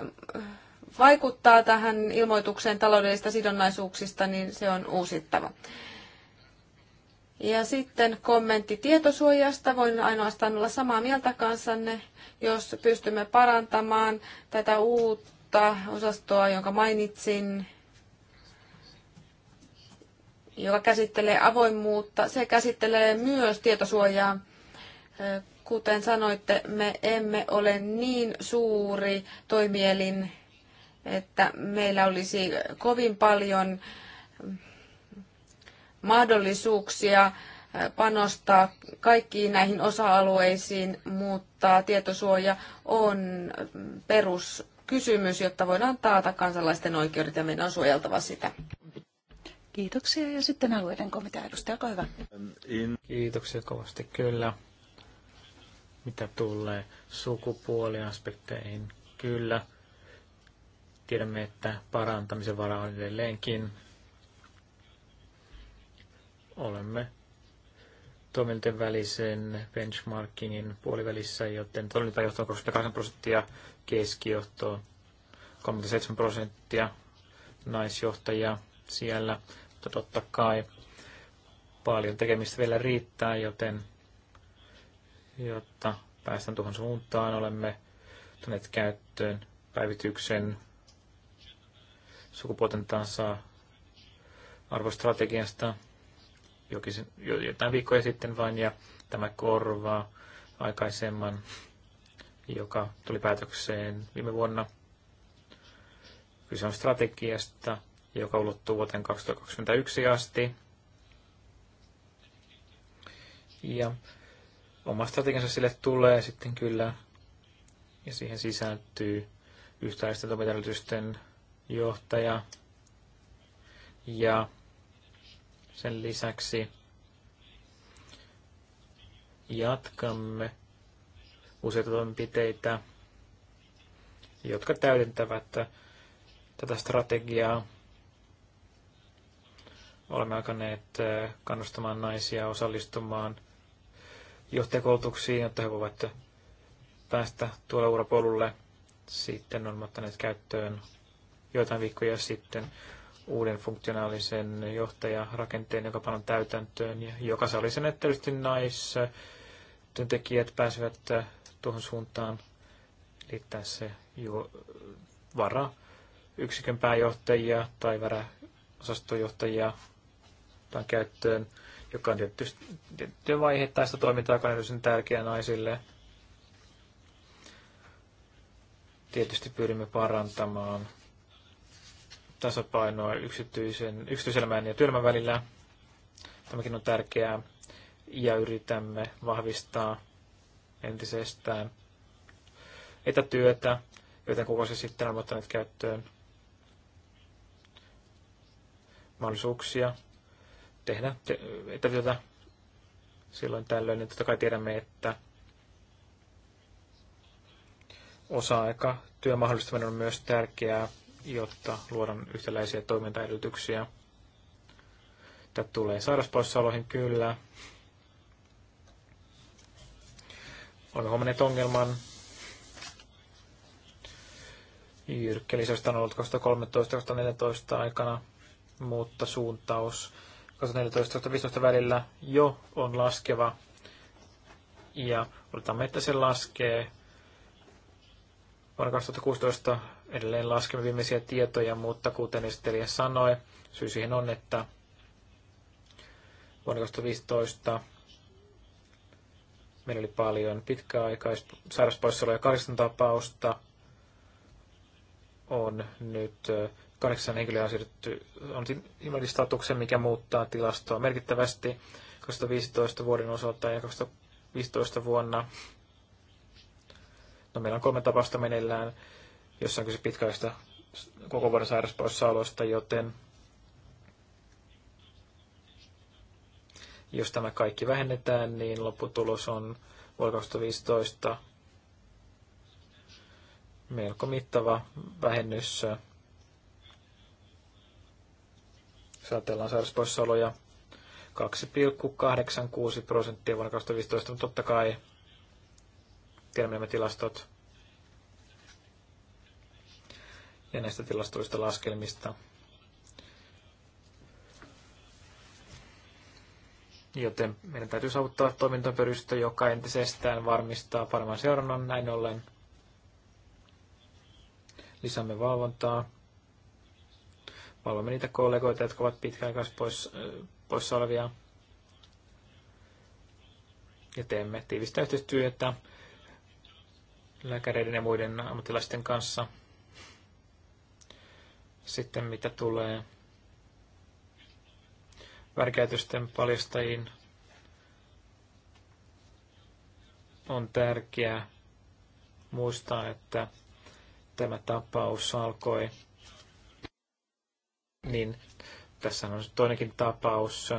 vaikuttaa tähän ilmoitukseen taloudellisista sidonnaisuuksista, niin se on uusittava. Ja sitten kommentti tietosuojasta. Voin ainoastaan olla samaa mieltä kanssanne, jos pystymme parantamaan tätä uutta osastoa, jonka mainitsin, joka käsittelee avoimuutta, se käsittelee myös tietosuojaa. Kuten sanoitte, me emme ole niin suuri toimielin, että meillä olisi kovin paljon mahdollisuuksia panostaa kaikkiin näihin osa-alueisiin, mutta tietosuoja on peruskysymys, jotta voidaan taata kansalaisten oikeudet ja meidän on suojeltava sitä. Kiitoksia ja sitten alueiden komitea edustaja, olkaa hyvä. Kiitoksia kovasti, kyllä. Mitä tulee sukupuoliaspekteihin, kyllä. Tiedämme, että parantamisen vara on edelleenkin. Olemme toimintojen välisen benchmarkingin puolivälissä, joten toimintajohto on 28 prosenttia, keskijohto 37 prosenttia, naisjohtajia siellä mutta totta kai paljon tekemistä vielä riittää, joten jotta päästään tuohon suuntaan, olemme tuoneet käyttöön päivityksen sukupuolten tasa arvostrategiasta jo, jotain viikkoja sitten vain, ja tämä korvaa aikaisemman, joka tuli päätökseen viime vuonna. Kyse on strategiasta, joka ulottuu vuoteen 2021 asti. Ja oma strategiansa sille tulee sitten kyllä, ja siihen sisältyy yhtäläisten toimintaedellytysten johtaja. Ja sen lisäksi jatkamme useita toimenpiteitä, jotka täydentävät tätä strategiaa olemme alkaneet eh, kannustamaan naisia osallistumaan johtajakoulutuksiin, jotta he voivat päästä tuolla urapolulle. Sitten on ottaneet käyttöön joitain viikkoja sitten uuden funktionaalisen johtajarakenteen, joka panon täytäntöön, ja joka oli sen, että tietysti naistyöntekijät pääsevät eh, tuohon suuntaan liittää se jo vara yksikön pääjohtajia tai värä osastojohtajia otetaan käyttöön, joka on tietysti tiettyä vaiheittaista toimintaa, joka on erityisen naisille. Tietysti pyrimme parantamaan tasapainoa yksityisen, yksityiselämän ja työelämän välillä. Tämäkin on tärkeää. Ja yritämme vahvistaa entisestään etätyötä, joten kuukausi sitten on ottanut käyttöön mahdollisuuksia tehdä etätyötä silloin tällöin, niin totta kai tiedämme, että osa-aika työmahdollistaminen on myös tärkeää, jotta luodaan yhtäläisiä toimintaedellytyksiä. Tätä tulee sairauspoissaoloihin kyllä. Olemme huomanneet ongelman. lisäystä on ollut 2013-2014 aikana, mutta suuntaus 2014-2015 välillä jo on laskeva ja odotamme, että se laskee. Vuonna 2016 edelleen laskemme viimeisiä tietoja, mutta kuten esittelijä sanoi, syy siihen on, että vuonna 2015 meillä oli paljon pitkäaikais sairauspoissaoloja, 8 tapausta on nyt kahdeksan henkilöä on siirrytty on invalidistatuksen, mikä muuttaa tilastoa merkittävästi 2015 vuoden osalta ja 2015 vuonna. No, meillä on kolme tapausta meneillään, jossa on kyse pitkäistä koko vuoden sairauspoissaoloista, joten jos tämä kaikki vähennetään, niin lopputulos on vuonna 2015 melko mittava vähennys Jos ajatellaan sairauspoissaoloja, 2,86 prosenttia vuonna 2015, mutta totta kai tiedämme nämä tilastot. Ja näistä tilastoista laskelmista. Joten meidän täytyy saavuttaa toimintapyrystä, joka entisestään varmistaa paremman seurannan näin ollen. Lisäämme valvontaa, valvomme niitä kollegoita, jotka ovat pitkäaikais pois, äh, poissa olevia. Ja teemme tiivistä yhteistyötä lääkäreiden ja muiden ammattilaisten kanssa. Sitten mitä tulee värkäytysten paljastajiin, on tärkeää muistaa, että tämä tapaus alkoi niin tässä on toinenkin tapaus,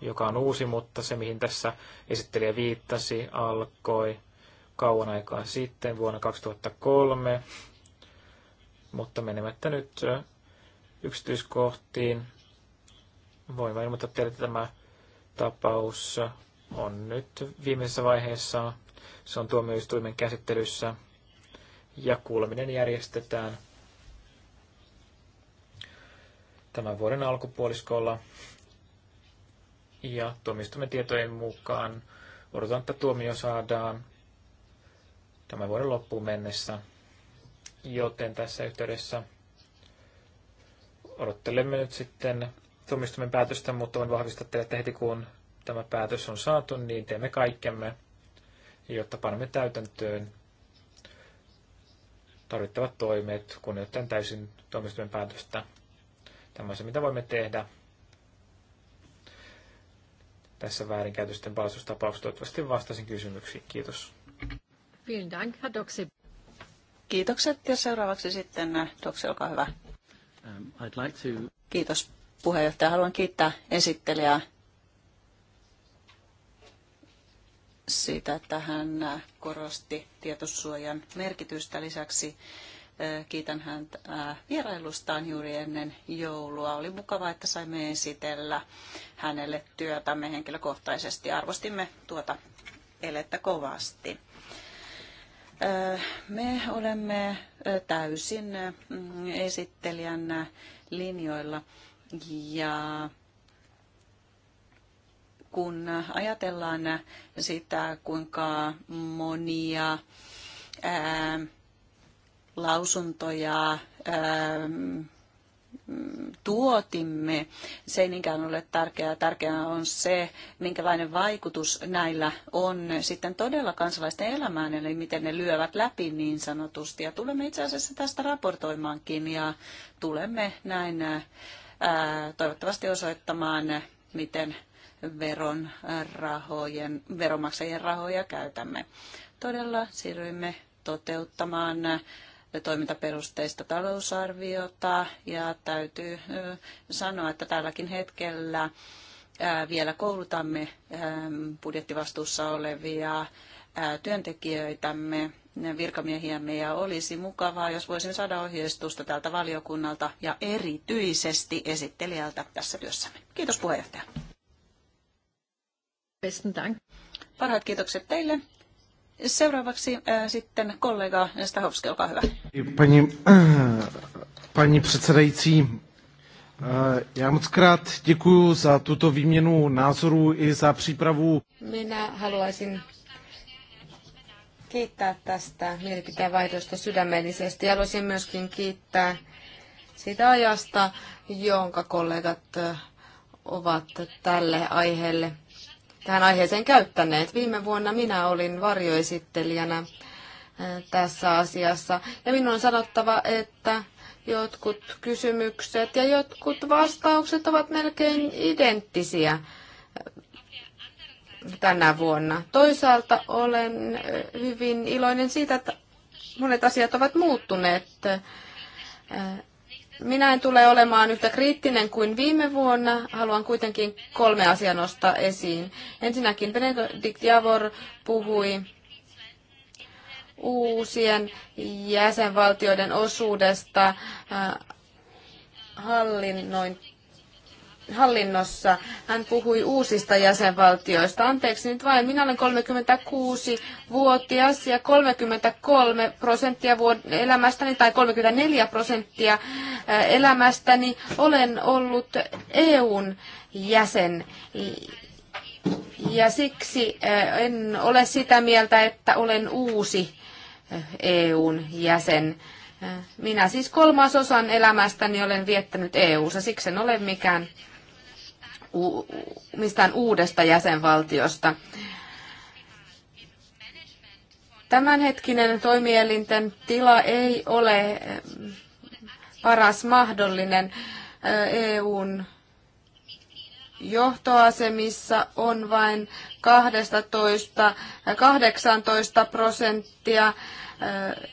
joka on uusi, mutta se mihin tässä esittelijä viittasi alkoi kauan aikaa sitten, vuonna 2003, mutta menemättä nyt yksityiskohtiin. Voin vain ilmoittaa teille, että tämä tapaus on nyt viimeisessä vaiheessa. Se on tuomioistuimen käsittelyssä ja kuuleminen järjestetään tämän vuoden alkupuoliskolla. Ja tuomioistuimen tietojen mukaan odotan, että tuomio saadaan tämän vuoden loppuun mennessä. Joten tässä yhteydessä odottelemme nyt sitten tuomioistuimen päätöstä, mutta voin vahvistaa teille, että heti kun tämä päätös on saatu, niin teemme kaikkemme, jotta panemme täytäntöön tarvittavat toimet kunnioittain täysin tuomioistuimen päätöstä. Tämä on se, mitä voimme tehdä. Tässä väärinkäytösten palastustapauksessa toivottavasti vastasin kysymyksiin. Kiitos. Kiitokset ja seuraavaksi sitten äh, Doksi, olkaa hyvä. Um, I'd like to... Kiitos puheenjohtaja. Haluan kiittää esittelijää siitä, että hän äh, korosti tietosuojan merkitystä lisäksi Kiitän häntä vierailustaan juuri ennen joulua. Oli mukava, että saimme esitellä hänelle työtämme henkilökohtaisesti. Arvostimme tuota elettä kovasti. Me olemme täysin mm, esittelijän linjoilla ja kun ajatellaan sitä, kuinka monia ää, lausuntoja ähm, tuotimme, se ei niinkään ole tärkeää. Tärkeää on se, minkälainen vaikutus näillä on sitten todella kansalaisten elämään, eli miten ne lyövät läpi niin sanotusti. Ja tulemme itse asiassa tästä raportoimaankin ja tulemme näin äh, toivottavasti osoittamaan, miten veron rahojen, veronmaksajien rahoja käytämme. Todella siirryimme toteuttamaan toimintaperusteista talousarviota ja täytyy sanoa, että tälläkin hetkellä vielä koulutamme budjettivastuussa olevia työntekijöitämme, virkamiehiämme ja olisi mukavaa, jos voisin saada ohjeistusta tältä valiokunnalta ja erityisesti esittelijältä tässä työssämme. Kiitos puheenjohtaja. Parhaat kiitokset teille Seuraavaksi äh, sitten kollega Stahovski, olkaa hyvä. Pani, äh, pani předsedající, äh, já moc krát děkuji za tuto výměnu názorů i za přípravu. Minä haluaisin kiittää tästä mielipiteen vaihdosta sydämellisesti. Haluaisin myöskin kiittää siitä ajasta, jonka kollegat äh, ovat tälle aiheelle tähän aiheeseen käyttäneet. Viime vuonna minä olin varjoesittelijänä tässä asiassa. Ja minun on sanottava, että jotkut kysymykset ja jotkut vastaukset ovat melkein identtisiä tänä vuonna. Toisaalta olen hyvin iloinen siitä, että monet asiat ovat muuttuneet. Minä en tule olemaan yhtä kriittinen kuin viime vuonna. Haluan kuitenkin kolme asiaa nostaa esiin. Ensinnäkin Benedikt Javor puhui uusien jäsenvaltioiden osuudesta äh, hallinnointi hallinnossa. Hän puhui uusista jäsenvaltioista. Anteeksi nyt vain, minä olen 36-vuotias ja 33 prosenttia elämästäni tai 34 prosenttia äh, elämästäni olen ollut EUn jäsen. Ja siksi äh, en ole sitä mieltä, että olen uusi äh, EUn jäsen. Minä siis kolmasosan elämästäni olen viettänyt EU-ssa, siksi en ole mikään mistään uudesta jäsenvaltiosta. Tämänhetkinen toimielinten tila ei ole eh, paras mahdollinen. EUn eh, e johtoasemissa on vain 12-18 prosenttia eh,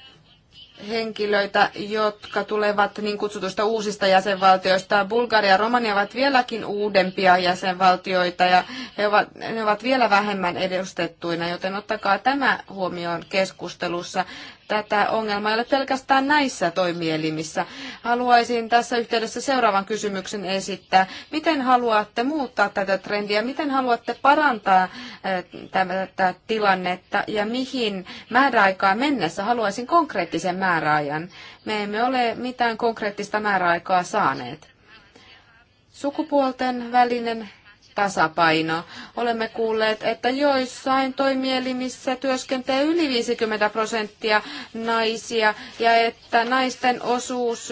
henkilöitä, jotka tulevat niin kutsutusta uusista jäsenvaltioista. Bulgaria ja Romania ovat vieläkin uudempia jäsenvaltioita ja he ovat, ne ovat vielä vähemmän edustettuina, joten ottakaa tämä huomioon keskustelussa tätä ongelmaa ei ole pelkästään näissä toimielimissä. Haluaisin tässä yhteydessä seuraavan kysymyksen esittää. Miten haluatte muuttaa tätä trendiä? Miten haluatte parantaa eh, tätä tilannetta ja mihin määräaikaa mennessä? Haluaisin konkreettisen määräajan. Me emme ole mitään konkreettista määräaikaa saaneet. Sukupuolten välinen tasapaino. Olemme kuulleet, että joissain toimielimissä työskentelee yli 50 prosenttia naisia ja että naisten osuus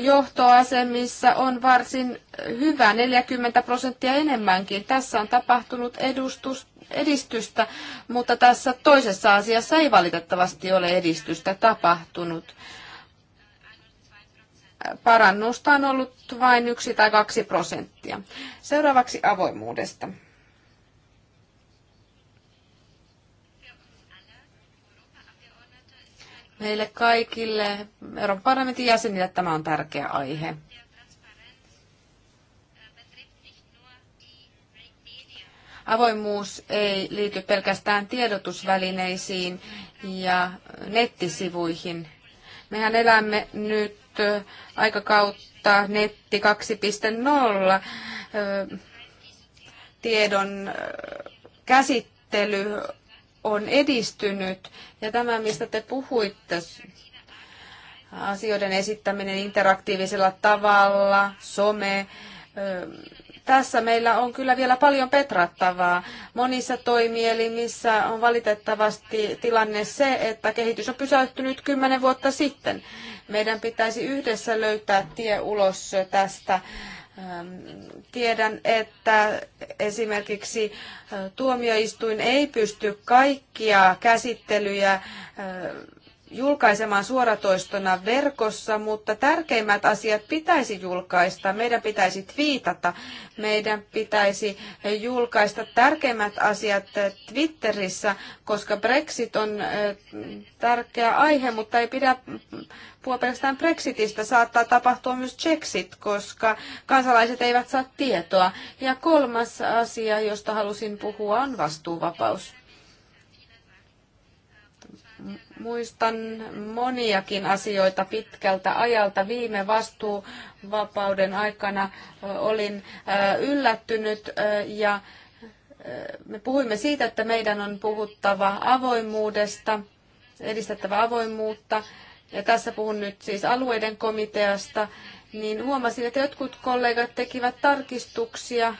johtoasemissa on varsin hyvä, 40 prosenttia enemmänkin. Tässä on tapahtunut edustus, edistystä, mutta tässä toisessa asiassa ei valitettavasti ole edistystä tapahtunut parannusta on ollut vain yksi tai kaksi prosenttia. Seuraavaksi avoimuudesta. Meille kaikille Euroopan parlamentin jäsenille tämä on tärkeä aihe. Avoimuus ei liity pelkästään tiedotusvälineisiin ja nettisivuihin. Mehän elämme nyt aikakautta netti 2.0 tiedon käsittely on edistynyt ja tämä, mistä te puhuitte, asioiden esittäminen interaktiivisella tavalla, some, tässä meillä on kyllä vielä paljon petrattavaa. Monissa toimielimissä on valitettavasti tilanne se, että kehitys on pysäyttynyt kymmenen vuotta sitten. Meidän pitäisi yhdessä löytää tie ulos tästä. Ähm, tiedän, että esimerkiksi äh, tuomioistuin ei pysty kaikkia käsittelyjä äh, julkaisemaan suoratoistona verkossa, mutta tärkeimmät asiat pitäisi julkaista. Meidän pitäisi twiitata, meidän pitäisi julkaista tärkeimmät asiat eh, Twitterissä, koska Brexit on eh, tärkeä aihe, mutta ei pidä puhua pelkästään Brexitistä. Saattaa tapahtua myös Brexit, koska kansalaiset eivät saa tietoa. Ja kolmas asia, josta halusin puhua, on vastuuvapaus. Muistan moniakin asioita pitkältä ajalta. Viime vastuuvapauden aikana olin yllättynyt ja me puhuimme siitä, että meidän on puhuttava avoimuudesta, edistettävä avoimuutta. Ja tässä puhun nyt siis alueiden komiteasta, niin huomasin, että jotkut kollegat tekivät tarkistuksia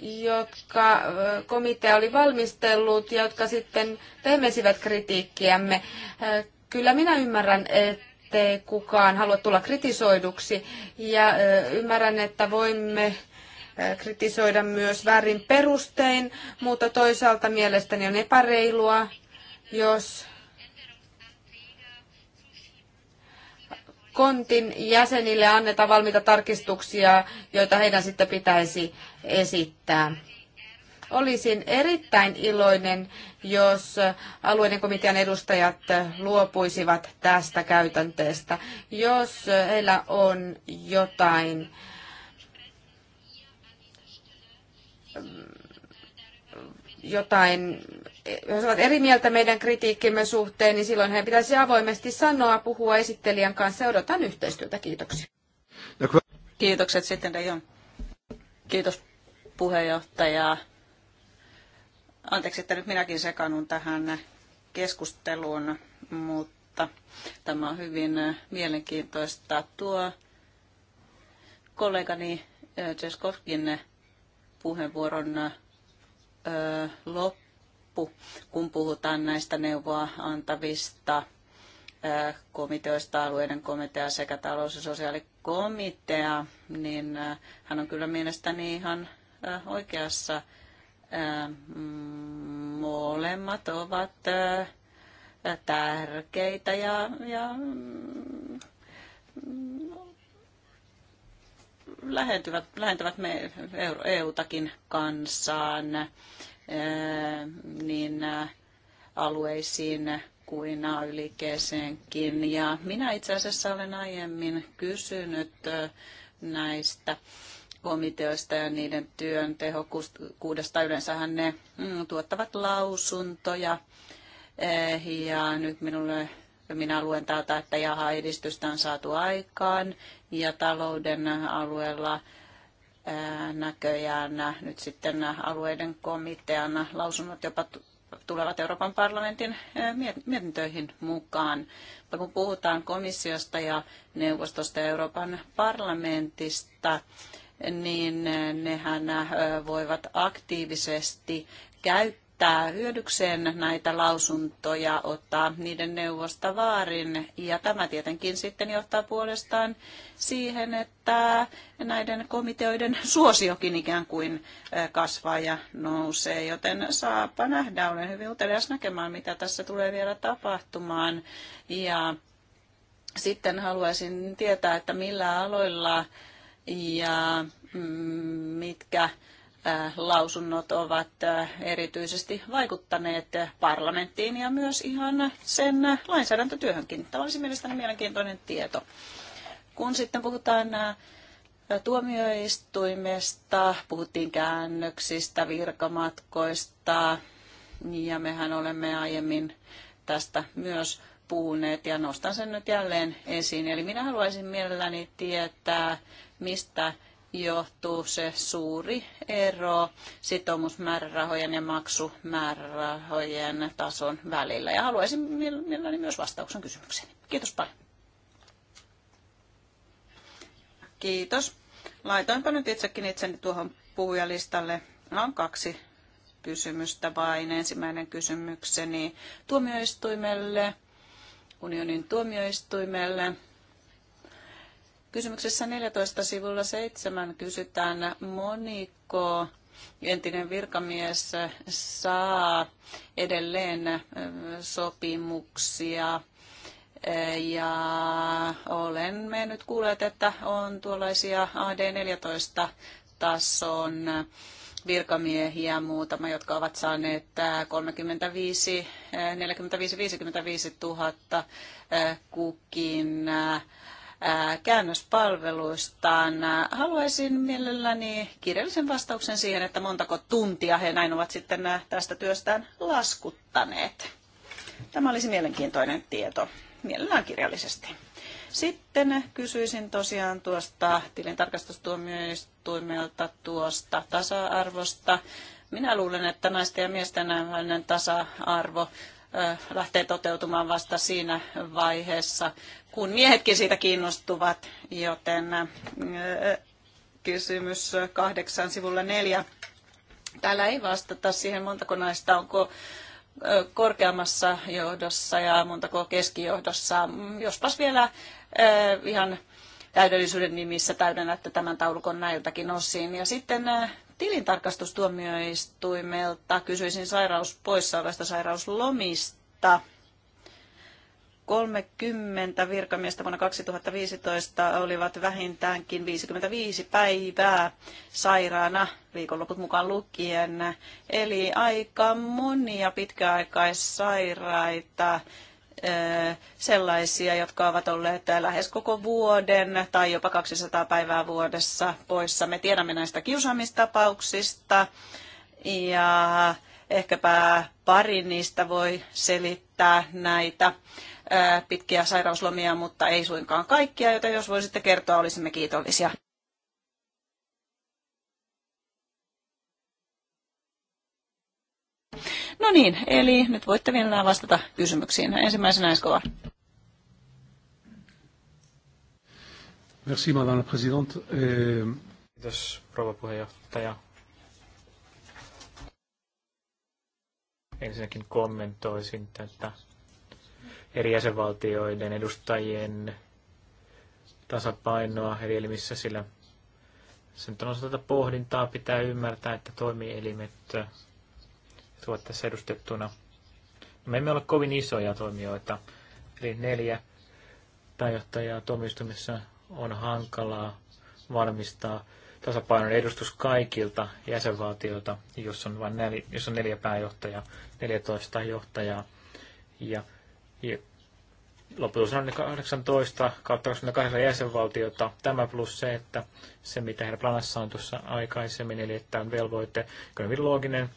jotka komitea oli valmistellut ja jotka sitten pehmesivät kritiikkiämme. Kyllä minä ymmärrän, ettei kukaan halua tulla kritisoiduksi ja ymmärrän, että voimme kritisoida myös väärin perustein, mutta toisaalta mielestäni on epäreilua, jos kontin jäsenille annetaan valmiita tarkistuksia, joita heidän sitten pitäisi esittää. Olisin erittäin iloinen, jos alueiden komitean edustajat luopuisivat tästä käytänteestä. Jos heillä on jotain jotain jos ovat eri mieltä meidän kritiikkimme suhteen, niin silloin he pitäisi avoimesti sanoa, puhua esittelijän kanssa. Odotan yhteistyötä. Kiitoksia. Kiitokset sitten, Dejon. Kiitos puheenjohtaja. Anteeksi, että nyt minäkin sekanun tähän keskusteluun, mutta tämä on hyvin äh, mielenkiintoista. Tuo kollegani Jeskovkin äh, äh, puheenvuoron loppu loppu, kun puhutaan näistä neuvoa antavista komiteoista, alueiden komitea sekä talous- ja sosiaalikomitea, niin hän on kyllä mielestäni ihan oikeassa. Mm, molemmat ovat tärkeitä ja, ja mm, lähentyvät, lähentyvät me EU, takin kansaan niin alueisiin kuin a liikkeeseenkin Ja minä itse asiassa olen aiemmin kysynyt näistä komiteoista ja niiden työn tehokkuudesta. Yleensähän ne mm, tuottavat lausuntoja. Ja nyt minulle minä luen täältä, että jaha, edistystä on saatu aikaan ja talouden alueella näköjään nyt sitten alueiden komitean lausunnot jopa tulevat Euroopan parlamentin mietintöihin mukaan. Mutta kun puhutaan komissiosta ja neuvostosta ja Euroopan parlamentista, niin nehän voivat aktiivisesti käyttää käyttää hyödykseen näitä lausuntoja, ottaa niiden neuvosta vaarin. Ja tämä tietenkin sitten johtaa puolestaan siihen, että näiden komiteoiden suosiokin ikään kuin kasvaa ja nousee. Joten saapa nähdä, olen hyvin utelias näkemään, mitä tässä tulee vielä tapahtumaan. Ja sitten haluaisin tietää, että millä aloilla ja mm, mitkä Äh, lausunnot ovat äh, erityisesti vaikuttaneet parlamenttiin ja myös ihan sen lainsäädäntötyöhönkin. Tämä olisi mielestäni mielenkiintoinen tieto. Kun sitten puhutaan äh, tuomioistuimesta, puhuttiin käännöksistä, virkamatkoista ja mehän olemme aiemmin tästä myös puhuneet ja nostan sen nyt jälleen esiin. Eli minä haluaisin mielelläni tietää, mistä johtuu se suuri ero sitoumusmäärärahojen ja maksumäärärahojen tason välillä. Ja haluaisin mielelläni myös vastauksen kysymykseen. Kiitos paljon. Kiitos. Laitoinpa nyt itsekin itseni tuohon puhujalistalle. Meillä on kaksi kysymystä vain. Ensimmäinen kysymykseni tuomioistuimelle, unionin tuomioistuimelle. Kysymyksessä 14 sivulla 7 kysytään, moniko entinen virkamies saa edelleen sopimuksia ja olen mennyt kuulleet, että on tuollaisia AD14 tason virkamiehiä muutama, jotka ovat saaneet 35, 45, 55 000 kukin käännöspalveluistaan. Haluaisin mielelläni kirjallisen vastauksen siihen, että montako tuntia he näin ovat sitten tästä työstään laskuttaneet. Tämä olisi mielenkiintoinen tieto, mielellään kirjallisesti. Sitten kysyisin tosiaan tuosta tilintarkastustuomioistuimelta tuosta tasa-arvosta. Minä luulen, että naisten ja miesten välinen tasa-arvo lähtee toteutumaan vasta siinä vaiheessa, kun miehetkin siitä kiinnostuvat, joten kysymys kahdeksan sivulla neljä. Täällä ei vastata siihen, montako naista onko korkeammassa johdossa ja montako keskijohdossa. Jospas vielä ihan täydellisyyden nimissä täydennätte tämän taulukon näiltäkin osin. Ja sitten tilintarkastustuomioistuimelta kysyisin sairauspoissaolosta sairauslomista. 30 virkamiestä vuonna 2015 olivat vähintäänkin 55 päivää sairaana viikonloput mukaan lukien. Eli aika monia pitkäaikaissairaita sellaisia, jotka ovat olleet lähes koko vuoden tai jopa 200 päivää vuodessa poissa. Me tiedämme näistä kiusaamistapauksista ja ehkäpä pari niistä voi selittää näitä pitkiä sairauslomia, mutta ei suinkaan kaikkia, joten jos voisitte kertoa, olisimme kiitollisia. No niin, eli nyt voitte vielä vastata kysymyksiin. Ensimmäisenä Eskova. Merci, madame la présidente. Euh, Kiitos, rouva puheenjohtaja. Ensinnäkin kommentoisin tätä eri jäsenvaltioiden edustajien tasapainoa eri elimissä, sillä se on osa tätä pohdintaa, pitää ymmärtää, että toimielimet ovat tässä edustettuna. Me emme ole kovin isoja toimijoita, eli neljä pääjohtajaa tuomioistuimessa on hankalaa varmistaa tasapainon edustus kaikilta jäsenvaltioilta, jos on vain neljä, jos on neljä pääjohtajaa, 14 johtajaa. Ja ja lopputulos on 18 kautta 28 jäsenvaltiota. Tämä plus se, että se mitä heidän planassa on tuossa aikaisemmin, eli että on velvoite, kun on hyvin looginen,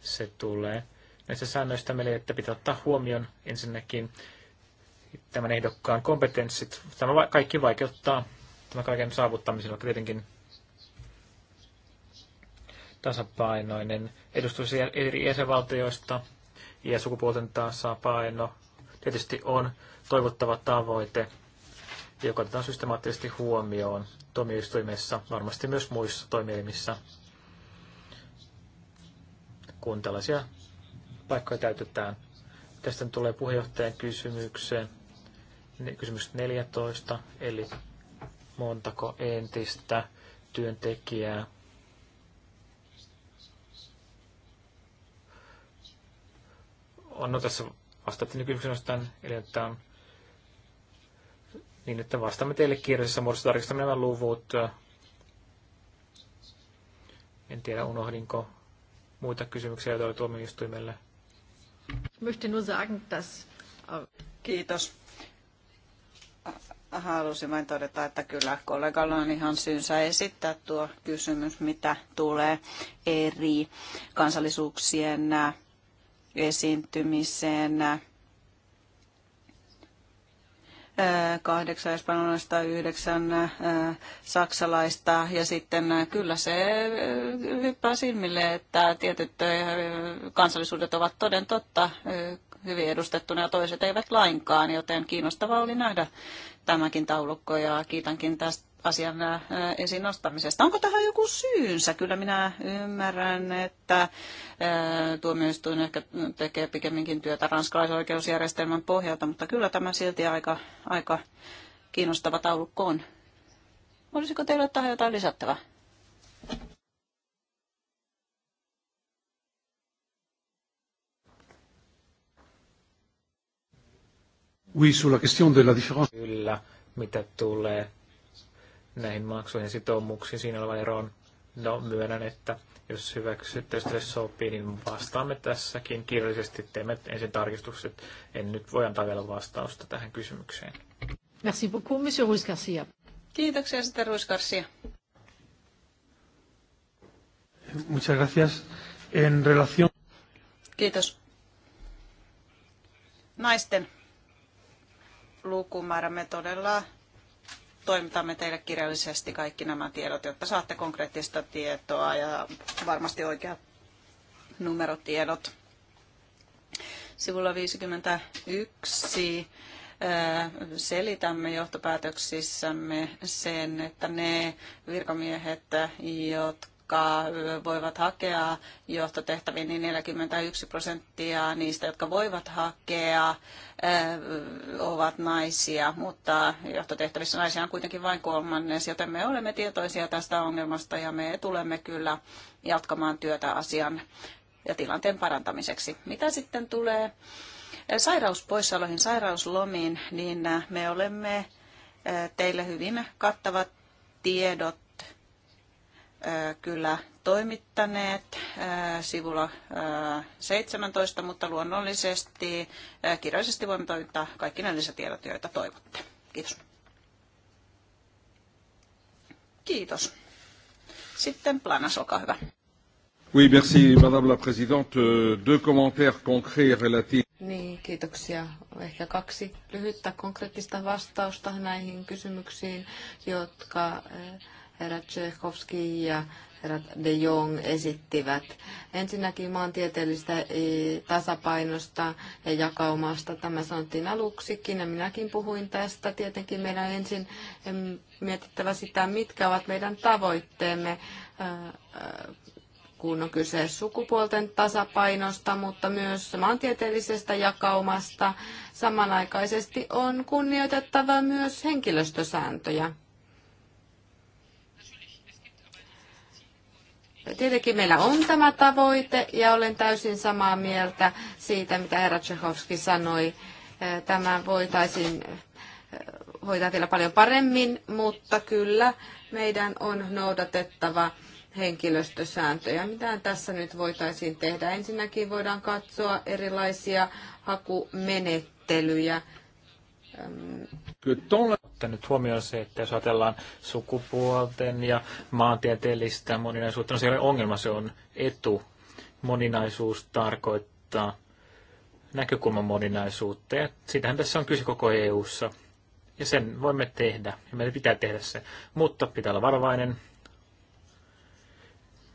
se tulee näistä säännöistä Eli että pitää ottaa huomioon ensinnäkin tämän ehdokkaan kompetenssit. Tämä kaikki vaikeuttaa tämän kaiken saavuttamisen, vaikka tietenkin tasapainoinen edustus eri jäsenvaltioista ja sukupuolten tasapaino tietysti on toivottava tavoite, joka otetaan systemaattisesti huomioon tuomioistuimessa, varmasti myös muissa toimielimissä, kun tällaisia paikkoja täytetään. Tästä tulee puheenjohtajan kysymykseen. Kysymys 14, eli montako entistä työntekijää on no tässä vastaatte nykymyksen ostaan, eli että on niin, että vastaamme teille kirjallisessa muodossa tarkistamme nämä luvut. En tiedä, unohdinko muita kysymyksiä, joita oli tuomioistuimelle. Äh, Kiitos. Äh, haluaisin vain todeta, että kyllä kollegalla on ihan syynsä esittää tuo kysymys, mitä tulee eri kansallisuuksien äh, esiintymiseen. Äh, kahdeksan espanjalaista, yhdeksän äh, saksalaista ja sitten äh, kyllä se hyppää silmille, että tietyt kansallisuudet ovat toden totta hyvin edustettuna ja toiset eivät lainkaan, joten kiinnostavaa oli nähdä tämäkin taulukko ja kiitänkin tästä asian esiin nostamisesta. Onko tähän joku syynsä? Kyllä minä ymmärrän, että tuomioistuin ehkä tekee pikemminkin työtä ranskalaisoikeusjärjestelmän pohjalta, mutta kyllä tämä silti aika, aika kiinnostava taulukko on. Olisiko teillä tähän jotain lisättävää? Oui, sulla question de la différence. Kyllä, mitä tulee näihin maksuihin sitoumuksiin siinä olevan eroon. No, myönnän, että jos hyväksytte, jos sopii, niin vastaamme tässäkin kirjallisesti. Teemme ensin tarkistukset. En nyt voi antaa vielä vastausta tähän kysymykseen. Merci beaucoup, monsieur Ruiz Garcia. Kiitoksia, sitä Ruiz Garcia. Muchas gracias. En relación... Kiitos. Naisten lukumäärä me todella toimitamme teille kirjallisesti kaikki nämä tiedot, jotta saatte konkreettista tietoa ja varmasti oikeat numerotiedot. Sivulla 51 äh, selitämme johtopäätöksissämme sen, että ne virkamiehet, jotka jotka voivat hakea johtotehtäviin, niin 41 prosenttia niistä, jotka voivat hakea, ovat naisia, mutta johtotehtävissä naisia on kuitenkin vain kolmannes, joten me olemme tietoisia tästä ongelmasta ja me tulemme kyllä jatkamaan työtä asian ja tilanteen parantamiseksi. Mitä sitten tulee sairauspoissaoloihin, sairauslomiin, niin me olemme teille hyvin kattavat tiedot kyllä toimittaneet sivulla 17, mutta luonnollisesti kirjallisesti voimme toimittaa kaikki ne lisätiedot, joita toivotte. Kiitos. Kiitos. Sitten Planas, olkaa hyvä. Oui, merci, Madame la Présidente. Deux commentaires concrets relatifs. Niin, kiitoksia. Ehkä kaksi lyhyttä konkreettista vastausta näihin kysymyksiin, jotka äh, herra Tchaikovsky ja herra de Jong esittivät. Ensinnäkin maantieteellistä e, tasapainosta ja jakaumasta tämä sanottiin aluksikin ja minäkin puhuin tästä. Tietenkin meidän ensin mietittävä sitä, mitkä ovat meidän tavoitteemme kun on kyse sukupuolten tasapainosta, mutta myös maantieteellisestä jakaumasta. Samanaikaisesti on kunnioitettava myös henkilöstösääntöjä. Tietenkin meillä on tämä tavoite ja olen täysin samaa mieltä siitä, mitä herra Tsehovski sanoi. Tämä voitaisiin hoitaa vielä paljon paremmin, mutta kyllä meidän on noudatettava henkilöstösääntöjä. Mitä tässä nyt voitaisiin tehdä? Ensinnäkin voidaan katsoa erilaisia hakumenettelyjä. Nyt huomioon se, että jos ajatellaan sukupuolten ja maantieteellistä moninaisuutta, no se ei ole ongelma, se on etu. Moninaisuus tarkoittaa näkökulman moninaisuutta, ja sitähän tässä on kyse koko EU-ssa. Ja sen voimme tehdä, ja meidän pitää tehdä se, mutta pitää olla varovainen.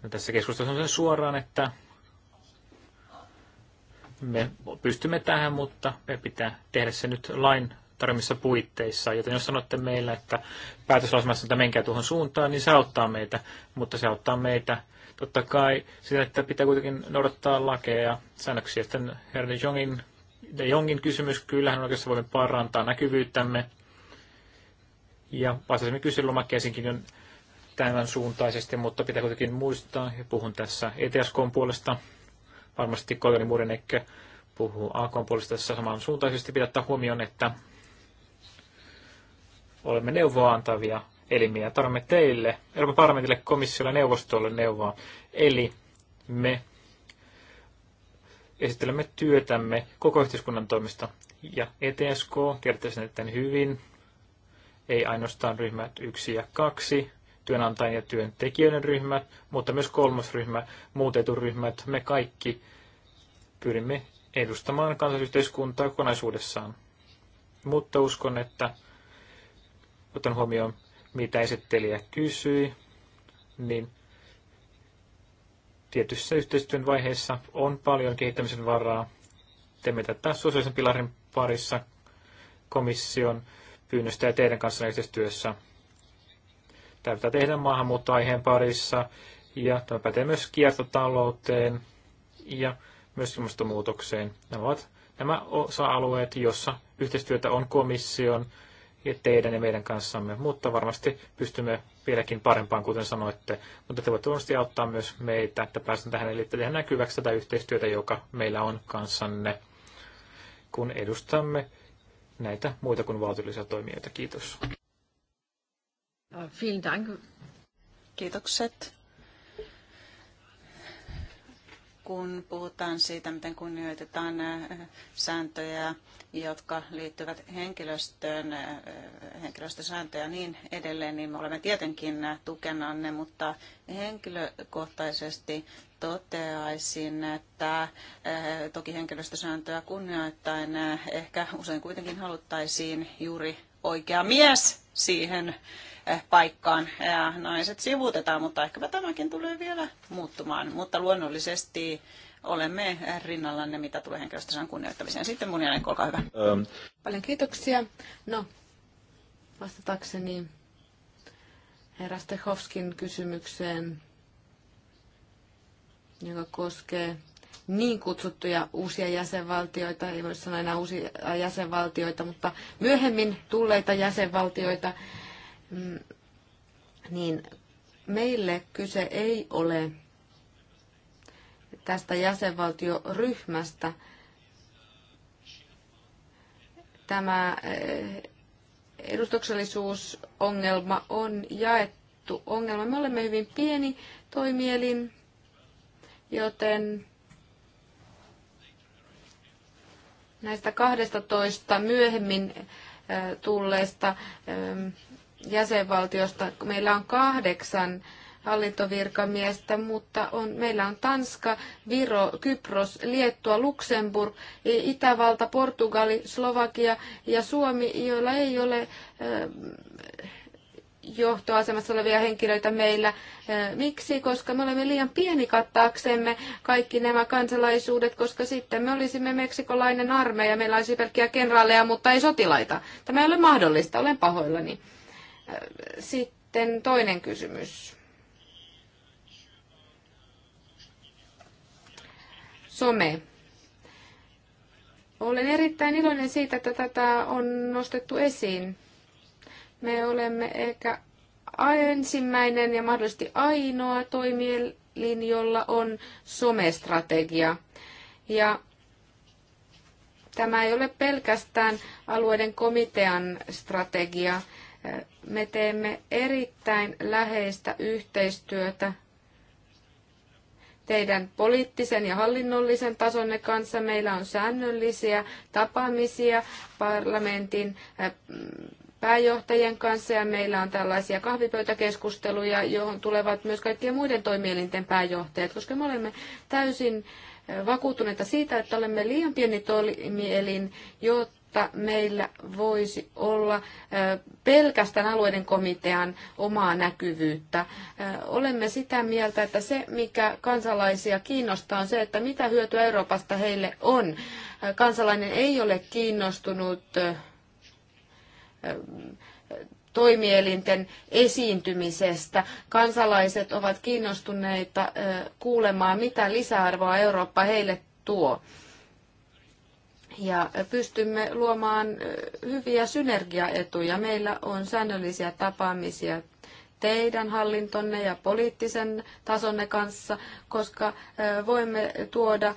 No, tässä keskustelussa on sen suoraan, että me pystymme tähän, mutta me pitää tehdä se nyt lain tarvitsemissa puitteissa. Joten jos sanotte meillä, että päätöslausumassa, että menkää tuohon suuntaan, niin se auttaa meitä, mutta se auttaa meitä totta kai sitä, että pitää kuitenkin noudattaa lakeja ja säännöksiä. Sitten herra de Jongin, de Jongin kysymys, kyllähän oikeastaan voimme parantaa näkyvyyttämme. Ja vastasimme kyselylomakkeisiinkin on tämän suuntaisesti, mutta pitää kuitenkin muistaa, ja puhun tässä ETSK puolesta, varmasti kollegani Murenekke puhuu AK puolesta tässä samansuuntaisesti, pitää ottaa huomioon, että olemme neuvoa antavia elimiä. Tarvitsemme teille, Euroopan parlamentille, komissiolle ja neuvostolle neuvoa. Eli me esittelemme työtämme koko yhteiskunnan toimista. Ja ETSK, tiedätte sen että hyvin, ei ainoastaan ryhmät 1 ja 2, työnantajien ja työntekijöiden ryhmät, mutta myös kolmosryhmä, muut eturyhmät, me kaikki pyrimme edustamaan kansallisyhteiskuntaa kokonaisuudessaan. Mutta uskon, että otan huomioon, mitä esittelijä kysyi, niin tietyssä yhteistyön vaiheessa on paljon kehittämisen varaa. Teemme tätä sosiaalisen pilarin parissa komission pyynnöstä ja teidän kanssa yhteistyössä. Tämä pitää tehdä maahanmuuttoaiheen parissa ja tämä pätee myös kiertotalouteen ja myös ilmastonmuutokseen. Nämä ovat nämä osa-alueet, joissa yhteistyötä on komission ja teidän ja meidän kanssamme, mutta varmasti pystymme vieläkin parempaan, kuten sanoitte. Mutta te voitte varmasti auttaa myös meitä, että päästään tähän, eli tehdään näkyväksi tätä yhteistyötä, joka meillä on kanssanne, kun edustamme näitä muita kuin valtiollisia toimijoita. Kiitos. Vielen Kiitokset. kun puhutaan siitä, miten kunnioitetaan äh, sääntöjä, jotka liittyvät henkilöstöön, äh, henkilöstösääntöjä ja niin edelleen, niin me olemme tietenkin äh, tukenanne, mutta henkilökohtaisesti toteaisin, että toki henkilöstösääntöä kunnioittain ehkä usein kuitenkin haluttaisiin juuri oikea mies siihen Eh, paikkaan ja naiset sivuutetaan, mutta ehkäpä tämäkin tulee vielä muuttumaan. Mutta luonnollisesti olemme rinnallanne, mitä tulee henkilöstösään kunnioittamiseen. Sitten mun jälkeen, olkaa hyvä. Ähm. Paljon kiitoksia. No, vastatakseni herra Stehovskin kysymykseen, joka koskee niin kutsuttuja uusia jäsenvaltioita, ei voi sanoa enää uusia jäsenvaltioita, mutta myöhemmin tulleita jäsenvaltioita, Mm. niin meille kyse ei ole tästä jäsenvaltioryhmästä. Tämä eh, edustuksellisuusongelma on jaettu ongelma. Me olemme hyvin pieni toimielin, joten näistä 12 myöhemmin eh, tulleista jäsenvaltiosta. Meillä on kahdeksan hallintovirkamiestä, mutta on, meillä on Tanska, Viro, Kypros, Liettua, Luxemburg, Itävalta, Portugali, Slovakia ja Suomi, joilla ei ole eh, johtoasemassa olevia henkilöitä meillä. Eh, miksi? Koska me olemme liian pieni kattaaksemme kaikki nämä kansalaisuudet, koska sitten me olisimme meksikolainen armeija, meillä olisi pelkkiä kenraaleja, mutta ei sotilaita. Tämä ei ole mahdollista, olen pahoillani. Sitten toinen kysymys. Some. Olen erittäin iloinen siitä, että tätä on nostettu esiin. Me olemme ehkä ensimmäinen ja mahdollisesti ainoa toimielin, jolla on somestrategia. Ja tämä ei ole pelkästään alueiden komitean strategia, me teemme erittäin läheistä yhteistyötä teidän poliittisen ja hallinnollisen tasonne kanssa. Meillä on säännöllisiä tapaamisia parlamentin pääjohtajien kanssa ja meillä on tällaisia kahvipöytäkeskusteluja, johon tulevat myös kaikkien muiden toimielinten pääjohtajat, koska me olemme täysin vakuuttuneita siitä, että olemme liian pieni toimielin, jotta jotta meillä voisi olla pelkästään alueiden komitean omaa näkyvyyttä. Olemme sitä mieltä, että se, mikä kansalaisia kiinnostaa, on se, että mitä hyötyä Euroopasta heille on. Kansalainen ei ole kiinnostunut toimielinten esiintymisestä. Kansalaiset ovat kiinnostuneita kuulemaan, mitä lisäarvoa Eurooppa heille tuo ja pystymme luomaan hyviä synergiaetuja. Meillä on säännöllisiä tapaamisia teidän hallintonne ja poliittisen tasonne kanssa, koska voimme tuoda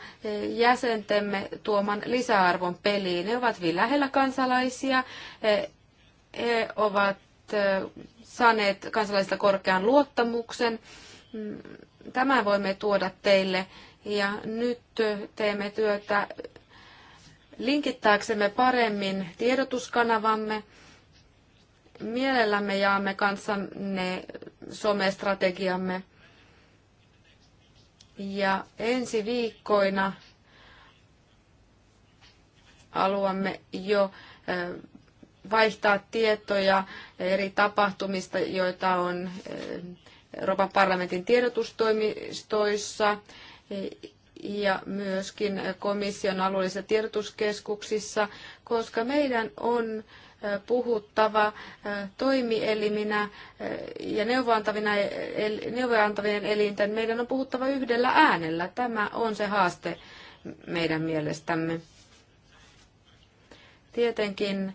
jäsentemme tuoman lisäarvon peliin. Ne ovat lähellä kansalaisia, he ovat saaneet kansalaisista korkean luottamuksen. Mm, Tämä voimme tuoda teille ja nyt teemme työtä linkittääksemme paremmin tiedotuskanavamme. Mielellämme jaamme kanssanne somestrategiamme. Ja ensi viikkoina haluamme jo vaihtaa tietoja eri tapahtumista, joita on Euroopan parlamentin tiedotustoimistoissa ja myöskin komission alueellisissa tiedotuskeskuksissa, koska meidän on puhuttava toimieliminä ja e-, neuvoantavien elinten. Meidän on puhuttava yhdellä äänellä. Tämä on se haaste meidän mielestämme. Tietenkin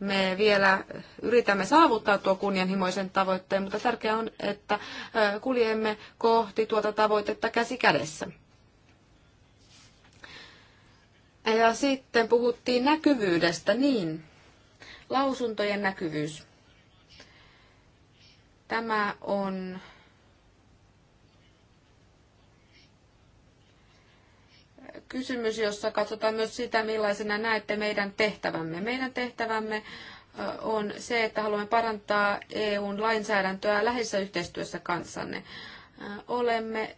me vielä yritämme saavuttaa tuo kunnianhimoisen tavoitteen, mutta tärkeää on, että kuljemme kohti tuota tavoitetta käsi kädessä. Ja sitten puhuttiin näkyvyydestä, niin lausuntojen näkyvyys. Tämä on kysymys, jossa katsotaan myös sitä, millaisena näette meidän tehtävämme. Meidän tehtävämme on se, että haluamme parantaa EUn lainsäädäntöä lähissä yhteistyössä kanssanne. Olemme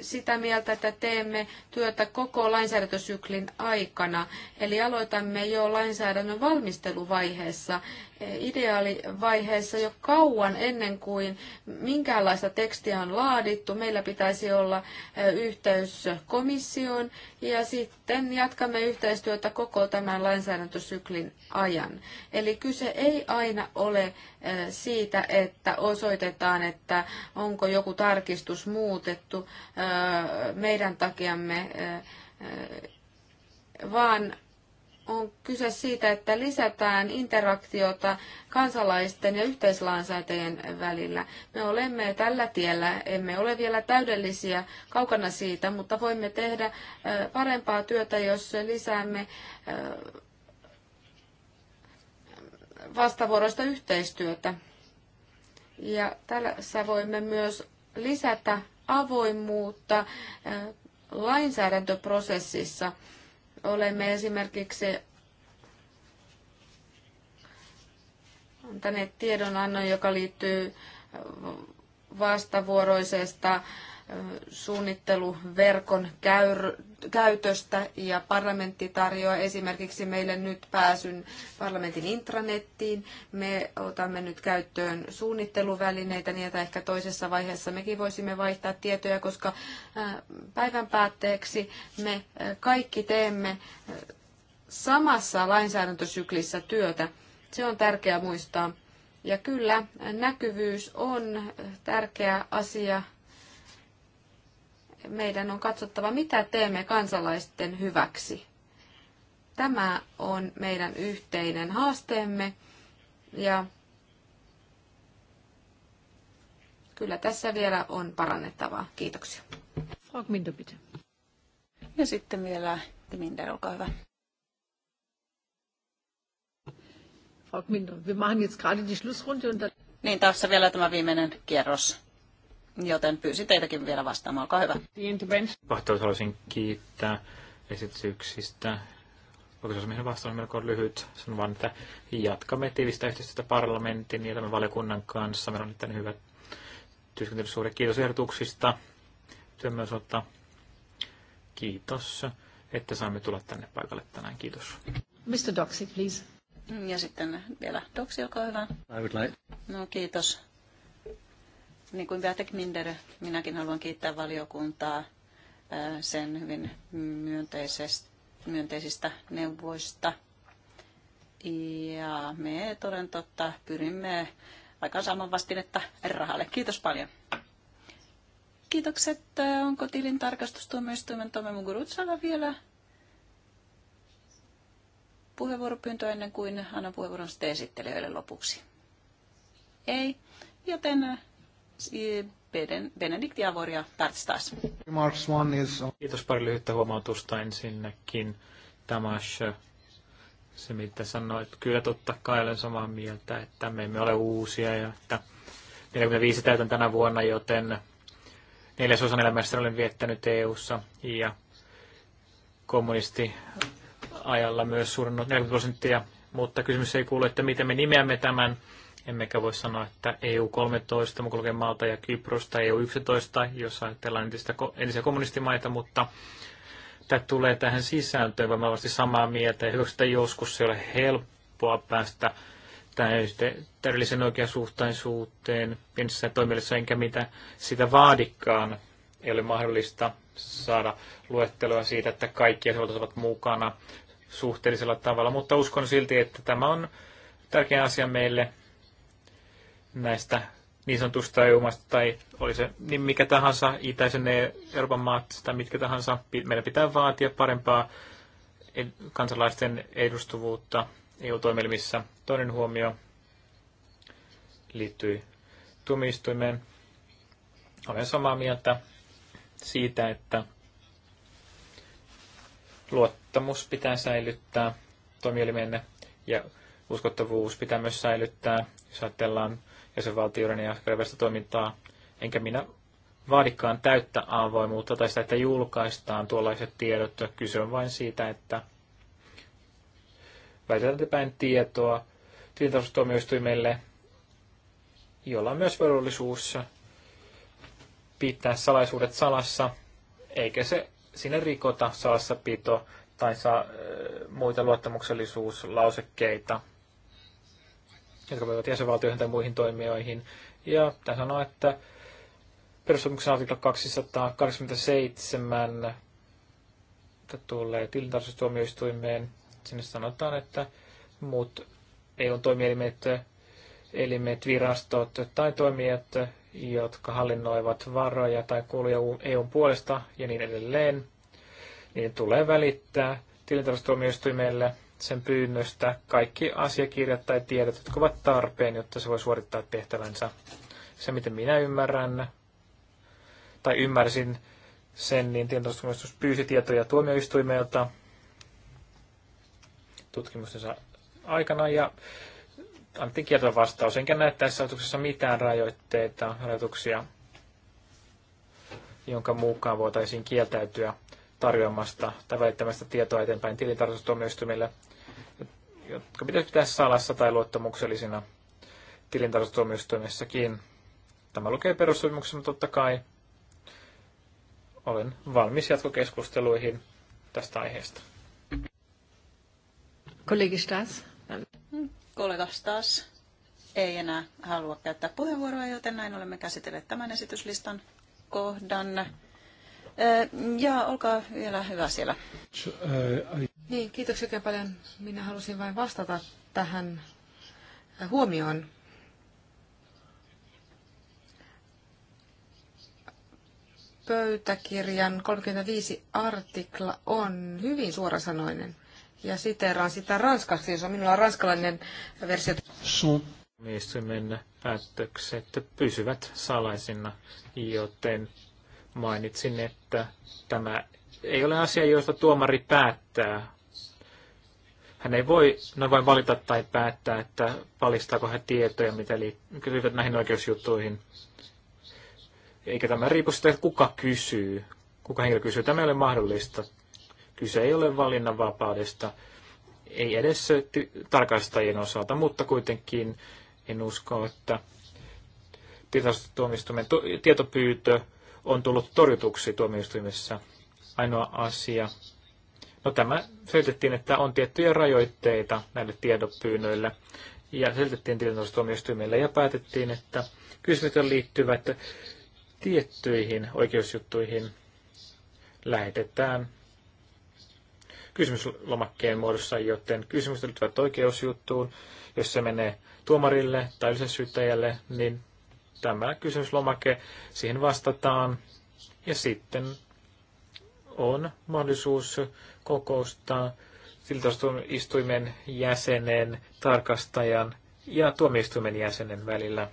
sitä mieltä, että teemme työtä koko lainsäädäntösyklin aikana. Eli aloitamme jo lainsäädännön valmisteluvaiheessa ideaalivaiheessa jo kauan ennen kuin minkäänlaista tekstiä on laadittu. Meillä pitäisi olla yhteys komissioon ja sitten jatkamme yhteistyötä koko tämän lainsäädäntösyklin ajan. Eli kyse ei aina ole siitä, että osoitetaan, että onko joku tarkistus muutettu meidän takiamme, vaan on kyse siitä, että lisätään interaktiota kansalaisten ja yhteislainsäätäjien välillä. Me olemme tällä tiellä, emme ole vielä täydellisiä kaukana siitä, mutta voimme tehdä parempaa työtä, jos lisäämme vastavuoroista yhteistyötä. Ja tässä voimme myös lisätä avoimuutta lainsäädäntöprosessissa olemme esimerkiksi antaneet tiedonannon, joka liittyy vastavuoroisesta suunnitteluverkon käyr- käytöstä ja parlamentti tarjoaa esimerkiksi meille nyt pääsyn parlamentin intranettiin. Me otamme nyt käyttöön suunnitteluvälineitä niin, että ehkä toisessa vaiheessa mekin voisimme vaihtaa tietoja, koska päivän päätteeksi me kaikki teemme samassa lainsäädäntösyklissä työtä. Se on tärkeää muistaa. Ja kyllä, näkyvyys on tärkeä asia meidän on katsottava, mitä teemme kansalaisten hyväksi. Tämä on meidän yhteinen haasteemme ja kyllä tässä vielä on parannettavaa. Kiitoksia. Ja sitten vielä Minder, olkaa hyvä. Niin, tässä vielä tämä viimeinen kierros joten pyysin teitäkin vielä vastaamaan. Olkaa hyvä. Vahtelus haluaisin kiittää esityksistä. Oikeusasiamiehen vastaus on melko lyhyt. Sanon vaan, että jatkamme tiivistä yhteistyötä parlamentin ja tämän valiokunnan kanssa. Meillä on nyt hyvät työskentelysuhde. Kiitos ehdotuksista. Työ myös ottaa. Kiitos, että saamme tulla tänne paikalle tänään. Kiitos. Mr. Doxy, please. Ja sitten vielä Doxy, olkaa hyvä. I would like. No kiitos niin kuin Beate Minder, minäkin haluan kiittää valiokuntaa sen hyvin myönteisistä neuvoista. Ja me toden totta pyrimme aikaan saamaan vastinetta rahalle. Kiitos paljon. Kiitokset. Onko tilin tarkastustuomioistuimen Tome Mugurutsalla vielä puheenvuoropyyntö ennen kuin annan puheenvuoron esittelijöille lopuksi? Ei, joten Benedikt Javor ja Tarts taas. Kiitos pari lyhyttä huomautusta ensinnäkin. Tamas äh, se, mitä sanoit, kyllä totta kai olen samaa mieltä, että me emme ole uusia ja että 45 täytän tänä vuonna, joten neljäsosan elämästä olen viettänyt EU-ssa ja ajalla myös suurin 40 prosenttia, mutta kysymys ei kuulu, että miten me nimeämme tämän Emmekä voi sanoa, että EU-13, mukaan lukee Malta ja tai EU-11, jos ajatellaan entistä, entisiä kommunistimaita, mutta tämä tulee tähän sisääntöön, vaan varmasti samaa mieltä. Ja hyväksytä joskus se ei ole helppoa päästä täydellisen oikeasuhtaisuuteen pienessä toimielessä, enkä mitä sitä vaadikaan. Ei ole mahdollista saada luettelua siitä, että kaikki jäsenet ovat mukana suhteellisella tavalla, mutta uskon silti, että tämä on tärkeä asia meille näistä niin sanotusta eu tai oli se niin mikä tahansa, itäisen Euroopan maat tai mitkä tahansa, meidän pitää vaatia parempaa kansalaisten edustuvuutta EU-toimielimissä. Toinen huomio liittyy tuomioistuimeen. Olen samaa mieltä siitä, että luottamus pitää säilyttää toimielimenne ja uskottavuus pitää myös säilyttää, jos ajatellaan jäsenvaltioiden ja reversta toimintaa, enkä minä vaadikaan täyttä avoimuutta tai sitä, että julkaistaan tuollaiset tiedot. Kyse on vain siitä, että väitetään eteenpäin tietoa tilintarkastustuomioistuimelle, jolla on myös velvollisuus pitää salaisuudet salassa, eikä se sinne rikota salassapito tai saa, muita luottamuksellisuuslausekkeita jotka voivat jäsenvaltioihin tai muihin toimijoihin. Ja tämä sanoo, että perussopimuksen artikla 287 tulee tilintarkastustuomioistuimeen. Sinne sanotaan, että muut EU-toimielimet, elimet, virastot tai toimijat, jotka hallinnoivat varoja tai kuuluja EUn puolesta ja niin edelleen, niin tulee välittää tilintarkastustuomioistuimelle – sen pyynnöstä kaikki asiakirjat tai tiedot, jotka ovat tarpeen, jotta se voi suorittaa tehtävänsä. Se, miten minä ymmärrän tai ymmärsin sen, niin tietotustumistus pyysi tietoja tuomioistuimelta tutkimustensa aikana ja annettiin kieltävä vastaus. Enkä näe tässä ajatuksessa mitään rajoitteita, rajoituksia, jonka mukaan voitaisiin kieltäytyä tarjoamasta tai välittämästä tietoa eteenpäin tilintarkastustuomioistuimille, jotka pitäisi pitää salassa tai luottamuksellisina tilintarkastustuomioistuimessakin. Tämä lukee perussopimuksessa, mutta totta kai olen valmis jatkokeskusteluihin tästä aiheesta. Kollegi Stas. Kollega Stas ei enää halua käyttää puheenvuoroa, joten näin olemme käsitelleet tämän esityslistan kohdan. Ja olkaa vielä hyvä siellä. Niin, kiitos oikein paljon. Minä halusin vain vastata tähän huomioon. Pöytäkirjan 35 artikla on hyvin suorasanoinen ja siteeraan sitä ranskaksi, jos on minulla on ranskalainen versio. Sun mennä päätökset pysyvät salaisina, joten mainitsin, että tämä ei ole asia, josta tuomari päättää. Hän ei voi noin vain valita tai päättää, että valistaako hän tietoja, mitä liittyvät näihin oikeusjuttuihin. Eikä tämä riipu sitä, kuka kysyy, kuka henkilö kysyy. Tämä ei ole mahdollista. Kyse ei ole valinnanvapaudesta, ei edes tarkastajien osalta, mutta kuitenkin en usko, että tietotuomistumen tietopyytö on tullut torjutuksi tuomioistuimessa. Ainoa asia. No tämä selitettiin, että on tiettyjä rajoitteita näille tiedopyynnöille. Ja selitettiin tilintarkastustuomioistuimelle ja päätettiin, että kysymykset liittyvät tiettyihin oikeusjuttuihin lähetetään kysymyslomakkeen muodossa, joten kysymykset liittyvät oikeusjuttuun. Jos se menee tuomarille tai yleisessä syyttäjälle, niin tämä kysymyslomake, siihen vastataan ja sitten on mahdollisuus kokoustaa istuimen jäsenen, tarkastajan ja tuomioistuimen jäsenen välillä.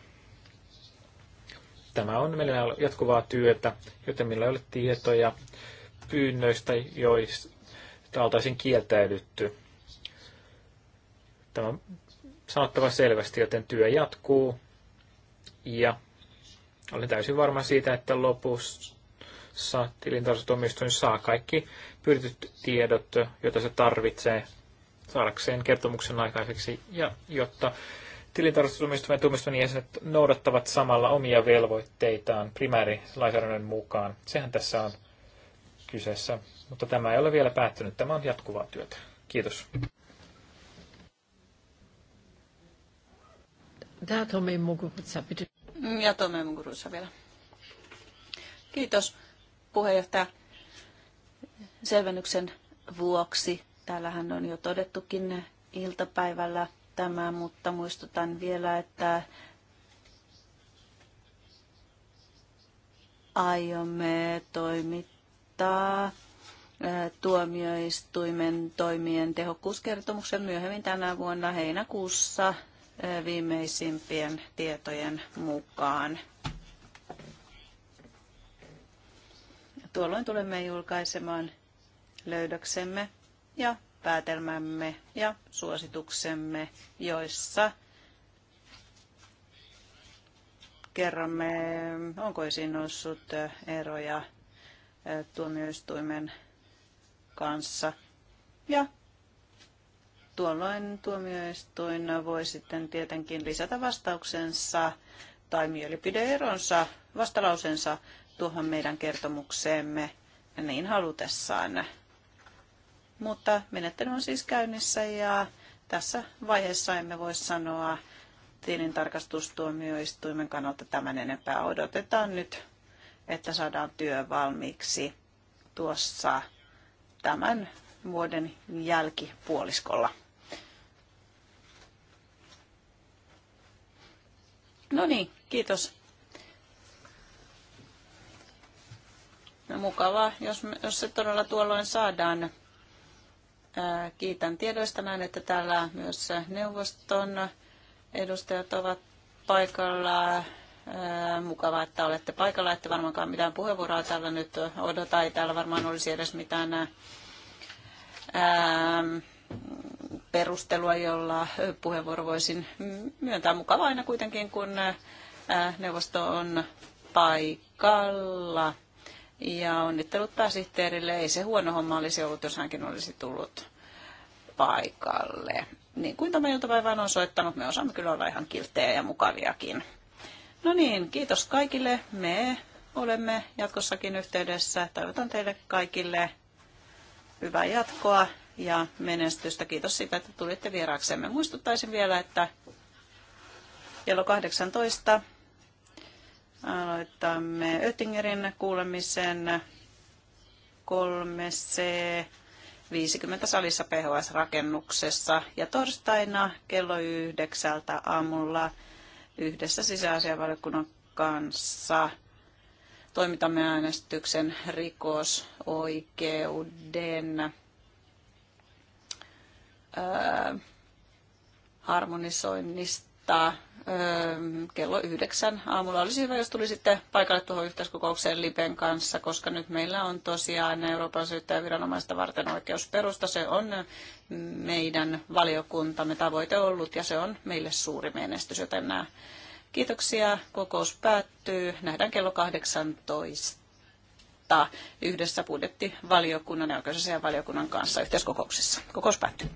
Tämä on meillä jatkuvaa työtä, joten meillä ei ole tietoja pyynnöistä, joista oltaisiin kieltäydytty. Tämä on sanottava selvästi, joten työ jatkuu ja olen täysin varma siitä, että lopussa tilintarkastustuomioistuin saa kaikki pyydetyt tiedot, joita se tarvitsee saadakseen kertomuksen aikaiseksi ja jotta tilintarkastustuomioistuimen tuomioistuimen jäsenet noudattavat samalla omia velvoitteitaan primäärilainsäädännön mukaan. Sehän tässä on kyseessä, mutta tämä ei ole vielä päättynyt. Tämä on jatkuvaa työtä. Kiitos. Da, Tome Muguruza, Ja Muguruza vielä. Kiitos puheenjohtaja selvennyksen vuoksi. Täällähän on jo todettukin iltapäivällä tämä, mutta muistutan vielä, että aiomme toimittaa tuomioistuimen toimien tehokkuuskertomuksen myöhemmin tänä vuonna heinäkuussa viimeisimpien tietojen mukaan. Tuolloin tulemme julkaisemaan löydöksemme ja päätelmämme ja suosituksemme, joissa kerromme, onko esiin noussut eroja tuomioistuimen kanssa ja Tuolloin tuomioistuin voi sitten tietenkin lisätä vastauksensa tai mielipideeronsa, vastalausensa tuohon meidän kertomukseemme niin halutessaan. Mutta menettely on siis käynnissä ja tässä vaiheessa emme voi sanoa tilintarkastustuomioistuimen kannalta tämän enempää. Odotetaan nyt, että saadaan työ valmiiksi tuossa tämän vuoden jälkipuoliskolla. No niin, kiitos. No, mukavaa, jos, jos se todella tuolloin saadaan. Ää, kiitän tiedoista näin, että täällä myös neuvoston edustajat ovat paikalla. Ää, mukavaa, että olette paikalla, että varmaankaan mitään puheenvuoroa täällä nyt odota. Ei täällä varmaan olisi edes mitään ää, perustelua, jolla puheenvuoro voisin myöntää. Mukava aina kuitenkin, kun neuvosto on paikalla. Ja onnittelut pääsihteerille. Ei se huono homma olisi ollut, jos hänkin olisi tullut paikalle. Niin kuin tämä iltapäivä on soittanut me osaamme kyllä olla ihan kilttejä ja mukaviakin. No niin, kiitos kaikille. Me olemme jatkossakin yhteydessä. Toivotan teille kaikille hyvää jatkoa ja menestystä. Kiitos siitä, että tulitte vieraaksemme. Muistuttaisin vielä, että kello 18 aloitamme Oettingerin kuulemisen 3C 50 salissa PHS-rakennuksessa ja torstaina kello yhdeksältä aamulla yhdessä sisäasiavaliokunnan kanssa toimitamme äänestyksen rikosoikeuden harmonisoinnista kello yhdeksän aamulla. Olisi hyvä, jos tulisitte paikalle tuohon yhteiskokoukseen lipen kanssa, koska nyt meillä on tosiaan Euroopan syyttäjäviranomaista varten oikeusperusta. Se on meidän valiokuntamme tavoite ollut ja se on meille suuri menestys, joten nämä Kiitoksia. Kokous päättyy. Nähdään kello 18 yhdessä budjettivaliokunnan ja oikeusasian valiokunnan kanssa yhteiskokouksessa. Kokous päättyy.